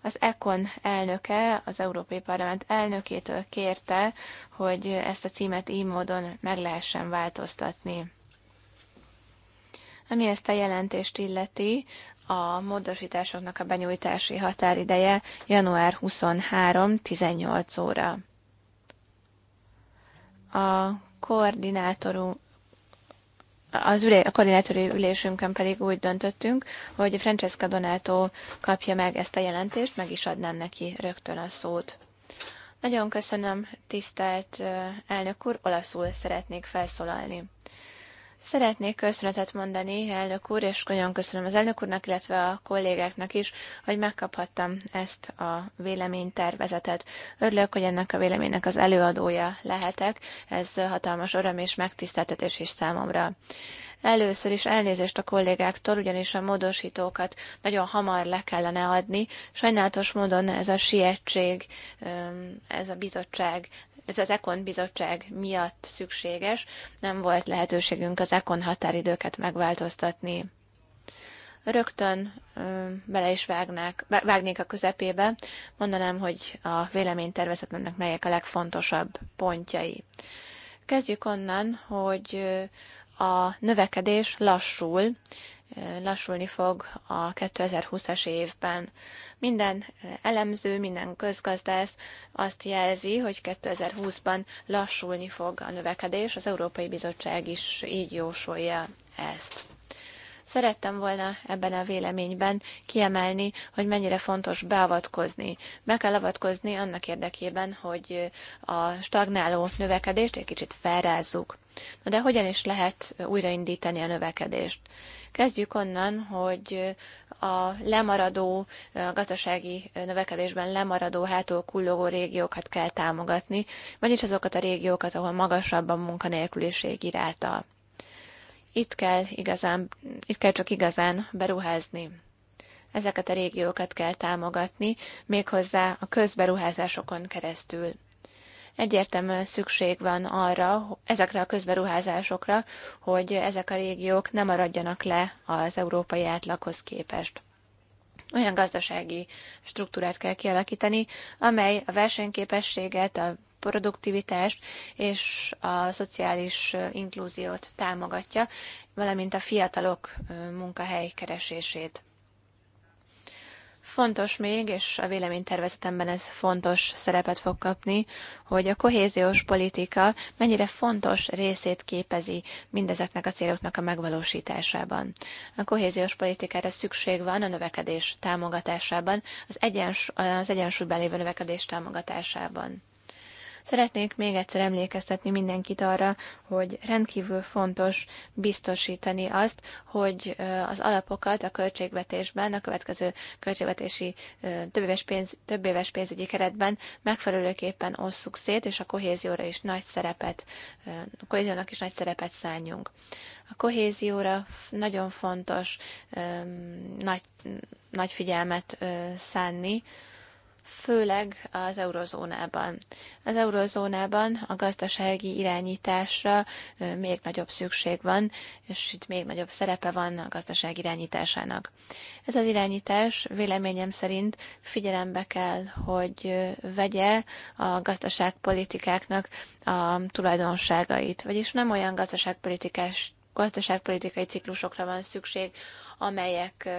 Speaker 1: Az ECON elnöke az Európai Parlament elnökétől kérte, hogy ezt a címet így módon meg lehessen változtatni. Ami ezt a jelentést illeti, a módosításoknak a benyújtási határideje január 23-18 óra. A koordinátorum az ülé, a koordinátori ülésünkön pedig úgy döntöttünk, hogy Francesca Donato kapja meg ezt a jelentést, meg is adnám neki rögtön a szót. Nagyon köszönöm, tisztelt elnök úr, olaszul szeretnék felszólalni. Szeretnék köszönetet mondani, elnök úr, és nagyon köszönöm az elnök úrnak, illetve a kollégáknak is, hogy megkaphattam ezt a véleménytervezetet. Örülök, hogy ennek a véleménynek az előadója lehetek. Ez hatalmas öröm és megtiszteltetés is számomra. Először is elnézést a kollégáktól, ugyanis a módosítókat nagyon hamar le kellene adni. Sajnálatos módon ez a sietség, ez a bizottság ez az ECON bizottság miatt szükséges, nem volt lehetőségünk az ECON határidőket megváltoztatni. Rögtön ö, bele is vágnák, vágnék a közepébe, mondanám, hogy a véleménytervezetnek melyek a legfontosabb pontjai. Kezdjük onnan, hogy a növekedés lassul, lassulni fog a 2020-as évben. Minden elemző, minden közgazdász azt jelzi, hogy 2020-ban lassulni fog a növekedés, az Európai Bizottság is így jósolja ezt. Szerettem volna ebben a véleményben kiemelni, hogy mennyire fontos beavatkozni. Be kell avatkozni annak érdekében, hogy a stagnáló növekedést egy kicsit felrázzuk. Na de hogyan is lehet újraindítani a növekedést? Kezdjük onnan, hogy a lemaradó, a gazdasági növekedésben lemaradó, hátul kullogó régiókat kell támogatni, vagyis azokat a régiókat, ahol magasabb a munkanélküliség iráta. Itt kell, igazán, itt kell csak igazán beruházni ezeket a régiókat kell támogatni, méghozzá a közberuházásokon keresztül. Egyértelműen szükség van arra, ezekre a közberuházásokra, hogy ezek a régiók ne maradjanak le az európai átlaghoz képest olyan gazdasági struktúrát kell kialakítani, amely a versenyképességet, a produktivitást és a szociális inklúziót támogatja, valamint a fiatalok munkahelykeresését. keresését. Fontos még, és a véleménytervezetemben ez fontos szerepet fog kapni, hogy a kohéziós politika mennyire fontos részét képezi mindezeknek a céloknak a megvalósításában. A kohéziós politikára szükség van a növekedés támogatásában, az, egyens, az egyensúlyban lévő növekedés támogatásában. Szeretnék még egyszer emlékeztetni mindenkit arra, hogy rendkívül fontos biztosítani azt, hogy az alapokat a költségvetésben, a következő költségvetési többéves, pénz, többéves pénzügyi keretben megfelelőképpen osszuk szét, és a kohézióra is nagy szerepet, a kohéziónak is nagy szerepet szálljunk. A kohézióra nagyon fontos nagy, nagy figyelmet szánni, főleg az eurozónában. Az eurozónában a gazdasági irányításra még nagyobb szükség van, és itt még nagyobb szerepe van a gazdaság irányításának. Ez az irányítás véleményem szerint figyelembe kell, hogy vegye a gazdaságpolitikáknak a tulajdonságait, vagyis nem olyan gazdaságpolitikás gazdaságpolitikai ciklusokra van szükség, amelyek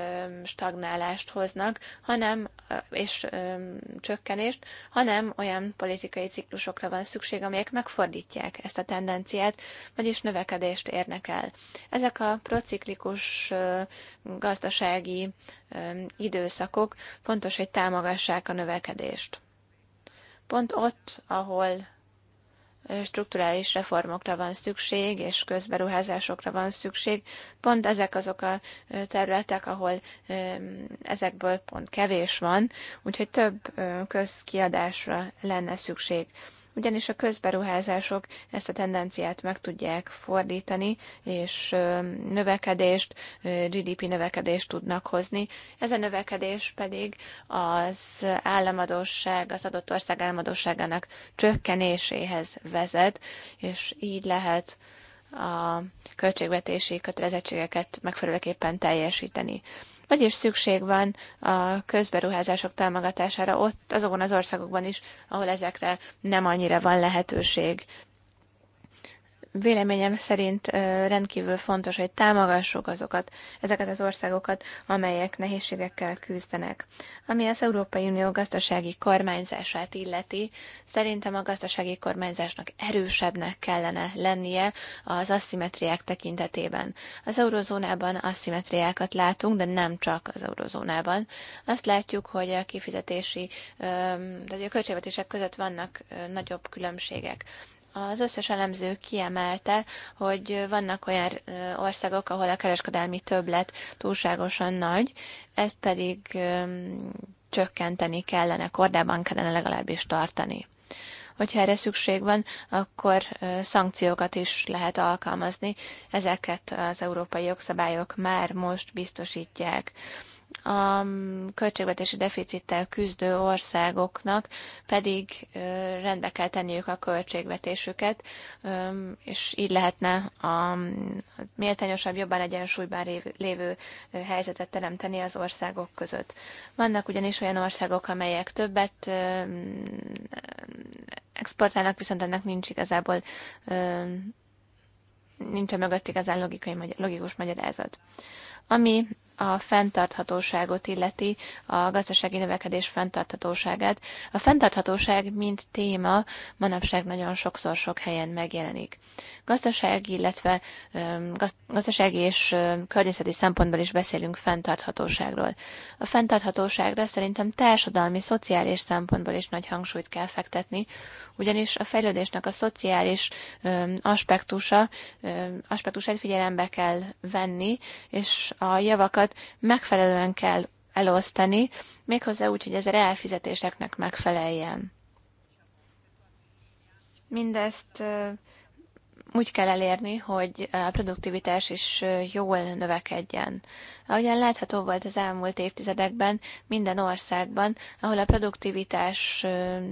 Speaker 1: stagnálást hoznak, hanem, és csökkenést, hanem olyan politikai ciklusokra van szükség, amelyek megfordítják ezt a tendenciát, vagyis növekedést érnek el. Ezek a prociklikus gazdasági időszakok fontos, hogy támogassák a növekedést. Pont ott, ahol strukturális reformokra van szükség, és közberuházásokra van szükség. Pont ezek azok a területek, ahol ezekből pont kevés van, úgyhogy több közkiadásra lenne szükség ugyanis a közberuházások ezt a tendenciát meg tudják fordítani, és növekedést, GDP növekedést tudnak hozni. Ez a növekedés pedig az államadóság, az adott ország államadóságának csökkenéséhez vezet, és így lehet a költségvetési kötelezettségeket megfelelőképpen teljesíteni. Vagyis szükség van a közberuházások támogatására ott, azokon az országokban is, ahol ezekre nem annyira van lehetőség. Véleményem szerint rendkívül fontos, hogy támogassuk azokat, ezeket az országokat, amelyek nehézségekkel küzdenek. Ami az Európai Unió gazdasági kormányzását illeti, szerintem a gazdasági kormányzásnak erősebbnek kellene lennie az asszimetriák tekintetében. Az eurozónában asszimetriákat látunk, de nem csak az eurozónában. Azt látjuk, hogy a kifizetési, vagy a költségvetések között vannak nagyobb különbségek. Az összes elemző kiemelte, hogy vannak olyan országok, ahol a kereskedelmi többlet túlságosan nagy, ezt pedig csökkenteni kellene, kordában kellene legalábbis tartani hogyha erre szükség van, akkor szankciókat is lehet alkalmazni. Ezeket az európai jogszabályok már most biztosítják a költségvetési deficittel küzdő országoknak pedig rendbe kell tenniük a költségvetésüket, és így lehetne a méltányosabb, jobban egyensúlyban lévő helyzetet teremteni az országok között. Vannak ugyanis olyan országok, amelyek többet exportálnak, viszont ennek nincs igazából nincs a mögött igazán logikai, logikus magyarázat. Ami a fenntarthatóságot illeti, a gazdasági növekedés fenntarthatóságát. A fenntarthatóság, mint téma, manapság nagyon sokszor sok helyen megjelenik. Gazdasági, illetve gazdasági és környezeti szempontból is beszélünk fenntarthatóságról. A fenntarthatóságra szerintem társadalmi, szociális szempontból is nagy hangsúlyt kell fektetni, ugyanis a fejlődésnek a szociális aspektusa, aspektusát figyelembe kell venni, és a javakat forrásokat megfelelően kell elosztani, méghozzá úgy, hogy ez a reál fizetéseknek megfeleljen. Mindezt úgy kell elérni, hogy a produktivitás is jól növekedjen. Ahogyan látható volt az elmúlt évtizedekben, minden országban, ahol a produktivitás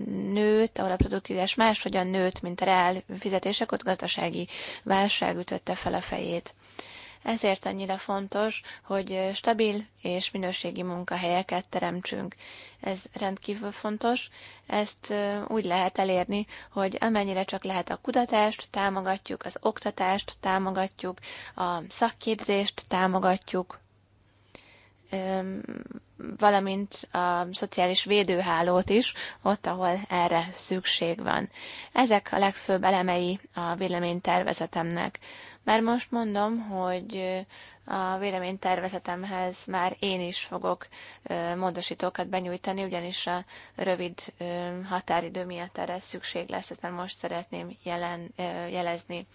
Speaker 1: nőtt, ahol a produktivitás máshogyan nőtt, mint a reál fizetések, ott gazdasági válság ütötte fel a fejét. Ezért annyira fontos, hogy stabil és minőségi munkahelyeket teremtsünk. Ez rendkívül fontos. Ezt úgy lehet elérni, hogy amennyire csak lehet a kutatást támogatjuk, az oktatást támogatjuk, a szakképzést támogatjuk, valamint a szociális védőhálót is, ott, ahol erre szükség van. Ezek a legfőbb elemei a véleménytervezetemnek. Mert most mondom, hogy a véleménytervezetemhez már én is fogok módosítókat benyújtani, ugyanis a rövid határidő miatt erre szükség lesz, mert már most szeretném jelen, jelezni.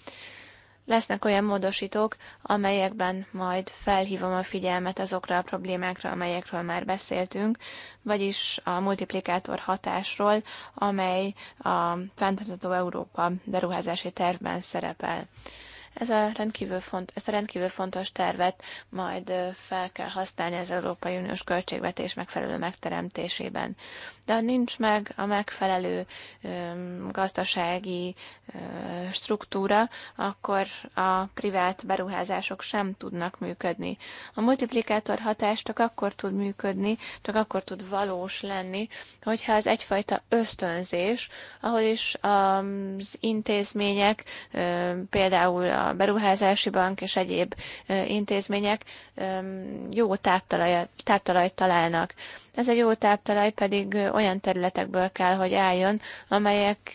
Speaker 1: Lesznek olyan módosítók, amelyekben majd felhívom a figyelmet azokra a problémákra, amelyekről már beszéltünk, vagyis a multiplikátor hatásról, amely a fenntartható Európa beruházási tervben szerepel. Ez a rendkívül font, ez a rendkívül fontos tervet majd fel kell használni az Európai Uniós költségvetés megfelelő megteremtésében. De ha nincs meg a megfelelő gazdasági struktúra, akkor a privát beruházások sem tudnak működni. A multiplikátor hatás csak akkor tud működni, csak akkor tud valós lenni, hogyha ez egyfajta ösztönzés, ahol is az intézmények, például a a beruházási bank és egyéb intézmények jó táptalajt találnak. Ez egy jó táptalaj pedig olyan területekből kell, hogy álljon, amelyek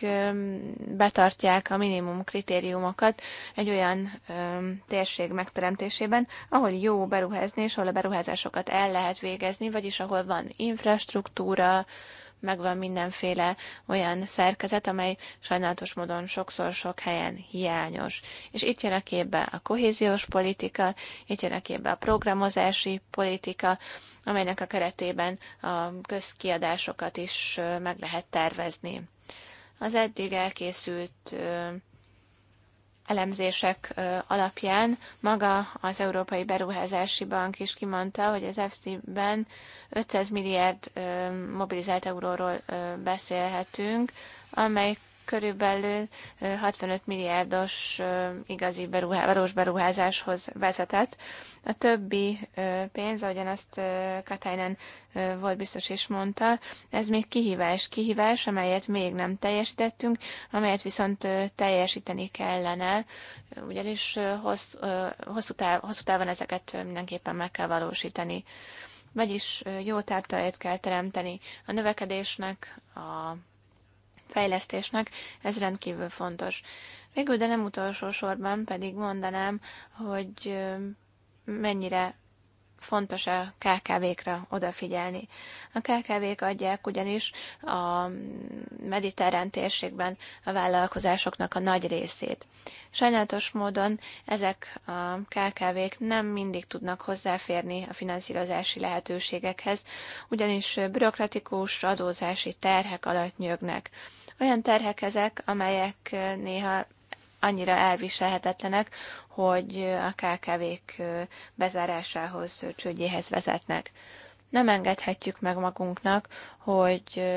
Speaker 1: betartják a minimum kritériumokat egy olyan térség megteremtésében, ahol jó beruházni, és ahol a beruházásokat el lehet végezni, vagyis ahol van infrastruktúra, megvan mindenféle olyan szerkezet, amely sajnálatos módon sokszor sok helyen hiányos. És itt jön a képbe a kohéziós politika, itt jön a képbe a programozási politika, amelynek a keretében a közkiadásokat is meg lehet tervezni. Az eddig elkészült elemzések alapján maga az Európai Beruházási Bank is kimondta, hogy az FC-ben 500 milliárd mobilizált euróról beszélhetünk, amely körülbelül 65 milliárdos igazi beruhá, valós beruházáshoz vezetett. A többi pénz, ahogyan azt Katainen volt biztos is mondta, ez még kihívás, kihívás, amelyet még nem teljesítettünk, amelyet viszont teljesíteni kellene, ugyanis hosszú, táv, hosszú távon ezeket mindenképpen meg kell valósítani. Vagyis jó táptalajt kell teremteni a növekedésnek, a fejlesztésnek, ez rendkívül fontos. Végül, de nem utolsó sorban pedig mondanám, hogy mennyire fontos a KKV-kra odafigyelni. A KKV-k adják ugyanis a mediterrán térségben a vállalkozásoknak a nagy részét. Sajnálatos módon ezek a KKV-k nem mindig tudnak hozzáférni a finanszírozási lehetőségekhez, ugyanis bürokratikus adózási terhek alatt nyögnek. Olyan terhek ezek, amelyek néha annyira elviselhetetlenek, hogy a KKV-k bezárásához, csődjéhez vezetnek. Nem engedhetjük meg magunknak, hogy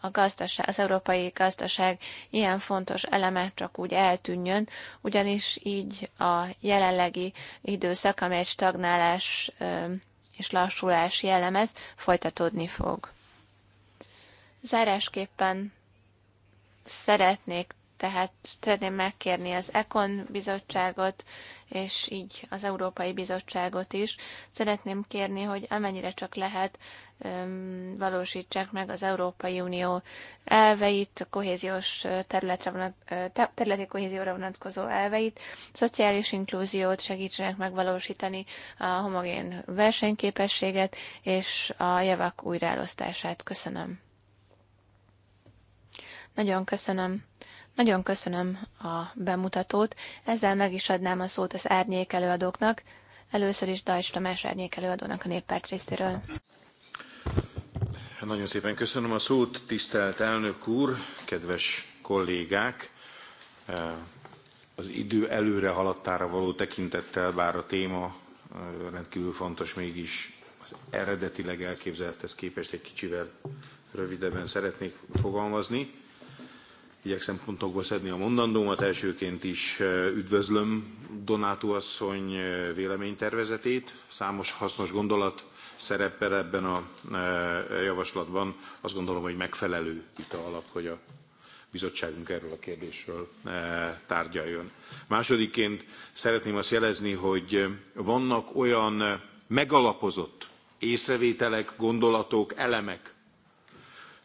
Speaker 1: a gazdaság, az európai gazdaság ilyen fontos eleme csak úgy eltűnjön, ugyanis így a jelenlegi időszak, amely egy stagnálás és lassulás jellemez, folytatódni fog. Zárásképpen Szeretnék tehát szeretném megkérni az ECON bizottságot, és így az Európai Bizottságot is. Szeretném kérni, hogy amennyire csak lehet, valósítsák meg az Európai Unió elveit, a kohéziós területre vonat, területi kohézióra vonatkozó elveit, szociális inklúziót segítsenek megvalósítani, a homogén versenyképességet és a javak újraelosztását. Köszönöm. Nagyon köszönöm. Nagyon köszönöm a bemutatót. Ezzel meg is adnám a szót az árnyék előadóknak. Először is Dajs Tamás árnyék előadónak a néppárt részéről.
Speaker 4: Nagyon szépen köszönöm a szót, tisztelt elnök úr, kedves kollégák! Az idő előre haladtára való tekintettel, bár a téma rendkívül fontos, mégis az eredetileg elképzelthez képest egy kicsivel rövidebben szeretnék fogalmazni. Igyekszem pontokba szedni a mondandómat. Elsőként is eh, üdvözlöm Donátó asszony eh, véleménytervezetét. Számos hasznos gondolat szerepel ebben a eh, javaslatban. Azt gondolom, hogy megfelelő vita alap, hogy a bizottságunk erről a kérdésről tárgyaljon. Másodikként szeretném azt jelezni, hogy vannak olyan megalapozott észrevételek, gondolatok, elemek,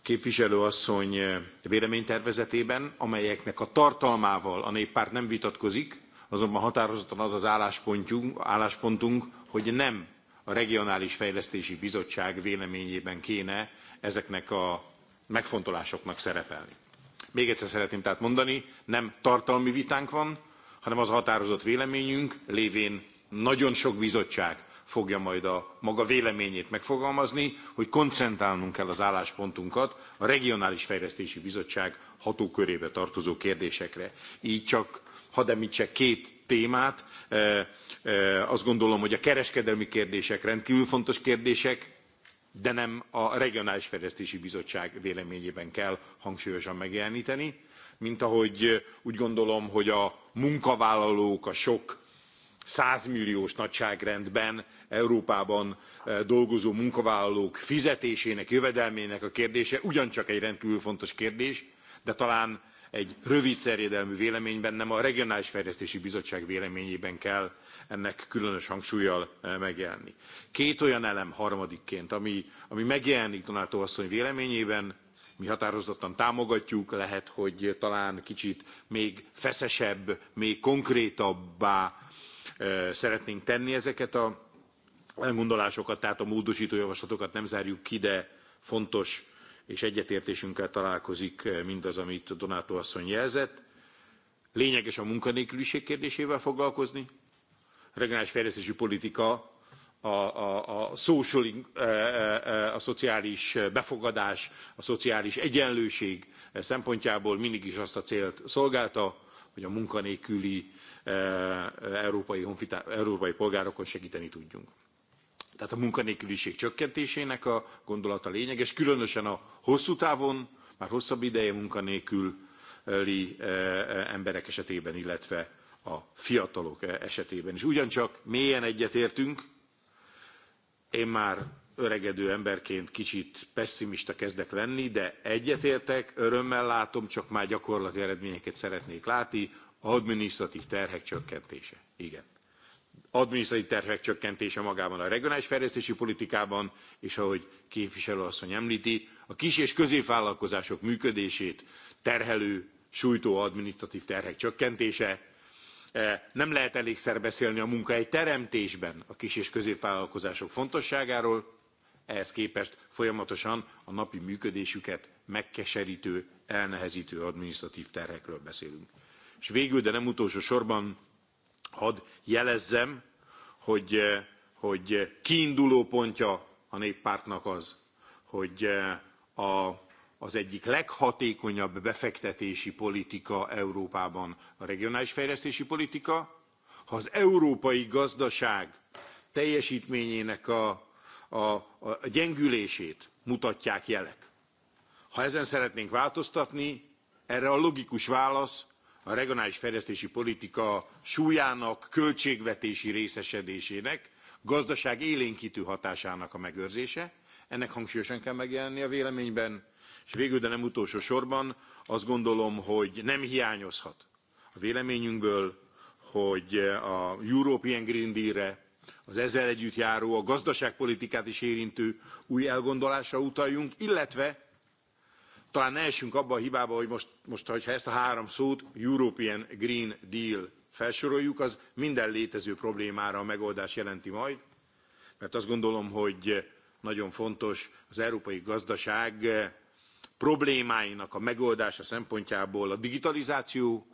Speaker 4: Képviselő asszony eh, véleménytervezetében, amelyeknek a tartalmával a néppárt nem vitatkozik, azonban határozottan az az álláspontunk, álláspontunk hogy nem a Regionális Fejlesztési Bizottság véleményében kéne ezeknek a megfontolásoknak szerepelni. Még egyszer szeretném tehát mondani, nem tartalmi vitánk van, hanem az a határozott véleményünk, lévén nagyon sok bizottság fogja majd a maga véleményét megfogalmazni, hogy koncentrálnunk kell az álláspontunkat a Regionális Fejlesztési Bizottság hatókörébe tartozó kérdésekre. Így csak hadd említsek két témát. E, e, azt gondolom, hogy a kereskedelmi kérdések rendkívül fontos kérdések, de nem a Regionális Fejlesztési Bizottság véleményében kell hangsúlyosan megjeleníteni, mint ahogy úgy gondolom, hogy a munkavállalók, a sok százmilliós nagyságrendben európában eh, dolgozó munkavállalók fizetésének jövedelmének a kérdése ugyancsak egy rendkvül fontos kérdés de talán egy rövid terjedelmű véleményben nem a regionális fejlesztési bizottság véleményében kell ennek különös hangsúllyal eh, megjelenni. két olyan elem harmadikként ami, ami megjelenik donato asszony véleményében mi határozottan támogatjuk lehet hogy talán kicsit még feszesebb még konkrétabbá szeretnénk tenni ezeket a elgondolásokat, tehát a módosító javaslatokat nem zárjuk ki, de fontos és egyetértésünkkel találkozik mindaz, amit Donátó asszony jelzett. Lényeges a munkanélküliség kérdésével foglalkozni. A regionális fejlesztési politika a, a, a, social, a szociális befogadás, a szociális egyenlőség szempontjából mindig is azt a célt szolgálta, hogy a munkanélküli Eh, európai, honfitá, európai polgárokon segíteni tudjunk. Tehát a munkanélküliség csökkentésének a gondolata lényeges, különösen a hosszú távon, már hosszabb ideje munkanélküli eh, emberek esetében, illetve a fiatalok eh, esetében is. Ugyancsak mélyen egyetértünk, én már öregedő emberként kicsit pessimista kezdek lenni, de egyetértek, örömmel látom, csak már gyakorlati eredményeket szeretnék látni. Adminisztratív terhek csökkentése. Igen. Adminisztratív terhek csökkentése magában a regionális fejlesztési politikában, és ahogy képviselőasszony említi, a kis és középvállalkozások működését terhelő, sújtó adminisztratív terhek csökkentése. E, nem lehet elégszer beszélni a munkahely teremtésben a kis és középvállalkozások fontosságáról, ehhez képest folyamatosan a napi működésüket megkeserítő, elnehezítő adminisztratív terhekről beszélünk. És végül, de nem utolsó sorban hadd jelezzem, hogy, eh, hogy kiinduló pontja a néppártnak az, hogy eh, a, az egyik leghatékonyabb befektetési politika Európában a regionális fejlesztési politika, ha az európai gazdaság teljesítményének a, a, a gyengülését mutatják jelek. Ha ezen szeretnénk változtatni, erre a logikus válasz a regionális fejlesztési politika súlyának, költségvetési részesedésének, gazdaság élénkítő hatásának a megőrzése. Ennek hangsúlyosan kell megjelenni a véleményben, és végül, de nem utolsó sorban azt gondolom, hogy nem hiányozhat a véleményünkből, hogy a European Green Deal-re, az ezzel együtt járó, a gazdaságpolitikát is érintő új elgondolásra utaljunk, illetve talán ne essünk abba a hibába, hogy most, most ha ezt a három szót, European Green Deal felsoroljuk, az minden létező problémára a megoldás jelenti majd, mert azt gondolom, hogy nagyon fontos az európai gazdaság problémáinak a megoldása szempontjából a digitalizáció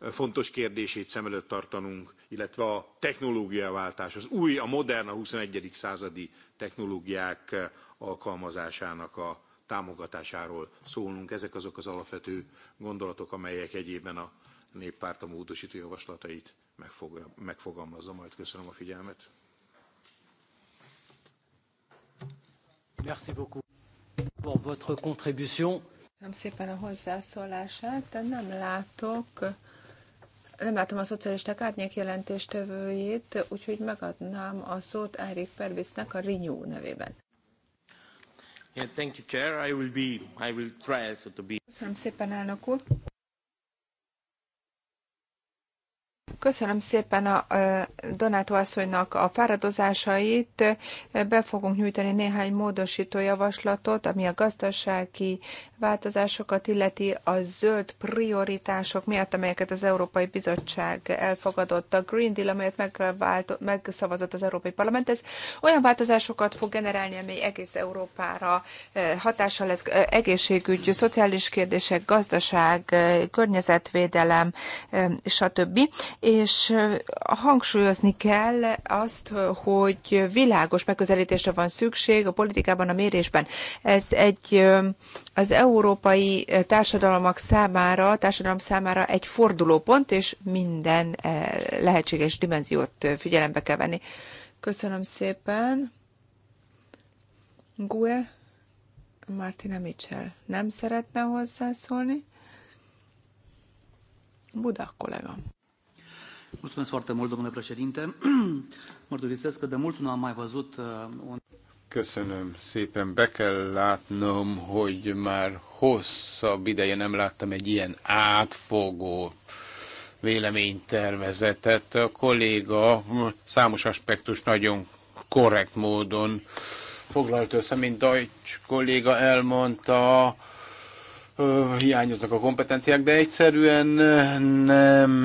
Speaker 4: fontos kérdését szem előtt tartanunk, illetve a technológiaváltás, az új, a modern, a 21. századi technológiák alkalmazásának a támogatásáról szólnunk. Ezek azok az alapvető gondolatok, amelyek egyében a néppárt a módosító javaslatait megfogalmazza. Majd köszönöm a figyelmet.
Speaker 3: Merci beaucoup pour votre contribution.
Speaker 2: Nem szépen a hozzászólását, de nem látok nem látom a szocialisták árnyék jelentéstevőjét, úgyhogy megadnám a szót Erik Pervisznek a Rinyó nevében
Speaker 3: thank you, Chair. I will be, I will try also to be.
Speaker 2: Köszönöm szépen, elnök úr. Köszönöm szépen a Donátó asszonynak a fáradozásait. Be fogunk nyújtani néhány módosító javaslatot, ami a gazdasági változásokat illeti a zöld prioritások miatt, amelyeket az Európai Bizottság elfogadott. A Green Deal, amelyet megválto- megszavazott az Európai Parlament, ez olyan változásokat fog generálni, amely egész Európára hatással lesz egészségügy, szociális kérdések, gazdaság, környezetvédelem, stb és hangsúlyozni kell azt, hogy világos megközelítésre van szükség a politikában, a mérésben. Ez egy az európai társadalmak számára, társadalom számára egy fordulópont, és minden lehetséges dimenziót figyelembe kell venni. Köszönöm szépen. Gue, Martina Mitchell nem szeretne hozzászólni. Budak kollega.
Speaker 3: Mulțumesc foarte mult, domnule președinte. Mărturisesc că de mult nu am mai văzut uh, un... Köszönöm szépen, be kell látnom, hogy már hosszabb ideje nem láttam egy ilyen átfogó véleménytervezetet. A kolléga számos aspektus nagyon korrekt módon foglalt össze, mint Deutsch kolléga elmondta, hiányoznak a kompetenciák, de egyszerűen nem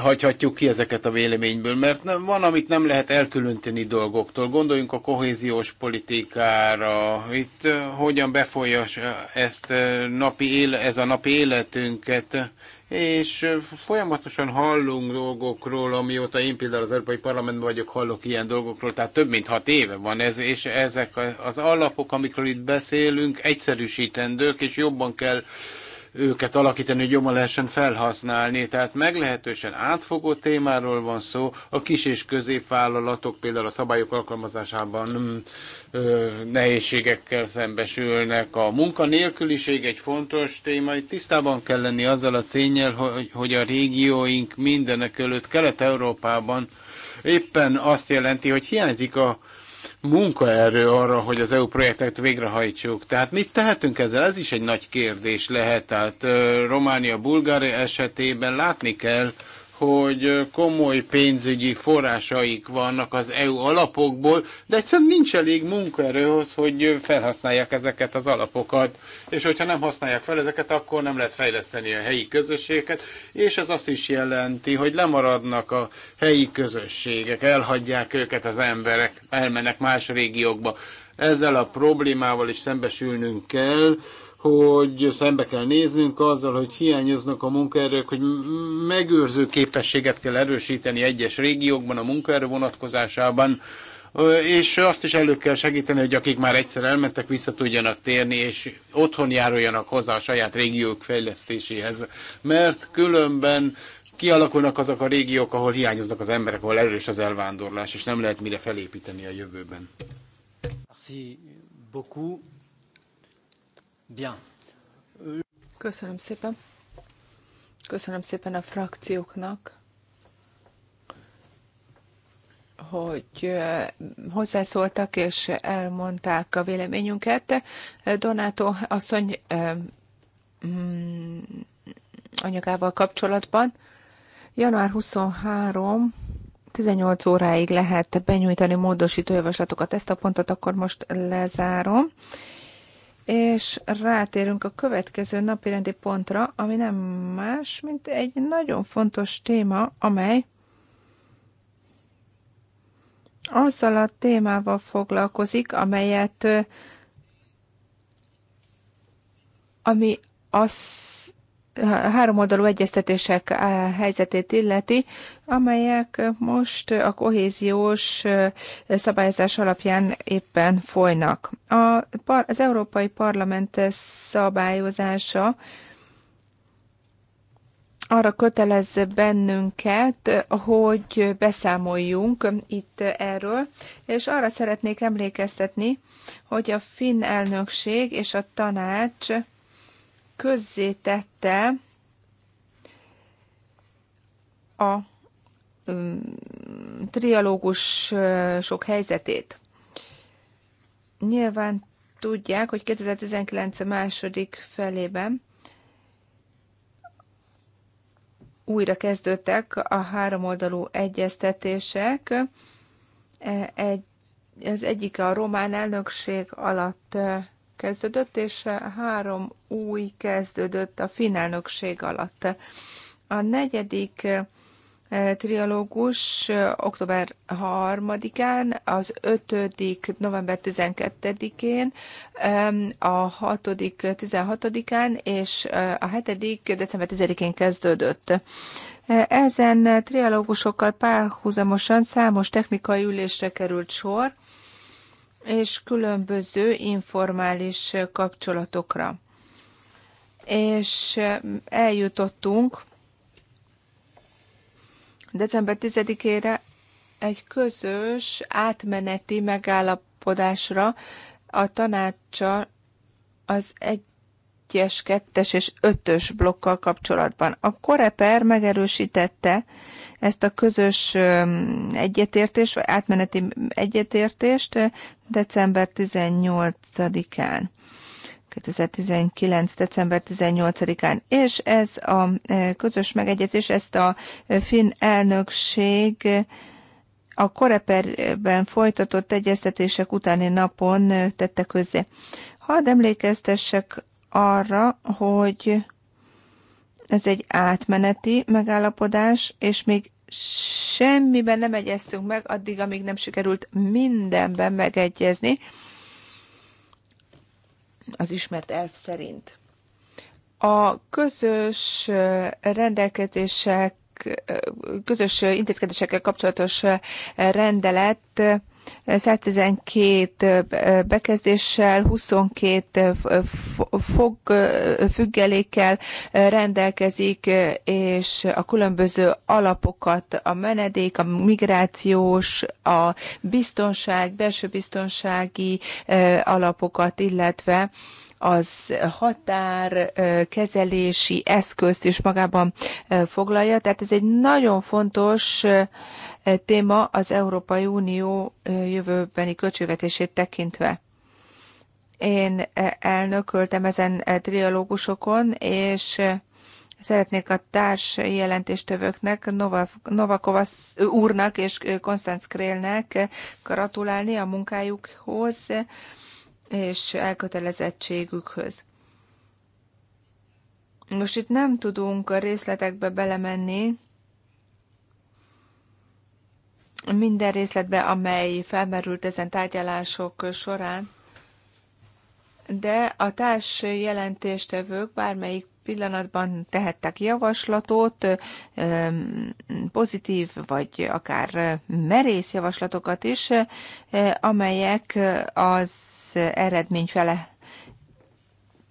Speaker 3: hagyhatjuk ki ezeket a véleményből, mert nem, van, amit nem lehet elkülönteni dolgoktól. Gondoljunk a kohéziós politikára, itt hogyan befolyas ezt napi éle, ez a napi életünket, és folyamatosan hallunk dolgokról, amióta én például az Európai Parlamentben vagyok, hallok ilyen dolgokról, tehát több mint hat éve van ez, és ezek az alapok, amikről itt beszélünk, egyszerűsítendők, és jobban kell őket alakítani, hogy jobban lehessen felhasználni. Tehát meglehetősen átfogó témáról van szó. A kis és középvállalatok például a szabályok alkalmazásában mm, ö, nehézségekkel szembesülnek. A munkanélküliség egy fontos téma. tisztában kell lenni azzal a tényel, hogy, hogy a régióink mindenek előtt Kelet-Európában éppen azt jelenti, hogy hiányzik a munkaerő arra, hogy az EU projektet végrehajtsuk. Tehát mit tehetünk ezzel? Ez is egy nagy kérdés lehet. Tehát Románia, Bulgária esetében látni kell, hogy komoly pénzügyi forrásaik vannak az EU alapokból, de egyszerűen nincs elég munkaerőhoz, hogy felhasználják ezeket az alapokat. És hogyha nem használják fel ezeket, akkor nem lehet fejleszteni a helyi közösségeket, és ez azt is jelenti, hogy lemaradnak a helyi közösségek, elhagyják őket az emberek, elmennek más régiókba. Ezzel a problémával is szembesülnünk kell, hogy szembe kell néznünk azzal, hogy hiányoznak a munkaerők, hogy megőrző képességet kell erősíteni egyes régiókban a munkaerő vonatkozásában, és azt is elő kell segíteni, hogy akik már egyszer elmentek, vissza tudjanak térni, és otthon járuljanak hozzá a saját régiók fejlesztéséhez. Mert különben kialakulnak azok a régiók, ahol hiányoznak az emberek, ahol erős az elvándorlás, és nem lehet mire felépíteni a jövőben. Merci beaucoup. Bien.
Speaker 2: Köszönöm szépen. Köszönöm szépen a frakcióknak, hogy hozzászóltak és elmondták a véleményünket. Donátó asszony mm, anyagával kapcsolatban. Január 23 18 óráig lehet benyújtani módosítójavaslatokat. Ezt a pontot akkor most lezárom és rátérünk a következő napirendi pontra, ami nem más, mint egy nagyon fontos téma, amely azzal a témával foglalkozik, amelyet ami az háromoldalú egyeztetések eh, helyzetét illeti, amelyek most a kohéziós eh, szabályozás alapján éppen folynak. A, az Európai Parlament szabályozása arra kötelez bennünket, hogy beszámoljunk itt erről, és arra szeretnék emlékeztetni, hogy a finn elnökség és a tanács közzétette a trialógus sok helyzetét. Nyilván tudják, hogy 2019 második felében újra kezdődtek a háromoldalú egyeztetések. E, egy, az egyik a román elnökség alatt kezdődött, és három új kezdődött a finálnökség alatt. A negyedik e, trialógus e, október 3-án, az 5. november 12-én, e, a 6. 16-án és a 7. december 10-én kezdődött. Ezen trialógusokkal párhuzamosan számos technikai ülésre került sor, és különböző informális kapcsolatokra. És eljutottunk december 10-ére egy közös átmeneti megállapodásra a tanácsa az egy 1-es, 2-es és 5-ös blokkal kapcsolatban. A Koreper megerősítette ezt a közös egyetértést, vagy átmeneti egyetértést december 18-án. 2019. december 18-án, és ez a közös megegyezés, ezt a finn elnökség a Koreperben folytatott egyeztetések utáni napon tette közzé. Hadd emlékeztessek arra, hogy ez egy átmeneti megállapodás, és még semmiben nem egyeztünk meg, addig, amíg nem sikerült mindenben megegyezni az ismert elf szerint. A közös eh, rendelkezések, eh, közös intézkedésekkel kapcsolatos eh, rendelet 112 bekezdéssel, 22 fog, függelékkel rendelkezik, és a különböző alapokat, a menedék, a migrációs, a biztonság, belső biztonsági alapokat, illetve az határkezelési eszközt is magában foglalja. Tehát ez egy nagyon fontos E, téma az Európai Unió e, jövőbeni költségvetését tekintve. Én e, elnököltem ezen trialógusokon, és szeretnék a társ jelentéstövőknek, Novakovas úrnak és Konstanz Krélnek gratulálni a munkájukhoz és elkötelezettségükhöz. Most itt nem tudunk a részletekbe belemenni, minden részletbe, amely felmerült ezen tárgyalások során, de a társ jelentéstevők bármelyik pillanatban tehettek javaslatot, pozitív vagy akár merész javaslatokat is, eh, amelyek az eredmény fele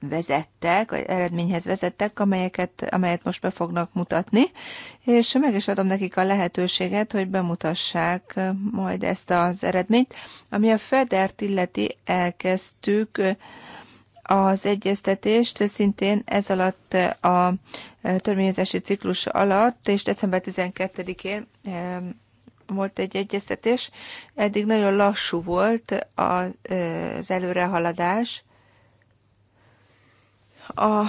Speaker 2: vezettek, eredményhez vezettek, amelyeket, amelyet most be fognak mutatni, és meg is adom nekik a lehetőséget, hogy bemutassák majd ezt az eredményt. Ami a Federt illeti, elkezdtük az egyeztetést szintén ez alatt a törvényezési ciklus alatt, és december 12-én volt egy egyeztetés. Eddig nagyon lassú volt az előrehaladás, a,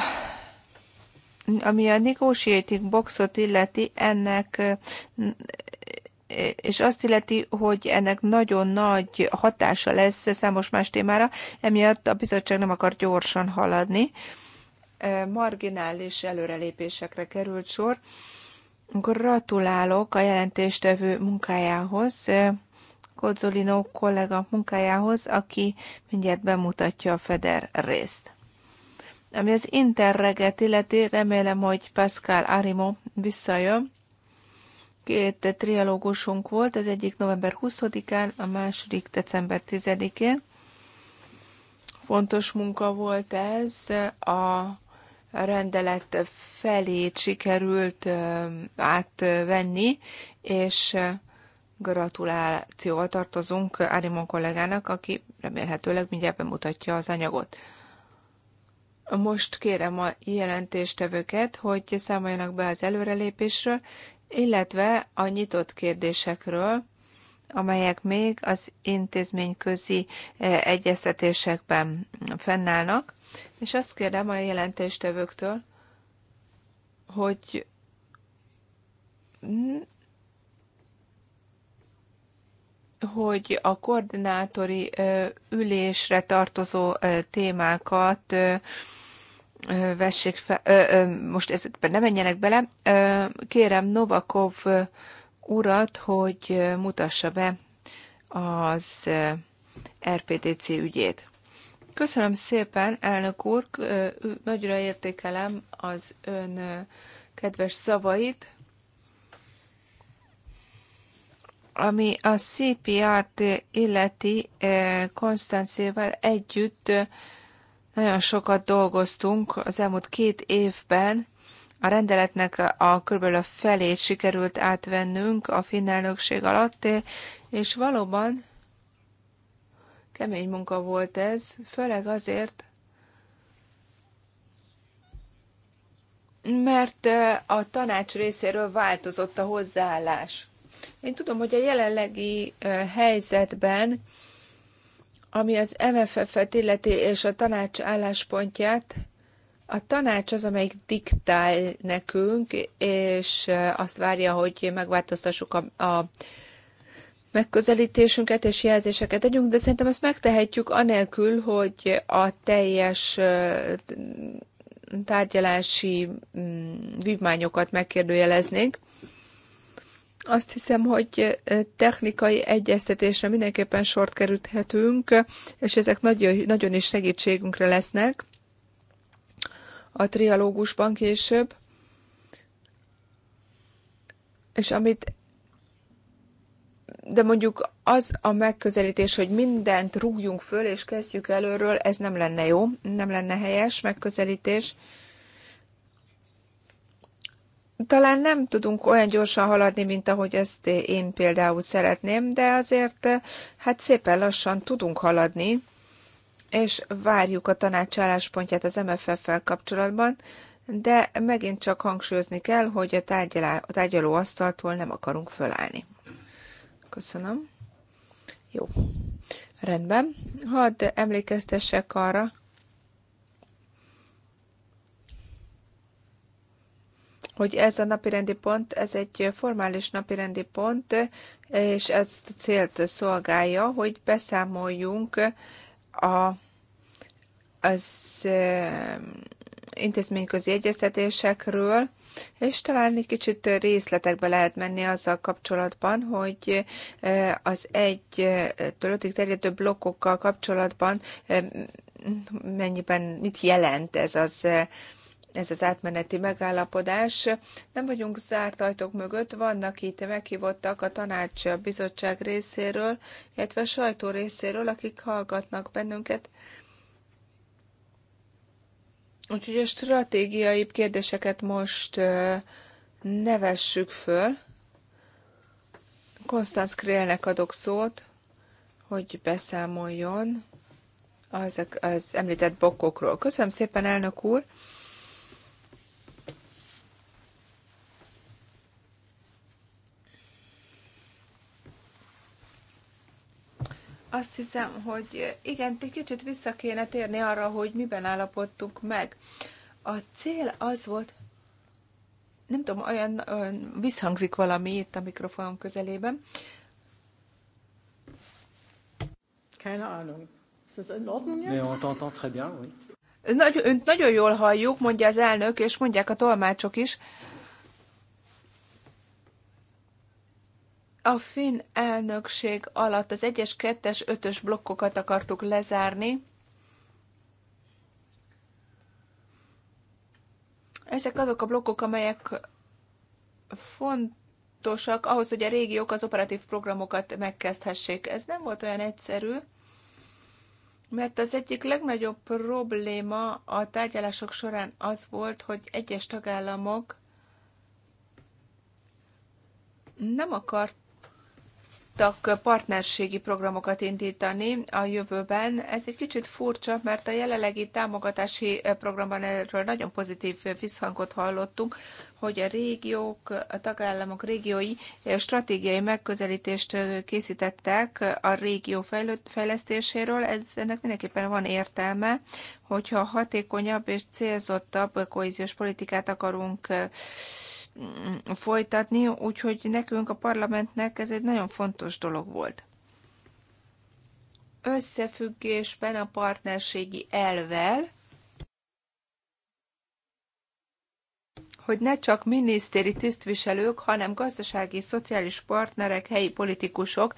Speaker 2: ami a negotiating boxot illeti, ennek és azt illeti, hogy ennek nagyon nagy hatása lesz számos más témára, emiatt a bizottság nem akar gyorsan haladni. Marginális előrelépésekre került sor. Gratulálok a jelentéstevő munkájához, Kozolino kollega munkájához, aki mindjárt bemutatja a Feder részt. Ami az interreget illeti, remélem, hogy Pascal Arimo visszajön. Két trialógusunk volt, az egyik november 20-án, a második december 10-én. Fontos munka volt ez, a rendelet felét sikerült átvenni, és gratulációval tartozunk Arimo kollégának, aki remélhetőleg mindjárt bemutatja az anyagot. Most kérem a jelentéstevőket, hogy számoljanak be az előrelépésről, illetve a nyitott kérdésekről, amelyek még az intézményközi eh, egyeztetésekben fennállnak, és azt kérem a jelentéstevőktől, hogy hogy a koordinátori eh, ülésre tartozó eh, témákat vessék fel, ö, ö, most ezekben nem menjenek bele. Ö, kérem Novakov urat, hogy mutassa be az RPDC ügyét. Köszönöm szépen, elnök úr, nagyra értékelem az ön kedves szavait, ami a CPR-t illeti Konstancéval együtt nagyon sokat dolgoztunk az elmúlt két évben, a rendeletnek a kb. a felét sikerült átvennünk a finn elnökség alatt, és valóban kemény munka volt ez, főleg azért, mert a tanács részéről változott a hozzáállás. Én tudom, hogy a jelenlegi helyzetben ami az MFF-et illeti és a tanács álláspontját, a tanács az, amelyik diktál nekünk, és azt várja, hogy megváltoztassuk a, a megközelítésünket és jelzéseket tegyünk, de szerintem ezt megtehetjük anélkül, hogy a teljes tárgyalási mm, vívmányokat megkérdőjeleznénk. Azt hiszem, hogy technikai egyeztetésre mindenképpen sort kerülhetünk, és ezek nagyon, nagyon is segítségünkre lesznek a trialógusban később. És amit de mondjuk az a megközelítés, hogy mindent rúgjunk föl és kezdjük előről, ez nem lenne jó, nem lenne helyes megközelítés talán nem tudunk olyan gyorsan haladni, mint ahogy ezt én például szeretném, de azért hát szépen lassan tudunk haladni, és várjuk a tanács álláspontját az MFF-fel kapcsolatban, de megint csak hangsúlyozni kell, hogy a, tárgyalá, a tárgyaló asztaltól nem akarunk fölállni. Köszönöm. Jó. Rendben. Hadd emlékeztessek arra, hogy ez a napirendi pont, ez egy formális napirendi pont, és ezt a célt szolgálja, hogy beszámoljunk a, az intézményközi egyeztetésekről, és talán egy kicsit részletekbe lehet menni azzal kapcsolatban, hogy az egy-től terjedő blokkokkal kapcsolatban mennyiben, mit jelent ez az ez az átmeneti megállapodás. Nem vagyunk zárt ajtók mögött, vannak itt meghívottak a tanács a bizottság részéről, illetve a sajtó részéről, akik hallgatnak bennünket. Úgyhogy a stratégiai kérdéseket most nevessük föl. Konstanz Krélnek adok szót, hogy beszámoljon az, az említett bokkokról. Köszönöm szépen, elnök úr! Azt hiszem, hogy igen, egy kicsit vissza kéne térni arra, hogy miben állapodtunk meg. A cél az volt, nem tudom, olyan, olyan visszhangzik valami itt a mikrofonom közelében. Keine Ahnung. Ist das in Ordnung?
Speaker 3: on t'entend très bien, oui.
Speaker 2: Nagy, önt nagyon jól halljuk, mondja az elnök, és mondják a tolmácsok is. A finn elnökség alatt az 1-es, 2-es, 5-ös blokkokat akartuk lezárni. Ezek azok a blokkok, amelyek fontosak ahhoz, hogy a régiók az operatív programokat megkezdhessék. Ez nem volt olyan egyszerű, mert az egyik legnagyobb probléma a tárgyalások során az volt, hogy egyes tagállamok nem akart tudtak partnerségi programokat indítani a jövőben. Ez egy kicsit furcsa, mert a jelenlegi támogatási programban erről nagyon pozitív visszhangot hallottunk, hogy a régiók, a tagállamok régiói stratégiai megközelítést készítettek a régió fejlesztéséről. Ez, ennek mindenképpen van értelme, hogyha hatékonyabb és célzottabb kohéziós politikát akarunk folytatni, úgyhogy nekünk a parlamentnek ez egy nagyon fontos dolog volt. Összefüggésben a partnerségi elvel, hogy ne csak minisztéri tisztviselők, hanem gazdasági, szociális partnerek, helyi politikusok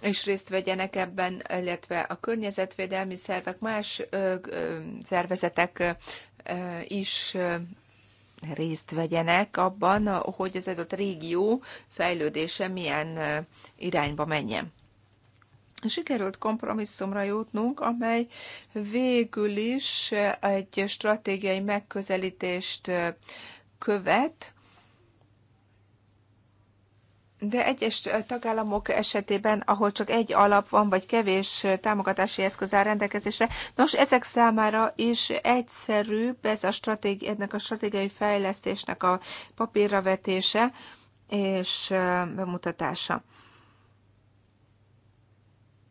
Speaker 2: és részt vegyenek ebben, illetve a környezetvédelmi szervek, más ö, ö, szervezetek ö, is részt vegyenek abban, hogy az adott régió fejlődése milyen irányba menjen. Sikerült kompromisszumra jutnunk, amely végül is egy stratégiai megközelítést követ, de egyes tagállamok esetében, ahol csak egy alap van, vagy kevés támogatási eszköz áll rendelkezésre, nos, ezek számára is egyszerűbb ez a stratégi, ennek a stratégiai fejlesztésnek a papírra vetése és bemutatása.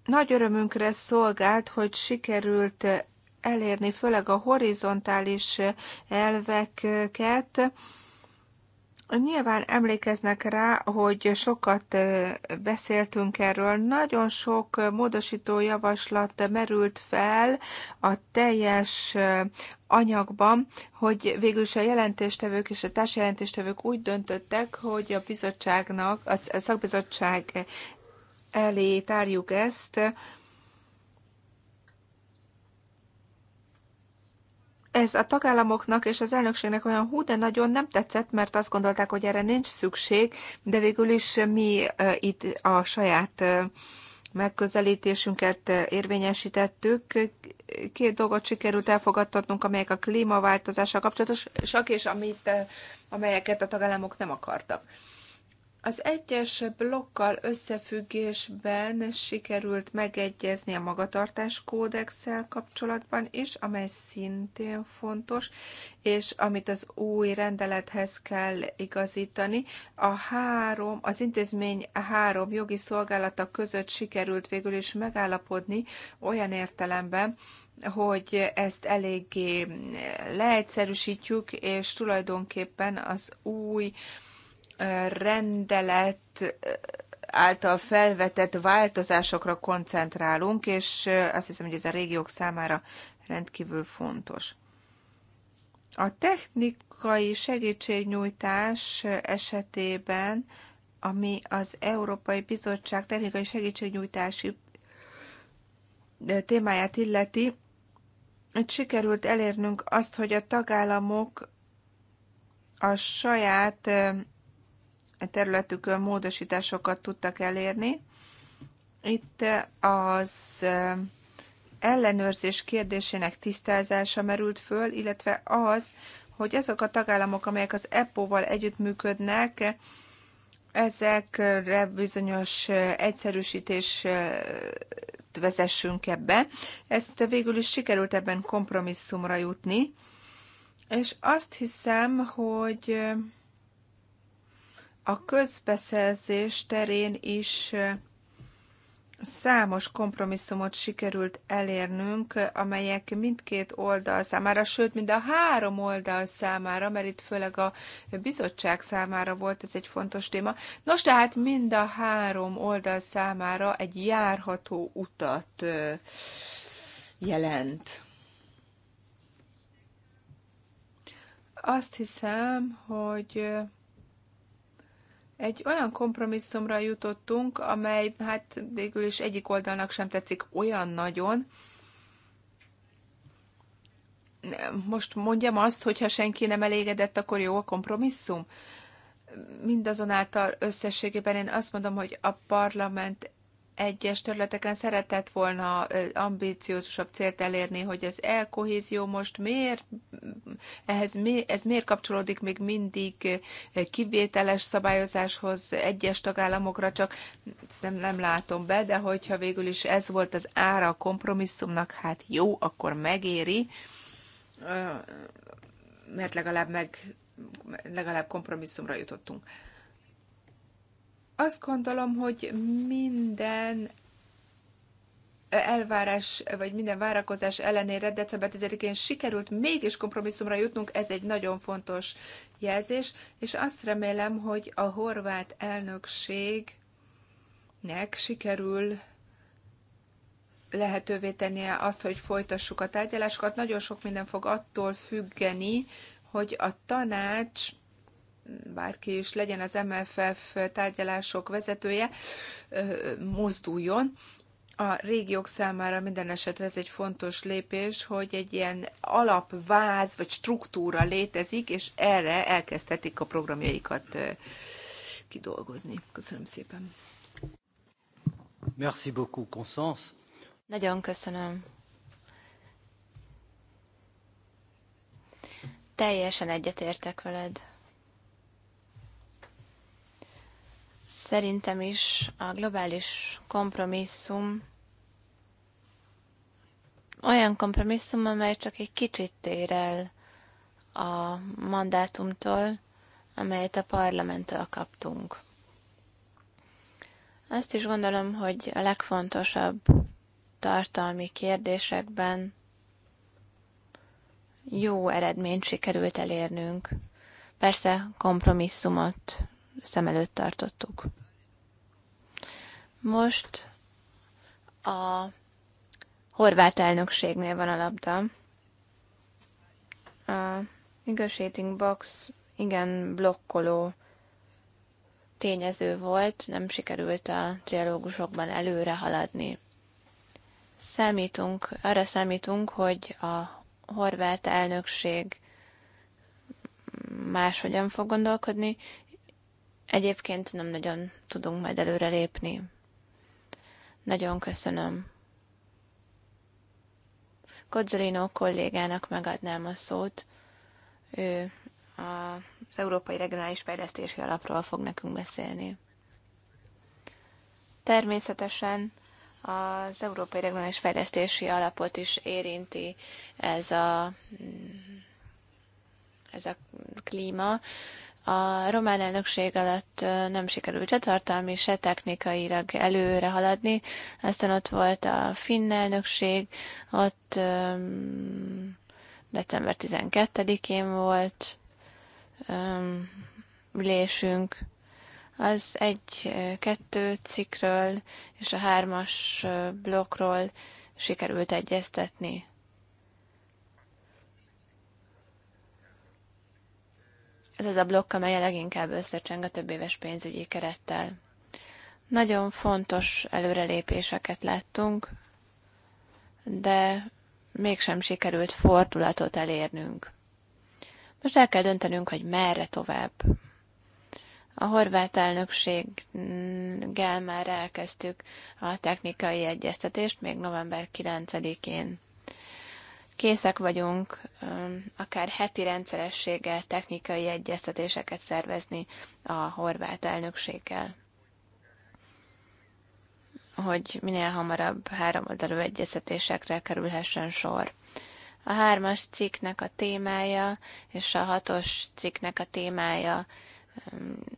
Speaker 2: Nagy örömünkre szolgált, hogy sikerült elérni főleg a horizontális elveket, Nyilván emlékeznek rá, hogy sokat beszéltünk erről. Nagyon sok módosító javaslat merült fel a teljes anyagban, hogy végül is a jelentéstevők és a társjelentéstevők úgy döntöttek, hogy a bizottságnak, a szakbizottság elé tárjuk ezt, ez a tagállamoknak és az elnökségnek olyan hú, de nagyon nem tetszett, mert azt gondolták, hogy erre nincs szükség, de végül is mi itt a saját megközelítésünket érvényesítettük. Két dolgot sikerült elfogadtatnunk, amelyek a klímaváltozással kapcsolatosak, és amit, amelyeket a tagállamok nem akartak. Az egyes blokkal összefüggésben sikerült megegyezni a magatartás kódexsel kapcsolatban is, amely szintén fontos, és amit az új rendelethez kell igazítani. A három, az intézmény három jogi szolgálata között sikerült végül is megállapodni olyan értelemben, hogy ezt eléggé leegyszerűsítjük, és tulajdonképpen az új rendelet eh, által felvetett változásokra koncentrálunk, és eh, azt hiszem, hogy ez a régiók számára rendkívül fontos. A technikai segítségnyújtás esetében, ami az Európai Bizottság technikai segítségnyújtási eh, témáját illeti, itt sikerült elérnünk azt, hogy a tagállamok a saját E területükön módosításokat tudtak elérni. Itt e, az e, ellenőrzés kérdésének tisztázása merült föl, illetve az, hogy azok a tagállamok, amelyek az EPO-val együttműködnek, ezekre bizonyos egyszerűsítés vezessünk ebbe. Ezt végül is sikerült ebben kompromisszumra jutni, és azt hiszem, hogy a közbeszerzés terén is számos kompromisszumot sikerült elérnünk, amelyek mindkét oldal számára, sőt, mind a három oldal számára, mert itt főleg a bizottság számára volt ez egy fontos téma. Nos, tehát mind a három oldal számára egy járható utat jelent. Azt hiszem, hogy egy olyan kompromisszumra jutottunk, amely hát végül is egyik oldalnak sem tetszik olyan nagyon. Most mondjam azt, hogy ha senki nem elégedett, akkor jó a kompromisszum. Mindazonáltal összességében én azt mondom, hogy a parlament egyes területeken szeretett volna ambíciózusabb célt elérni, hogy az elkohézió most miért, ehhez mi, ez miért kapcsolódik még mindig kivételes szabályozáshoz egyes tagállamokra, csak nem, nem látom be, de hogyha végül is ez volt az ára a kompromisszumnak, hát jó, akkor megéri, mert legalább meg legalább kompromisszumra jutottunk. Azt gondolom, hogy minden elvárás, vagy minden várakozás ellenére december 10-én sikerült mégis kompromisszumra jutnunk, ez egy nagyon fontos jelzés, és azt remélem, hogy a horvát elnökségnek sikerül lehetővé tennie azt, hogy folytassuk a tárgyalásokat. Nagyon sok minden fog attól függeni, hogy a tanács bárki is legyen az MFF tárgyalások vezetője, mozduljon. A régiók számára minden esetre ez egy fontos lépés, hogy egy ilyen alapváz vagy struktúra létezik, és erre elkezdhetik a programjaikat kidolgozni. Köszönöm szépen. Merci beaucoup, Constance.
Speaker 1: Nagyon köszönöm. Teljesen egyetértek veled. Szerintem is a globális kompromisszum olyan kompromisszum, amely csak egy kicsit tér el a mandátumtól, amelyet a parlamenttől kaptunk. Azt is gondolom, hogy a legfontosabb tartalmi kérdésekben jó eredményt sikerült elérnünk. Persze kompromisszumot szem előtt tartottuk. Most a horvát elnökségnél van a labda. A negotiating box igen blokkoló tényező volt, nem sikerült a trialógusokban előre haladni. Számítunk, arra számítunk, hogy a horvát elnökség máshogyan fog gondolkodni, Egyébként nem nagyon tudunk majd előrelépni. Nagyon köszönöm. Kodzolino kollégának megadnám a szót. Ő az Európai Regionális Fejlesztési Alapról fog nekünk beszélni. Természetesen az Európai Regionális Fejlesztési Alapot is érinti ez a, mm, ez a klíma. A román elnökség alatt nem sikerült se tartalmi, se technikailag előre haladni. Aztán ott volt a finn elnökség, ott december 12-én volt ülésünk. Az egy-kettő cikről és a hármas blokkról sikerült egyeztetni. Ez az a blokk, amely a leginkább összecseng a éves pénzügyi kerettel. Nagyon fontos előrelépéseket láttunk, de mégsem sikerült fordulatot elérnünk. Most el kell döntenünk, hogy merre tovább. A horvát elnökséggel már elkezdtük a technikai egyeztetést még november 9-én készek vagyunk akár heti rendszerességgel technikai egyeztetéseket szervezni a horvát elnökséggel, hogy minél hamarabb háromoldalú egyeztetésekre kerülhessen sor. A hármas cikknek a témája és a hatos cikknek a témája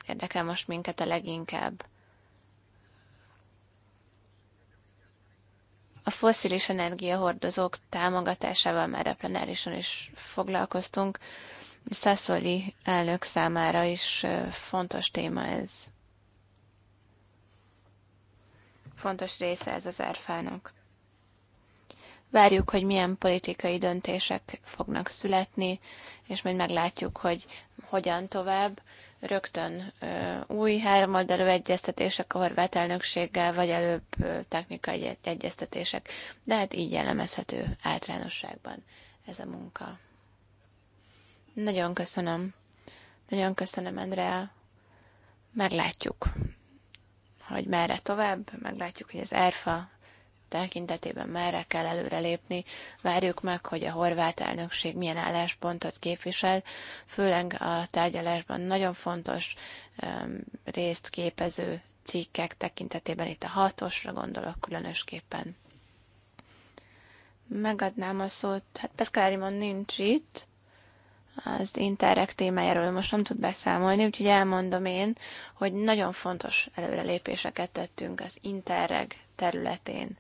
Speaker 1: érdekel most minket a leginkább. A foszilis energiahordozók támogatásával már a plenárison is foglalkoztunk. Szaszoli elnök számára is fontos téma ez. Fontos része ez az erfának. Várjuk, hogy milyen politikai döntések fognak születni, és majd meglátjuk, hogy hogyan tovább, rögtön új háromoldalú egyeztetések a horvát elnökséggel, vagy előbb technikai egyeztetések. De hát így jellemezhető általánosságban ez a munka. Nagyon köszönöm. Nagyon köszönöm, Andrea. Meglátjuk, hogy merre tovább, meglátjuk, hogy az ERFA tekintetében merre kell előrelépni. Várjuk meg, hogy a horvát elnökség milyen álláspontot képvisel, főleg a tárgyalásban nagyon fontos részt képező cikkek tekintetében, itt a hatosra gondolok különösképpen. Megadnám a szót, hát Pascal Rimon nincs itt, az Interreg témájáról most nem tud beszámolni, úgyhogy elmondom én, hogy nagyon fontos előrelépéseket tettünk az Interreg területén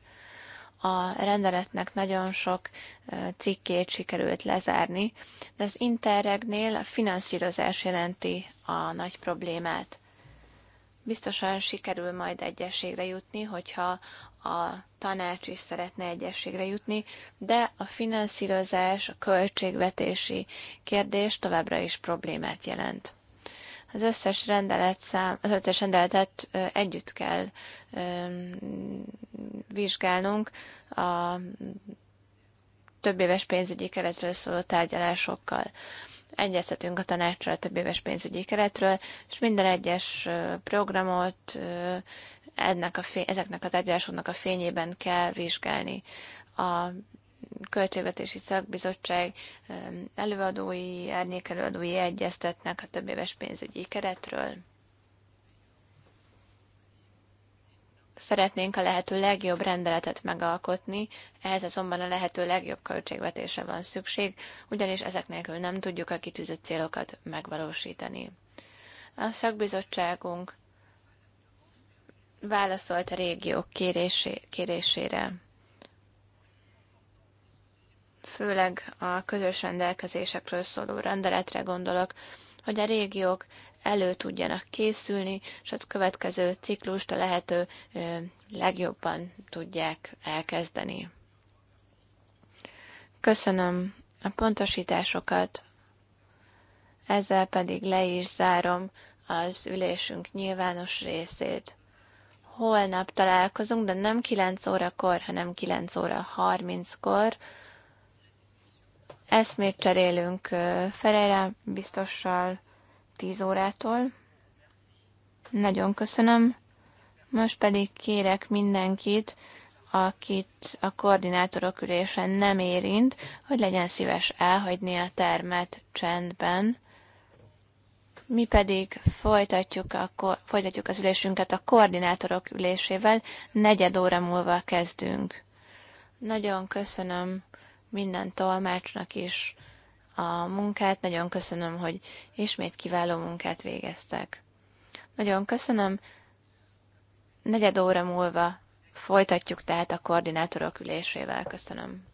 Speaker 1: a rendeletnek nagyon sok cikkét sikerült lezárni, de az Interregnél a finanszírozás jelenti a nagy problémát. Biztosan sikerül majd egyességre jutni, hogyha a tanács is szeretne egyességre jutni, de a finanszírozás, a költségvetési kérdés továbbra is problémát jelent az összes rendelet szám, az összes rendeletet együtt kell vizsgálnunk a több éves pénzügyi keretről szóló tárgyalásokkal. Egyeztetünk a tanácsra a több éves pénzügyi keretről, és minden egyes programot ennek a fény, ezeknek a tárgyalásoknak a fényében kell vizsgálni. A költségvetési szakbizottság előadói, árnyékelőadói egyeztetnek a éves pénzügyi keretről. Szeretnénk a lehető legjobb rendeletet megalkotni, ehhez azonban a lehető legjobb költségvetésre van szükség, ugyanis ezek nélkül nem tudjuk a kitűzött célokat megvalósítani. A szakbizottságunk válaszolt a régiók kérésé, kérésére főleg a közös rendelkezésekről szóló rendeletre gondolok, hogy a régiók elő tudjanak készülni, és a következő ciklust a lehető legjobban tudják elkezdeni. Köszönöm a pontosításokat, ezzel pedig le is zárom az ülésünk nyilvános részét. Holnap találkozunk, de nem 9 órakor, hanem 9 óra 30-kor, Eszmét cserélünk Ferejre, biztossal 10 órától. Nagyon köszönöm. Most pedig kérek mindenkit, akit a koordinátorok ülésen nem érint, hogy legyen szíves elhagyni a termet csendben. Mi pedig folytatjuk, a, folytatjuk az ülésünket a koordinátorok ülésével, negyed óra múlva kezdünk. Nagyon köszönöm minden tolmácsnak is a munkát. Nagyon köszönöm, hogy ismét kiváló munkát végeztek. Nagyon köszönöm. Negyed óra múlva folytatjuk tehát a koordinátorok ülésével. Köszönöm.